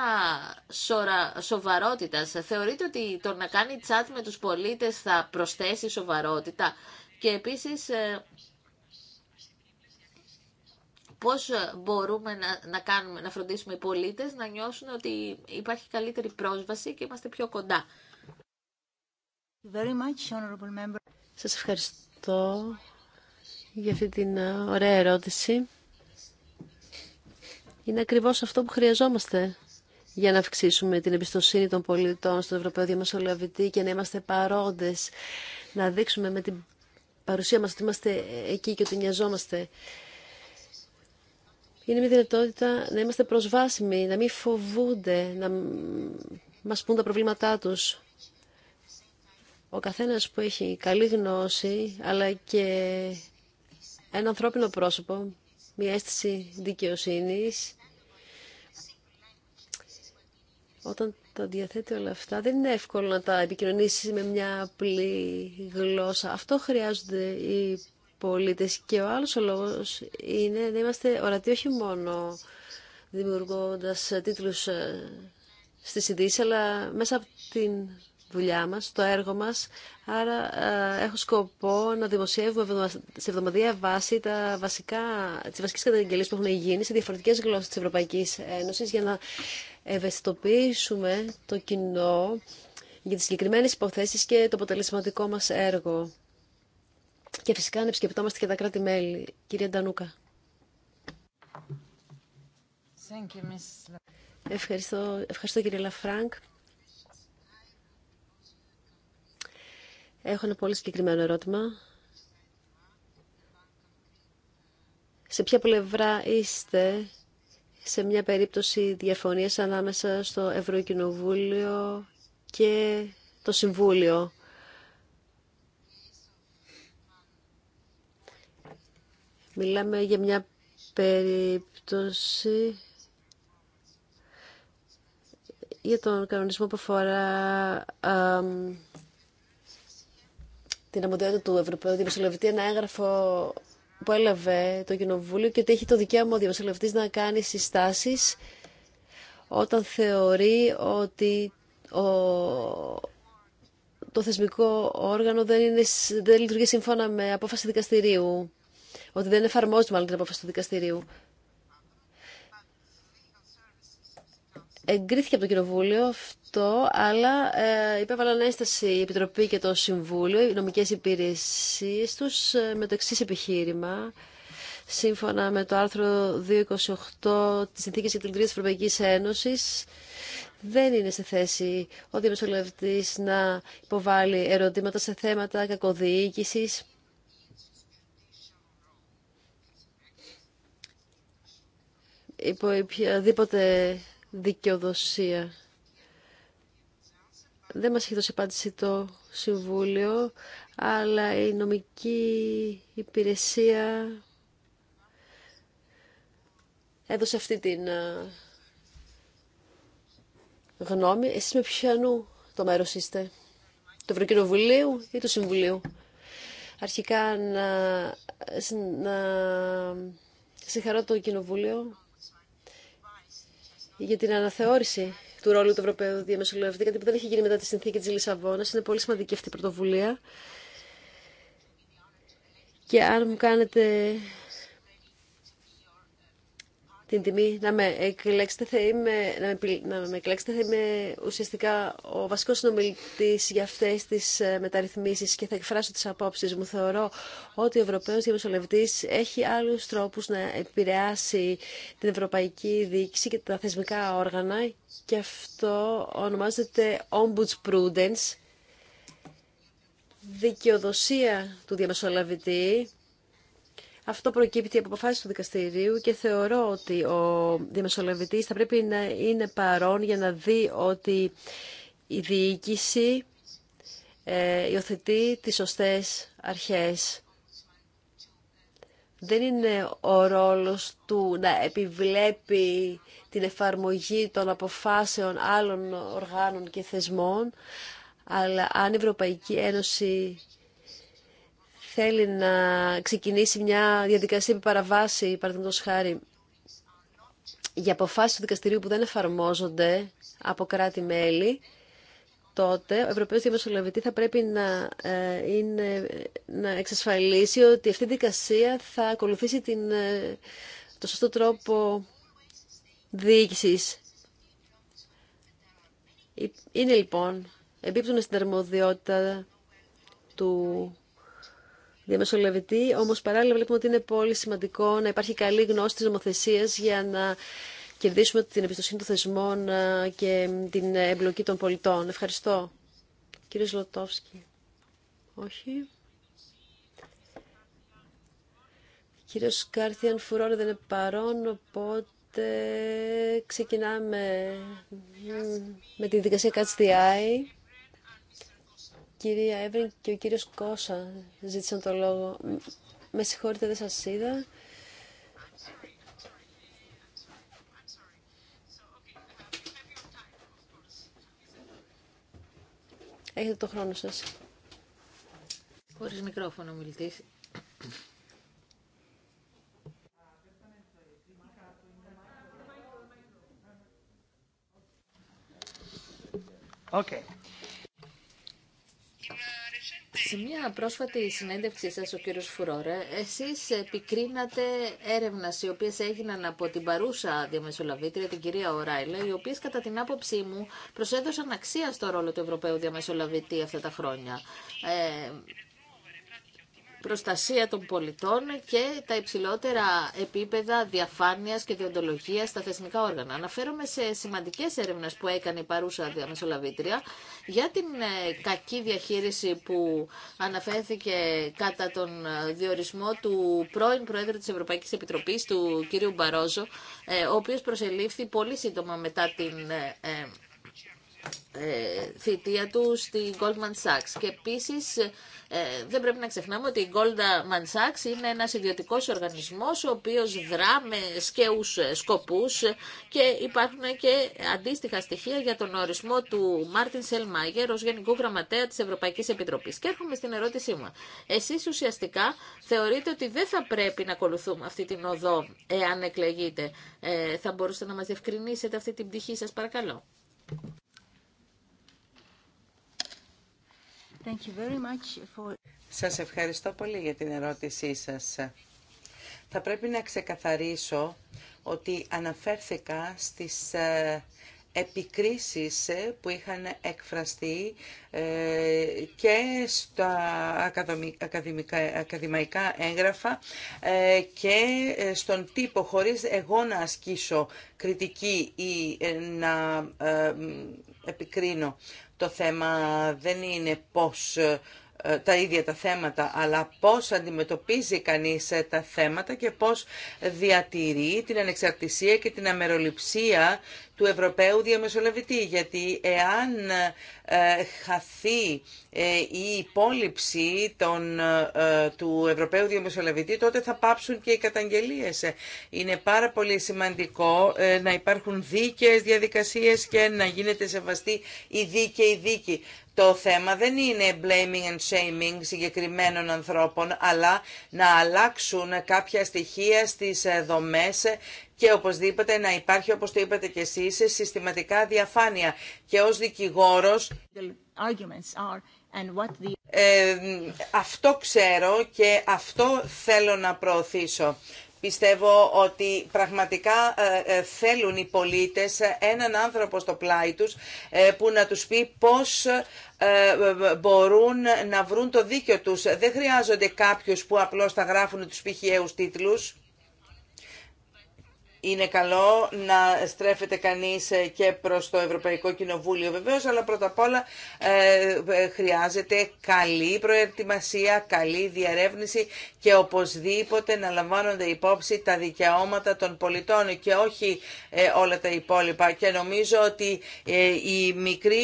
σορα, σοβαρότητας. Θεωρείτε ότι το να κάνει τσάτ με τους πολίτες θα προσθέσει σοβαρότητα. Και επίσης ε, πώς μπορούμε να, να, κάνουμε, να φροντίσουμε οι πολίτες να νιώσουν ότι υπάρχει καλύτερη πρόσβαση και είμαστε πιο κοντά. Very much, member. Σας ευχαριστώ για αυτή την ε, ωραία ερώτηση. Είναι ακριβώ αυτό που χρειαζόμαστε για να αυξήσουμε την εμπιστοσύνη των πολιτών στον Ευρωπαίο Διαμεσολαβητή και να είμαστε παρόντες, να δείξουμε με την παρουσία μας ότι είμαστε εκεί και ότι νοιαζόμαστε. Είναι μια δυνατότητα να είμαστε προσβάσιμοι, να μην φοβούνται, να μας πούν τα προβλήματά τους. Ο καθένας που έχει καλή γνώση, αλλά και ένα ανθρώπινο πρόσωπο, μια αίσθηση δικαιοσύνης. Όταν τα διαθέτει όλα αυτά, δεν είναι εύκολο να τα επικοινωνήσει με μια απλή γλώσσα. Αυτό χρειάζονται οι πολίτες. Και ο άλλος ο λόγος είναι να είμαστε ορατοί όχι μόνο δημιουργώντας τίτλους ε, στις ειδήσει, αλλά μέσα από την δουλειά το έργο μας. Άρα ε, έχω σκοπό να δημοσιεύουμε σε εβδομαδιαία βάση τα βασικά, τις βασικές καταγγελίες που έχουν γίνει σε διαφορετικές γλώσσες της Ευρωπαϊκής Ένωσης για να ευαισθητοποιήσουμε το κοινό για τις συγκεκριμένε υποθέσεις και το αποτελεσματικό μας έργο. Και φυσικά να επισκεπτόμαστε και τα κράτη-μέλη. Κυρία Ντανούκα. Ευχαριστώ, ευχαριστώ κύριε Λαφράνκ. Έχω ένα πολύ συγκεκριμένο ερώτημα. Σε ποια πλευρά είστε σε μια περίπτωση διαφωνίας ανάμεσα στο Ευρωκοινοβούλιο και το Συμβούλιο. Μιλάμε για μια περίπτωση για τον κανονισμό που αφορά την αμοδιότητα του Ευρωπαίου Δημοσιολευτή, ένα έγγραφο που έλαβε το Κοινοβούλιο και ότι έχει το δικαίωμα ο Δημοσιολευτής να κάνει συστάσεις όταν θεωρεί ότι ο... το θεσμικό όργανο δεν, είναι... δεν λειτουργεί σύμφωνα με απόφαση δικαστηρίου, ότι δεν εφαρμόζει μάλλον την απόφαση του δικαστηρίου. Εγκρίθηκε από το Κοινοβούλιο αυτό, αλλά ε, υπέβαλαν ένσταση η Επιτροπή και το Συμβούλιο, οι νομικές υπηρεσίες τους, ε, με το εξή επιχείρημα. Σύμφωνα με το άρθρο 228 της Συνθήκης για την Κρίση της Ευρωπαϊκής Ένωσης, δεν είναι σε θέση ο διαμεσολευτής να υποβάλει ερωτήματα σε θέματα κακοδιοίκησης, υπό οποιαδήποτε δικαιοδοσία. Δεν μας έχει δώσει απάντηση το Συμβούλιο, αλλά η νομική υπηρεσία έδωσε αυτή την γνώμη. Εσείς με ποιανού το μέρος είστε, του Ευρωκοινοβουλίου ή του Συμβουλίου. Αρχικά να, να συγχαρώ το Κοινοβούλιο για την αναθεώρηση του ρόλου του Ευρωπαίου Διαμεσολαβητή, κάτι που δεν έχει γίνει μετά τη συνθήκη της Λισαβόνας. Είναι πολύ σημαντική αυτή η πρωτοβουλία. Και αν μου κάνετε την τιμή να με εκλέξετε θα είμαι, να με, να με ουσιαστικά ο βασικός συνομιλητής για αυτές τις ε, μεταρρυθμίσεις και θα εκφράσω τις απόψεις μου. Θεωρώ ότι ο Ευρωπαίος Διαμεσολευτής έχει άλλους τρόπους να επηρεάσει την Ευρωπαϊκή Διοίκηση και τα θεσμικά όργανα και αυτό ονομάζεται Ombuds Prudence, δικαιοδοσία του διαμεσολαβητή αυτό προκύπτει από αποφάσει του δικαστηρίου και θεωρώ ότι ο διαμεσολαβητή θα πρέπει να είναι παρόν για να δει ότι η διοίκηση ε, υιοθετεί τι σωστές αρχές. Δεν είναι ο ρόλος του να επιβλέπει την εφαρμογή των αποφάσεων άλλων οργάνων και θεσμών, αλλά αν η Ευρωπαϊκή Ένωση θέλει να ξεκινήσει μια διαδικασία επί παραβάση, χάρη, για αποφάσει του δικαστηρίου που δεν εφαρμόζονται από κράτη-μέλη, τότε ο Ευρωπαίος Διαμεσολαβητή θα πρέπει να, ε, είναι, να εξασφαλίσει ότι αυτή η δικασία θα ακολουθήσει την, ε, το σωστό τρόπο διοίκηση. Ε, είναι λοιπόν, εμπίπτουν στην αρμοδιότητα του διαμεσολαβητή, όμως παράλληλα βλέπουμε ότι είναι πολύ σημαντικό να υπάρχει καλή γνώση της νομοθεσίας για να κερδίσουμε την εμπιστοσύνη των θεσμών ε, και την εμπλοκή των πολιτών. Ευχαριστώ. Κύριε Λοτόφσκι. Όχι. Κύριος Κάρθιαν Φουρόρε δεν είναι παρόν, οπότε ξεκινάμε με τη δικασία Catch κυρία Εύριν και ο κύριος Κώσα ζήτησαν το λόγο. Με συγχωρείτε, δεν σας είδα. Έχετε το χρόνο σας. Χωρίς μικρόφωνο μιλητής. Okay. Σε μια πρόσφατη συνέντευξή σας, ο κύριος Φουρόρε, εσείς επικρίνατε έρευνας οι οποίες έγιναν από την παρούσα διαμεσολαβήτρια, την κυρία Οράιλε, οι οποίες κατά την άποψή μου προσέδωσαν αξία στο ρόλο του Ευρωπαίου διαμεσολαβητή αυτά τα χρόνια. Ε, προστασία των πολιτών και τα υψηλότερα επίπεδα διαφάνειας και διοντολογίας στα θεσμικά όργανα. Αναφέρομαι σε σημαντικές έρευνες που έκανε η παρούσα διαμεσολαβήτρια για την ε, κακή διαχείριση που αναφέρθηκε κατά τον ε, διορισμό του πρώην Πρόεδρου της Ευρωπαϊκής Επιτροπής, του κ. Μπαρόζο, ε, ο οποίος προσελήφθη πολύ σύντομα μετά την ε, θητεία του στη Goldman Sachs. Και επίσης ε, δεν πρέπει να ξεχνάμε ότι η Goldman Sachs είναι ένας ιδιωτικός οργανισμός ο οποίος δρά με σκέους ε, σκοπούς και υπάρχουν και αντίστοιχα στοιχεία για τον ορισμό του Μάρτιν Σελμάγερ ως Γενικού Γραμματέα της Ευρωπαϊκής Επιτροπής. Και έρχομαι στην ερώτησή μου. Εσείς ουσιαστικά θεωρείτε ότι δεν θα πρέπει να ακολουθούμε αυτή την οδό εάν εκλεγείτε. Ε, θα μπορούσατε να μας διευκρινίσετε αυτή την πτυχή σας παρακαλώ. Thank Σας ευχαριστώ πολύ για την ερώτησή σας. Θα πρέπει να ξεκαθαρίσω ότι αναφέρθηκα στις ε, επικρίσεις ε, που είχαν εκφραστεί ε, και στα ακαδημαϊκά έγγραφα και στον τύπο χωρίς εγώ να ασκήσω κριτική ή να επικρίνω. Το θέμα δεν είναι πώς ε, τα ίδια τα θέματα, αλλά πώς αντιμετωπίζει κανείς ε, τα θέματα και πώς διατηρεί την ανεξαρτησία και την αμεροληψία του Ευρωπαίου Διαμεσολαβητή, γιατί εάν ε, χαθεί ε, η υπόλοιψη των, ε, του Ευρωπαίου Διαμεσολαβητή, τότε θα πάψουν και οι καταγγελίες. Είναι πάρα πολύ σημαντικό να υπάρχουν δίκαιες διαδικασίες και να γίνεται σεβαστή η δίκαιη δίκη. Το θέμα δεν είναι blaming and shaming συγκεκριμένων ανθρώπων, αλλά να αλλάξουν κάποια στοιχεία στις δομές και οπωσδήποτε να υπάρχει, όπως το είπατε και εσείς, συστηματικά διαφάνεια. Και ως δικηγόρος... Ε, αυτό ξέρω και αυτό θέλω να προωθήσω. Πιστεύω ότι πραγματικά ε, ε, θέλουν οι πολίτες έναν άνθρωπο στο πλάι τους που να τους πει πώς μπορούν να βρουν το δίκιο τους. Δεν χρειάζονται κάποιους που απλώς θα γράφουν τους πηχιαίους τίτλους είναι καλό να στρέφεται κανείς ε, και προς το Ευρωπαϊκό Κοινοβούλιο βεβαίως, αλλά πρώτα απ' όλα ε, ε, χρειάζεται καλή προετοιμασία, καλή διαρεύνηση και οπωσδήποτε να λαμβάνονται υπόψη τα δικαιώματα των πολιτών και όχι όλα τα υπόλοιπα. Και νομίζω ότι οι μικροί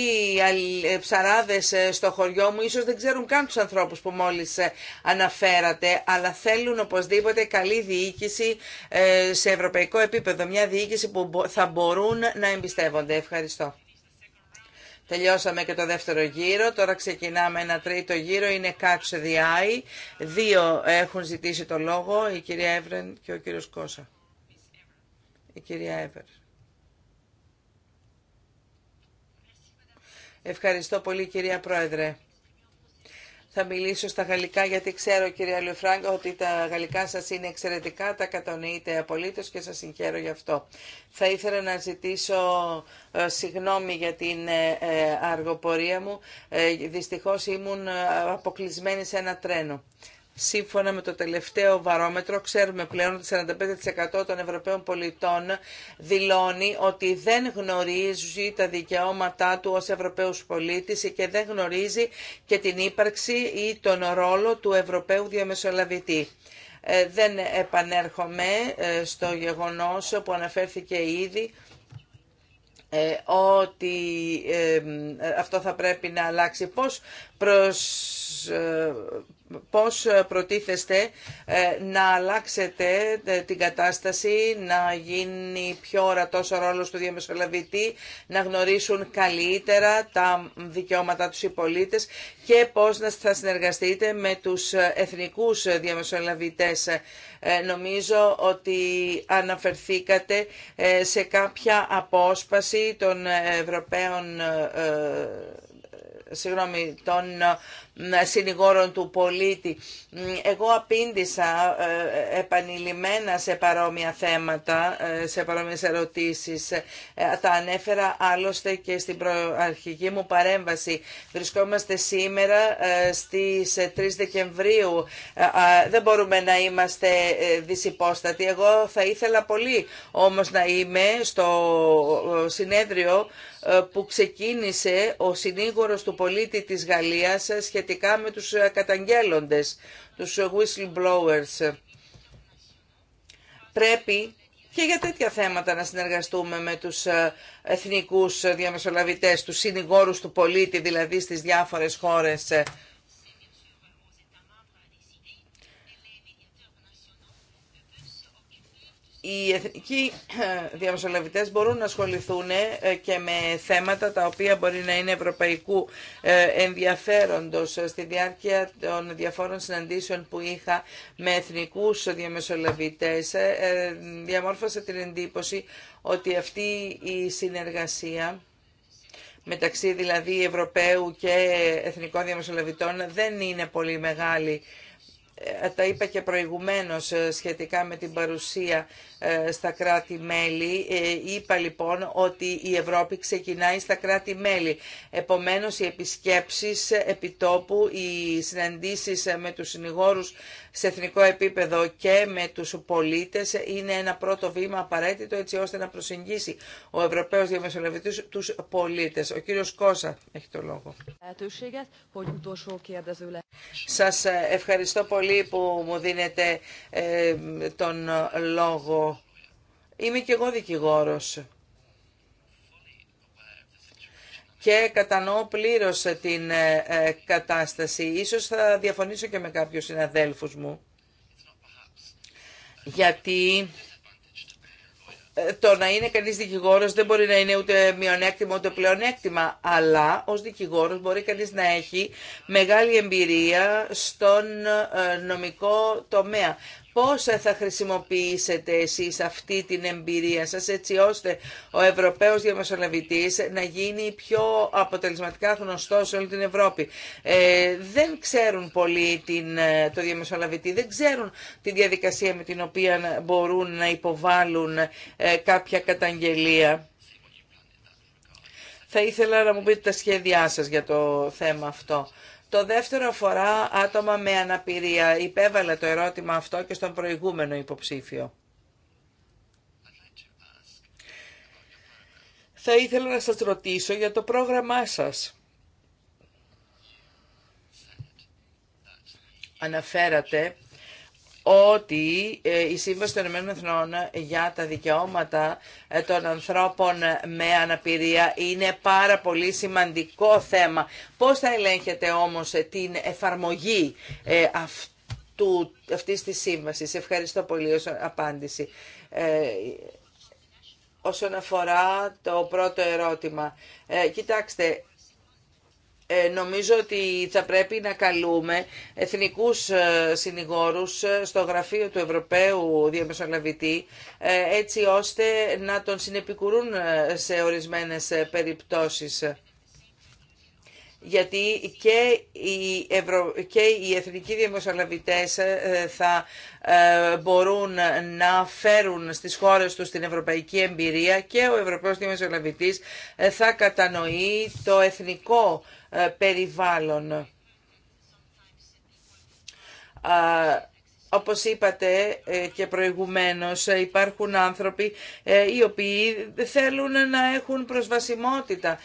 ψαράδες στο χωριό μου ίσως δεν ξέρουν καν τους ανθρώπους που μόλις αναφέρατε, αλλά θέλουν οπωσδήποτε καλή διοίκηση σε ευρωπαϊκό επίπεδο, μια διοίκηση που θα μπορούν να εμπιστεύονται. Ευχαριστώ. Τελειώσαμε και το δεύτερο γύρο, τώρα ξεκινάμε ένα τρίτο γύρο, είναι Catch the Δύο έχουν ζητήσει το λόγο, η κυρία Εύρεν και ο κύριος Κώσα. Η κυρία Εύρεν. Ευχαριστώ πολύ κυρία Πρόεδρε. Θα μιλήσω στα γαλλικά γιατί ξέρω κύριε Λιουφράγκ ότι τα γαλλικά σας είναι εξαιρετικά, τα κατανοείτε απολύτως και σας συγχαίρω γι' αυτό. Θα ήθελα να ζητήσω ε, συγγνώμη για την ε, ε, αργοπορία μου. Δυστυχώς ήμουν αποκλεισμένη σε ένα τρένο. Σύμφωνα με το τελευταίο βαρόμετρο, ξέρουμε πλέον ότι 45% των Ευρωπαίων πολιτών δηλώνει ότι δεν γνωρίζει τα δικαιώματά του ως Ευρωπαίους πολίτης και δεν γνωρίζει και την ύπαρξη ή τον ρόλο του Ευρωπαίου διαμεσολαβητή. Ε, δεν επανέρχομαι ε, στο γεγονός που αναφέρθηκε ήδη ε, ότι αυτό θα πρέπει να αλλάξει. Πώς προς πώς προτίθεστε ε, να αλλάξετε ε, την κατάσταση, να γίνει πιο ορατός ο ρόλος του διαμεσολαβητή, να γνωρίσουν καλύτερα τα δικαιώματά τους οι πολίτες και πώς να θα συνεργαστείτε με τους εθνικούς διαμεσολαβητές. Ε, νομίζω ότι αναφερθήκατε σε κάποια απόσπαση των Ευρωπαίων συγγνώμη, των συνηγόρων του πολίτη. Εγώ απήντησα ε, επανειλημμένα σε παρόμοια θέματα, ε, σε παρόμοιε ερωτήσεις. Ε, τα ανέφερα άλλωστε και στην προαρχική μου παρέμβαση. Βρισκόμαστε σήμερα στις 3 Δεκεμβρίου. Δεν μπορούμε να είμαστε δυσυπόστατοι. Εγώ θα ήθελα πολύ όμως να είμαι στο συνέδριο ε, που ξεκίνησε ο συνήγορος του πολίτη της Γαλλίας ε, σχετικά με τους ε, καταγγέλλοντες, τους whistleblowers. Πρέπει και για τέτοια θέματα να συνεργαστούμε με τους εθνικούς διαμεσολαβητές, τους συνηγόρους του πολίτη δηλαδή στις διάφορες χώρες οι εθνικοί διαμεσολαβητές μπορούν να ασχοληθούν ε, και με θέματα τα οποία μπορεί να είναι ευρωπαϊκού ε, ενδιαφέροντος ε, στη διάρκεια των διαφόρων συναντήσεων που είχα με εθνικούς διαμεσολαβητές διαμόρφωσα την εντύπωση ότι αυτή η συνεργασία μεταξύ δηλαδή Ευρωπαίου και Εθνικών Διαμεσολαβητών δεν είναι πολύ μεγάλη ε, τα είπα και προηγουμένως ε, σχετικά με την παρουσία ε, στα κράτη-μέλη. Είπα λοιπόν ότι η Ευρώπη ξεκινάει στα κράτη-μέλη. Επομένως οι επισκέψεις επιτόπου, οι συναντήσεις με τους συνηγόρους σε εθνικό επίπεδο και με τους πολίτες είναι ένα πρώτο βήμα απαραίτητο έτσι ώστε να προσεγγίσει ο Ευρωπαίος Διαμεσολαβητής τους πολίτες. Ο κύριος Κώσα έχει το λόγο. Σας ευχαριστώ πολύ που μου δίνετε ε, τον λόγο. Είμαι και εγώ δικηγόρος και κατανοώ πλήρως ε, την ε, ε, κατάσταση. Ίσως θα διαφωνήσω και με κάποιους συναδέλφους μου. Γιατί το να είναι κανείς δικηγόρος δεν μπορεί να είναι ούτε μειονέκτημα ούτε πλεονέκτημα, αλλά ως δικηγόρος μπορεί κανείς να έχει μεγάλη εμπειρία στον νομικό τομέα πόσα θα χρησιμοποιήσετε εσείς αυτή την εμπειρία σας έτσι ώστε ο Ευρωπαίος Διαμεσολαβητής να γίνει πιο αποτελεσματικά γνωστός σε όλη την Ευρώπη. Ε, δεν ξέρουν πολύ την, ε, το διαμεσολαβητή, δεν ξέρουν τη διαδικασία με την οποία μπορούν να υποβάλουν ε, κάποια καταγγελία. Θα ήθελα να μου πείτε τα σχέδιά σας για το θέμα αυτό. Το δεύτερο αφορά άτομα με αναπηρία. Υπέβαλε το ερώτημα αυτό και στον προηγούμενο υποψήφιο. Θα ήθελα να σας ρωτήσω για το πρόγραμμά σας. Αναφέρατε ότι ε, η Σύμβαση των Ηνωμένων Εθνών για τα δικαιώματα ε, των ανθρώπων με αναπηρία είναι πάρα πολύ σημαντικό θέμα. Πώς θα ελέγχετε όμως ε, την εφαρμογή αυτού, αυτής της σύμβασης. Ευχαριστώ πολύ ως απάντηση. Όσον αφορά το πρώτο ερώτημα, κοιτάξτε, ε, νομίζω ότι θα πρέπει να καλούμε εθνικούς ε, συνηγόρους ε, στο γραφείο του Ευρωπαίου Διαμεσολαβητή έτσι ώστε να τον συνεπικουρούν σε ορισμένες περιπτώσεις γιατί και οι, και εθνικοί διαμεσολαβητές ε, θα ε, μπορούν να φέρουν στις χώρες τους την ευρωπαϊκή εμπειρία και ο Ευρωπαίος Διαμεσολαβητής ε, θα κατανοεί το εθνικό περιβάλλον όπως είπατε ε, και προηγουμένως, ε, υπάρχουν άνθρωποι ε, οι οποίοι θέλουν να έχουν προσβασιμότητα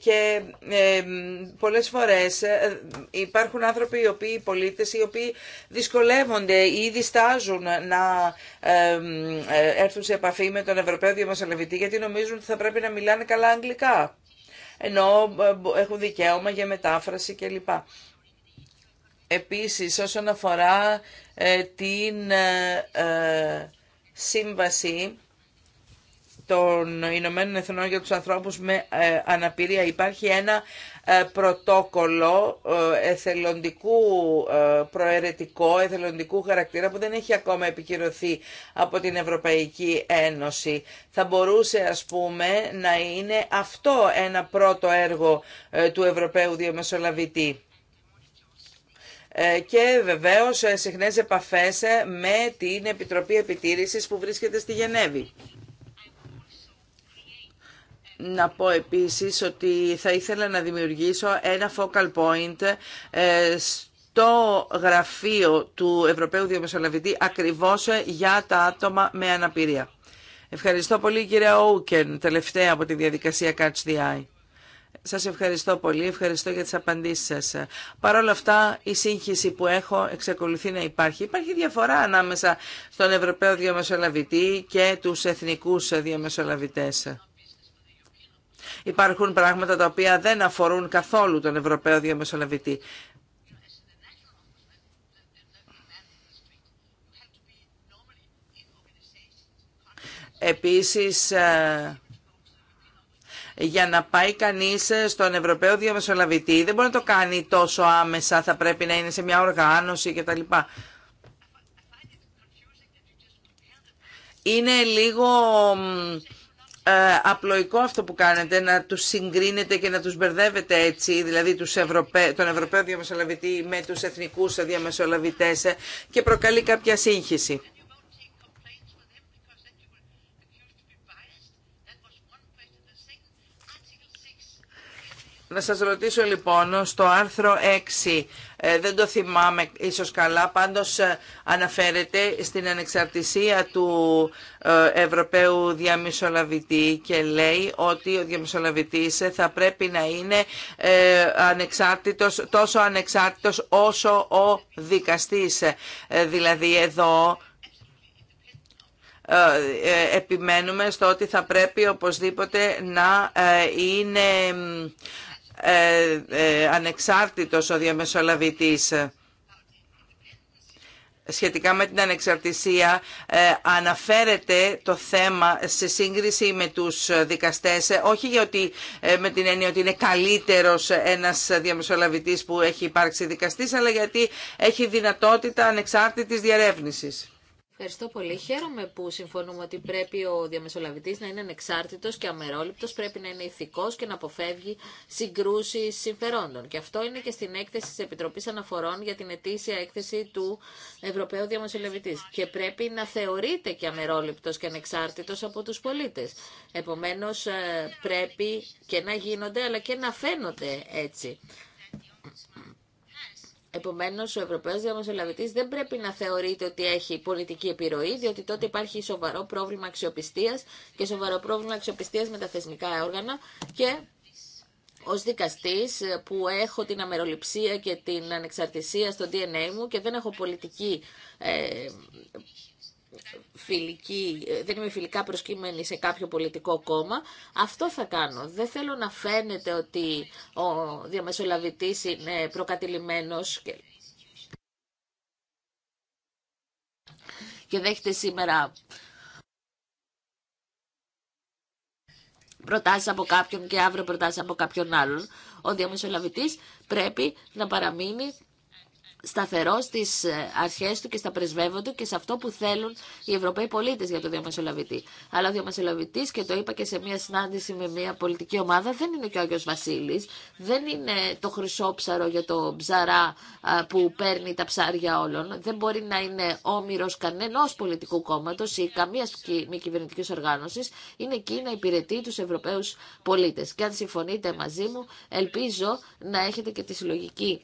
και πολλές φορές υπάρχουν άνθρωποι οι οποίοι, οι πολίτες, οι οποίοι δυσκολεύονται ή διστάζουν να έρθουν σε επαφή με τον Ευρωπαίο Διαμεσολαβητή γιατί νομίζουν ότι θα πρέπει να μιλάνε καλά αγγλικά ενώ έχουν δικαίωμα για μετάφραση κλπ. Επίσης, όσον αφορά ε, την ε, ε, σύμβαση των Ηνωμένων Εθνών για τους ανθρώπους με αναπηρία, υπάρχει ένα πρωτόκολλο εθελοντικού προαιρετικό, εθελοντικού χαρακτήρα που δεν έχει ακόμα επικυρωθεί από την Ευρωπαϊκή Ένωση. Θα μπορούσε ας πούμε να είναι αυτό ένα πρώτο έργο του Ευρωπαίου Διαμεσολαβητή. Ε, και βεβαίως ε, συχνές επαφές ε, με την Επιτροπή Επιτήρησης που βρίσκεται στη Γενέβη. Να πω επίσης ότι θα ήθελα να δημιουργήσω ένα focal point στο γραφείο του Ευρωπαίου Διαμεσολαβητή ακριβώς για τα άτομα με αναπηρία. Ευχαριστώ πολύ κύριε Όουκεν, τελευταία από τη διαδικασία Catch the Eye. Σας ευχαριστώ πολύ, ευχαριστώ για τις απαντήσεις σας. Παρ' όλα αυτά, η σύγχυση που έχω εξακολουθεί να υπάρχει. Υπάρχει διαφορά ανάμεσα στον Ευρωπαίο Διαμεσολαβητή και τους εθνικούς διαμεσολαβητές. Υπάρχουν πράγματα τα οποία δεν αφορούν καθόλου τον Ευρωπαίο Διαμεσολαβητή. Επίσης, ε, για να πάει κανείς στον Ευρωπαίο Διαμεσολαβητή δεν μπορεί να το κάνει τόσο άμεσα, θα πρέπει να είναι σε μια οργάνωση κτλ. Είναι λίγο ε, απλοϊκό αυτό που κάνετε, να τους συγκρίνετε και να τους μπερδεύετε έτσι, δηλαδή τους τον Ευρωπαίο Διαμεσολαβητή με τους εθνικούς διαμεσολαβητές ε, και προκαλεί κάποια σύγχυση. Να σας ρωτήσω λοιπόν στο άρθρο 6, ε, δεν το θυμάμαι ίσως καλά, πάντως ε, αναφέρεται στην ανεξαρτησία του ε, Ευρωπαίου Διαμισολαβητή και λέει ότι ο Διαμεσολαβητής θα πρέπει να είναι ανεξάρτητος, τόσο ανεξάρτητος όσο ο δικαστής. Δηλαδή εδώ επιμένουμε στο ότι θα πρέπει οπωσδήποτε να είναι ε, ε, ανεξάρτητος ο διαμεσολαβητής σχετικά με την ανεξαρτησία ε, αναφέρεται το θέμα σε σύγκριση με τους δικαστές όχι γιατί ε, με την έννοια ότι είναι καλύτερος ένας διαμεσολαβητής που έχει υπάρξει δικαστής αλλά γιατί έχει δυνατότητα ανεξάρτητης διαρεύνησης. Ευχαριστώ πολύ. Χαίρομαι που συμφωνούμε ότι πρέπει ο διαμεσολαβητής να είναι ανεξάρτητο και αμερόληπτος, πρέπει να είναι ηθικός και να αποφεύγει συγκρούσεις συμφερόντων. Και αυτό είναι και στην έκθεση τη Επιτροπή Αναφορών για την ετήσια έκθεση του Ευρωπαίου Διαμεσολαβητή. Και πρέπει να θεωρείται και αμερόληπτος και ανεξάρτητο από του πολίτε. Επομένω, ε, πρέπει και να γίνονται αλλά και να φαίνονται έτσι. Επομένω, ο Ευρωπαίο Διαμεσολαβητή δεν πρέπει να θεωρείται ότι έχει πολιτική επιρροή, διότι τότε υπάρχει σοβαρό πρόβλημα αξιοπιστία και σοβαρό πρόβλημα αξιοπιστία με τα θεσμικά όργανα και ω δικαστή που έχω την αμεροληψία και την ανεξαρτησία στο DNA μου και δεν έχω πολιτική ε, φιλική, δεν είμαι φιλικά προσκύμενη σε κάποιο πολιτικό κόμμα, αυτό θα κάνω. Δεν θέλω να φαίνεται ότι ο διαμεσολαβητής είναι προκατηλημένος και, και δέχεται σήμερα προτάσεις από κάποιον και αύριο προτάσεις από κάποιον άλλον. Ο διαμεσολαβητής πρέπει να παραμείνει σταθερό στι ε, αρχέ του και στα του και σε αυτό που θέλουν οι Ευρωπαίοι πολίτε για το διαμεσολαβητή. Αλλά ο διαμεσολαβητή, και το είπα και σε μια συνάντηση με μια πολιτική ομάδα, δεν είναι και ο Άγιο Βασίλη, δεν είναι το χρυσόψαρο για το ψαρά που παίρνει τα ψάρια όλων, δεν μπορεί να είναι όμοιρο κανένα πολιτικού κόμματο ή καμία μη κυβερνητική οργάνωση, είναι εκεί να υπηρετεί του Ευρωπαίου πολίτε. Και αν συμφωνείτε μαζί μου, ελπίζω να έχετε και τη συλλογική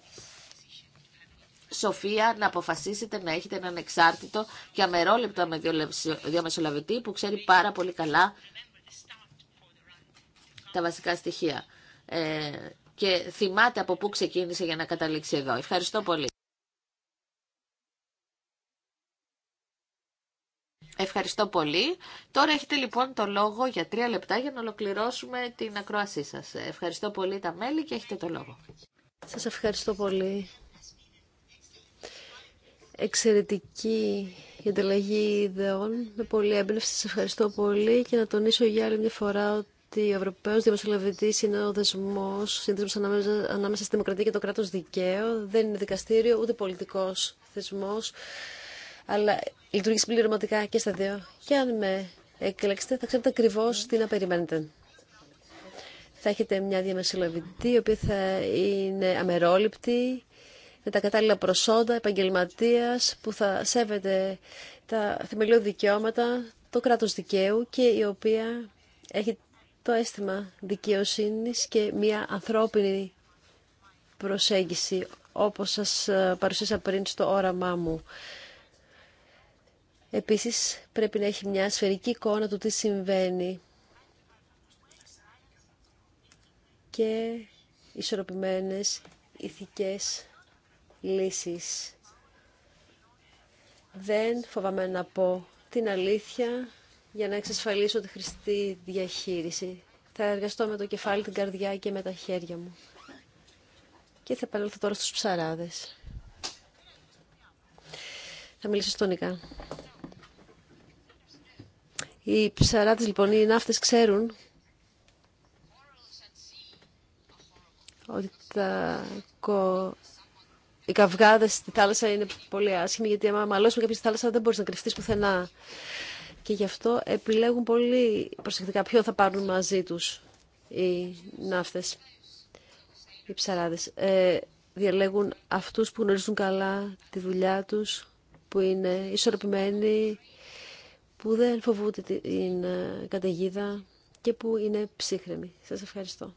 σοφία να αποφασίσετε να έχετε έναν εξάρτητο και αμερόληπτο με διαμεσολαβητή που ξέρει πάρα πολύ καλά τα βασικά στοιχεία. Ε, και θυμάται από πού ξεκίνησε για να καταλήξει εδώ. Ευχαριστώ πολύ. Ευχαριστώ πολύ. Τώρα έχετε λοιπόν το λόγο για τρία λεπτά για να ολοκληρώσουμε την ακρόασή σας. Ευχαριστώ πολύ τα μέλη και έχετε το λόγο. Σας ευχαριστώ πολύ εξαιρετική ανταλλαγή ιδεών με πολύ έμπνευση. Σας ευχαριστώ πολύ και να τονίσω για άλλη μια φορά ότι ο Ευρωπαίος Δημοσιολαβητής είναι ο δεσμός, σύνδεσμος ανάμεσα, ανάμεσα στη δημοκρατία και το κράτος δικαίου. Δεν είναι δικαστήριο ούτε πολιτικός θεσμός, αλλά λειτουργεί συμπληρωματικά και στα δύο. Και αν με εκλέξετε θα ξέρετε ακριβώ τι να περιμένετε. Θα έχετε μια διαμεσολαβητή, η οποία θα είναι αμερόληπτη με τα κατάλληλα προσόντα επαγγελματίας που θα σέβεται τα θεμελιώδη δικαιώματα, το κράτος δικαίου και η οποία έχει το αίσθημα δικαιοσύνης και μια ανθρώπινη προσέγγιση όπως σας παρουσίασα πριν στο όραμά μου. Επίσης πρέπει να έχει μια σφαιρική εικόνα του τι συμβαίνει και ισορροπημένες ηθικές λύσεις. Δεν φοβάμαι να πω την αλήθεια για να εξασφαλίσω τη χρηστή διαχείριση. Θα εργαστώ με το κεφάλι, την καρδιά και με τα χέρια μου. Και θα επανέλθω τώρα στους ψαράδες. Θα μιλήσω στονικά. Οι ψαράδες λοιπόν, οι ναύτες ξέρουν ότι τα οι καυγάδε στη θάλασσα είναι πολύ άσχημοι, γιατί άμα μαλώσουμε κάποιο στη θάλασσα δεν μπορεί να κρυφτεί πουθενά. Και γι' αυτό επιλέγουν πολύ προσεκτικά ποιο θα πάρουν μαζί του οι ναύτε, οι ψαράδε. Ε, διαλέγουν αυτού που γνωρίζουν καλά τη δουλειά του, που είναι ισορροπημένοι, που δεν φοβούνται την ε, καταιγίδα και που είναι ψύχρεμοι. Σας ευχαριστώ.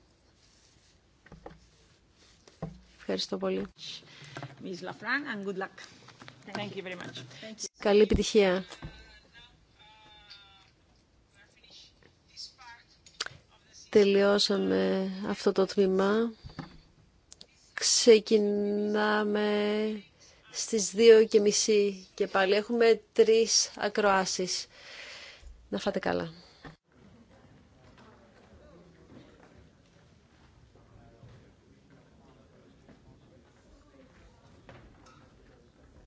Ευχαριστώ πολύ. Καλή επιτυχία. Τελειώσαμε αυτό το τμήμα. Ξεκινάμε στις 2.30 και μισή και πάλι έχουμε τρεις ακροάσεις. Να φάτε καλά.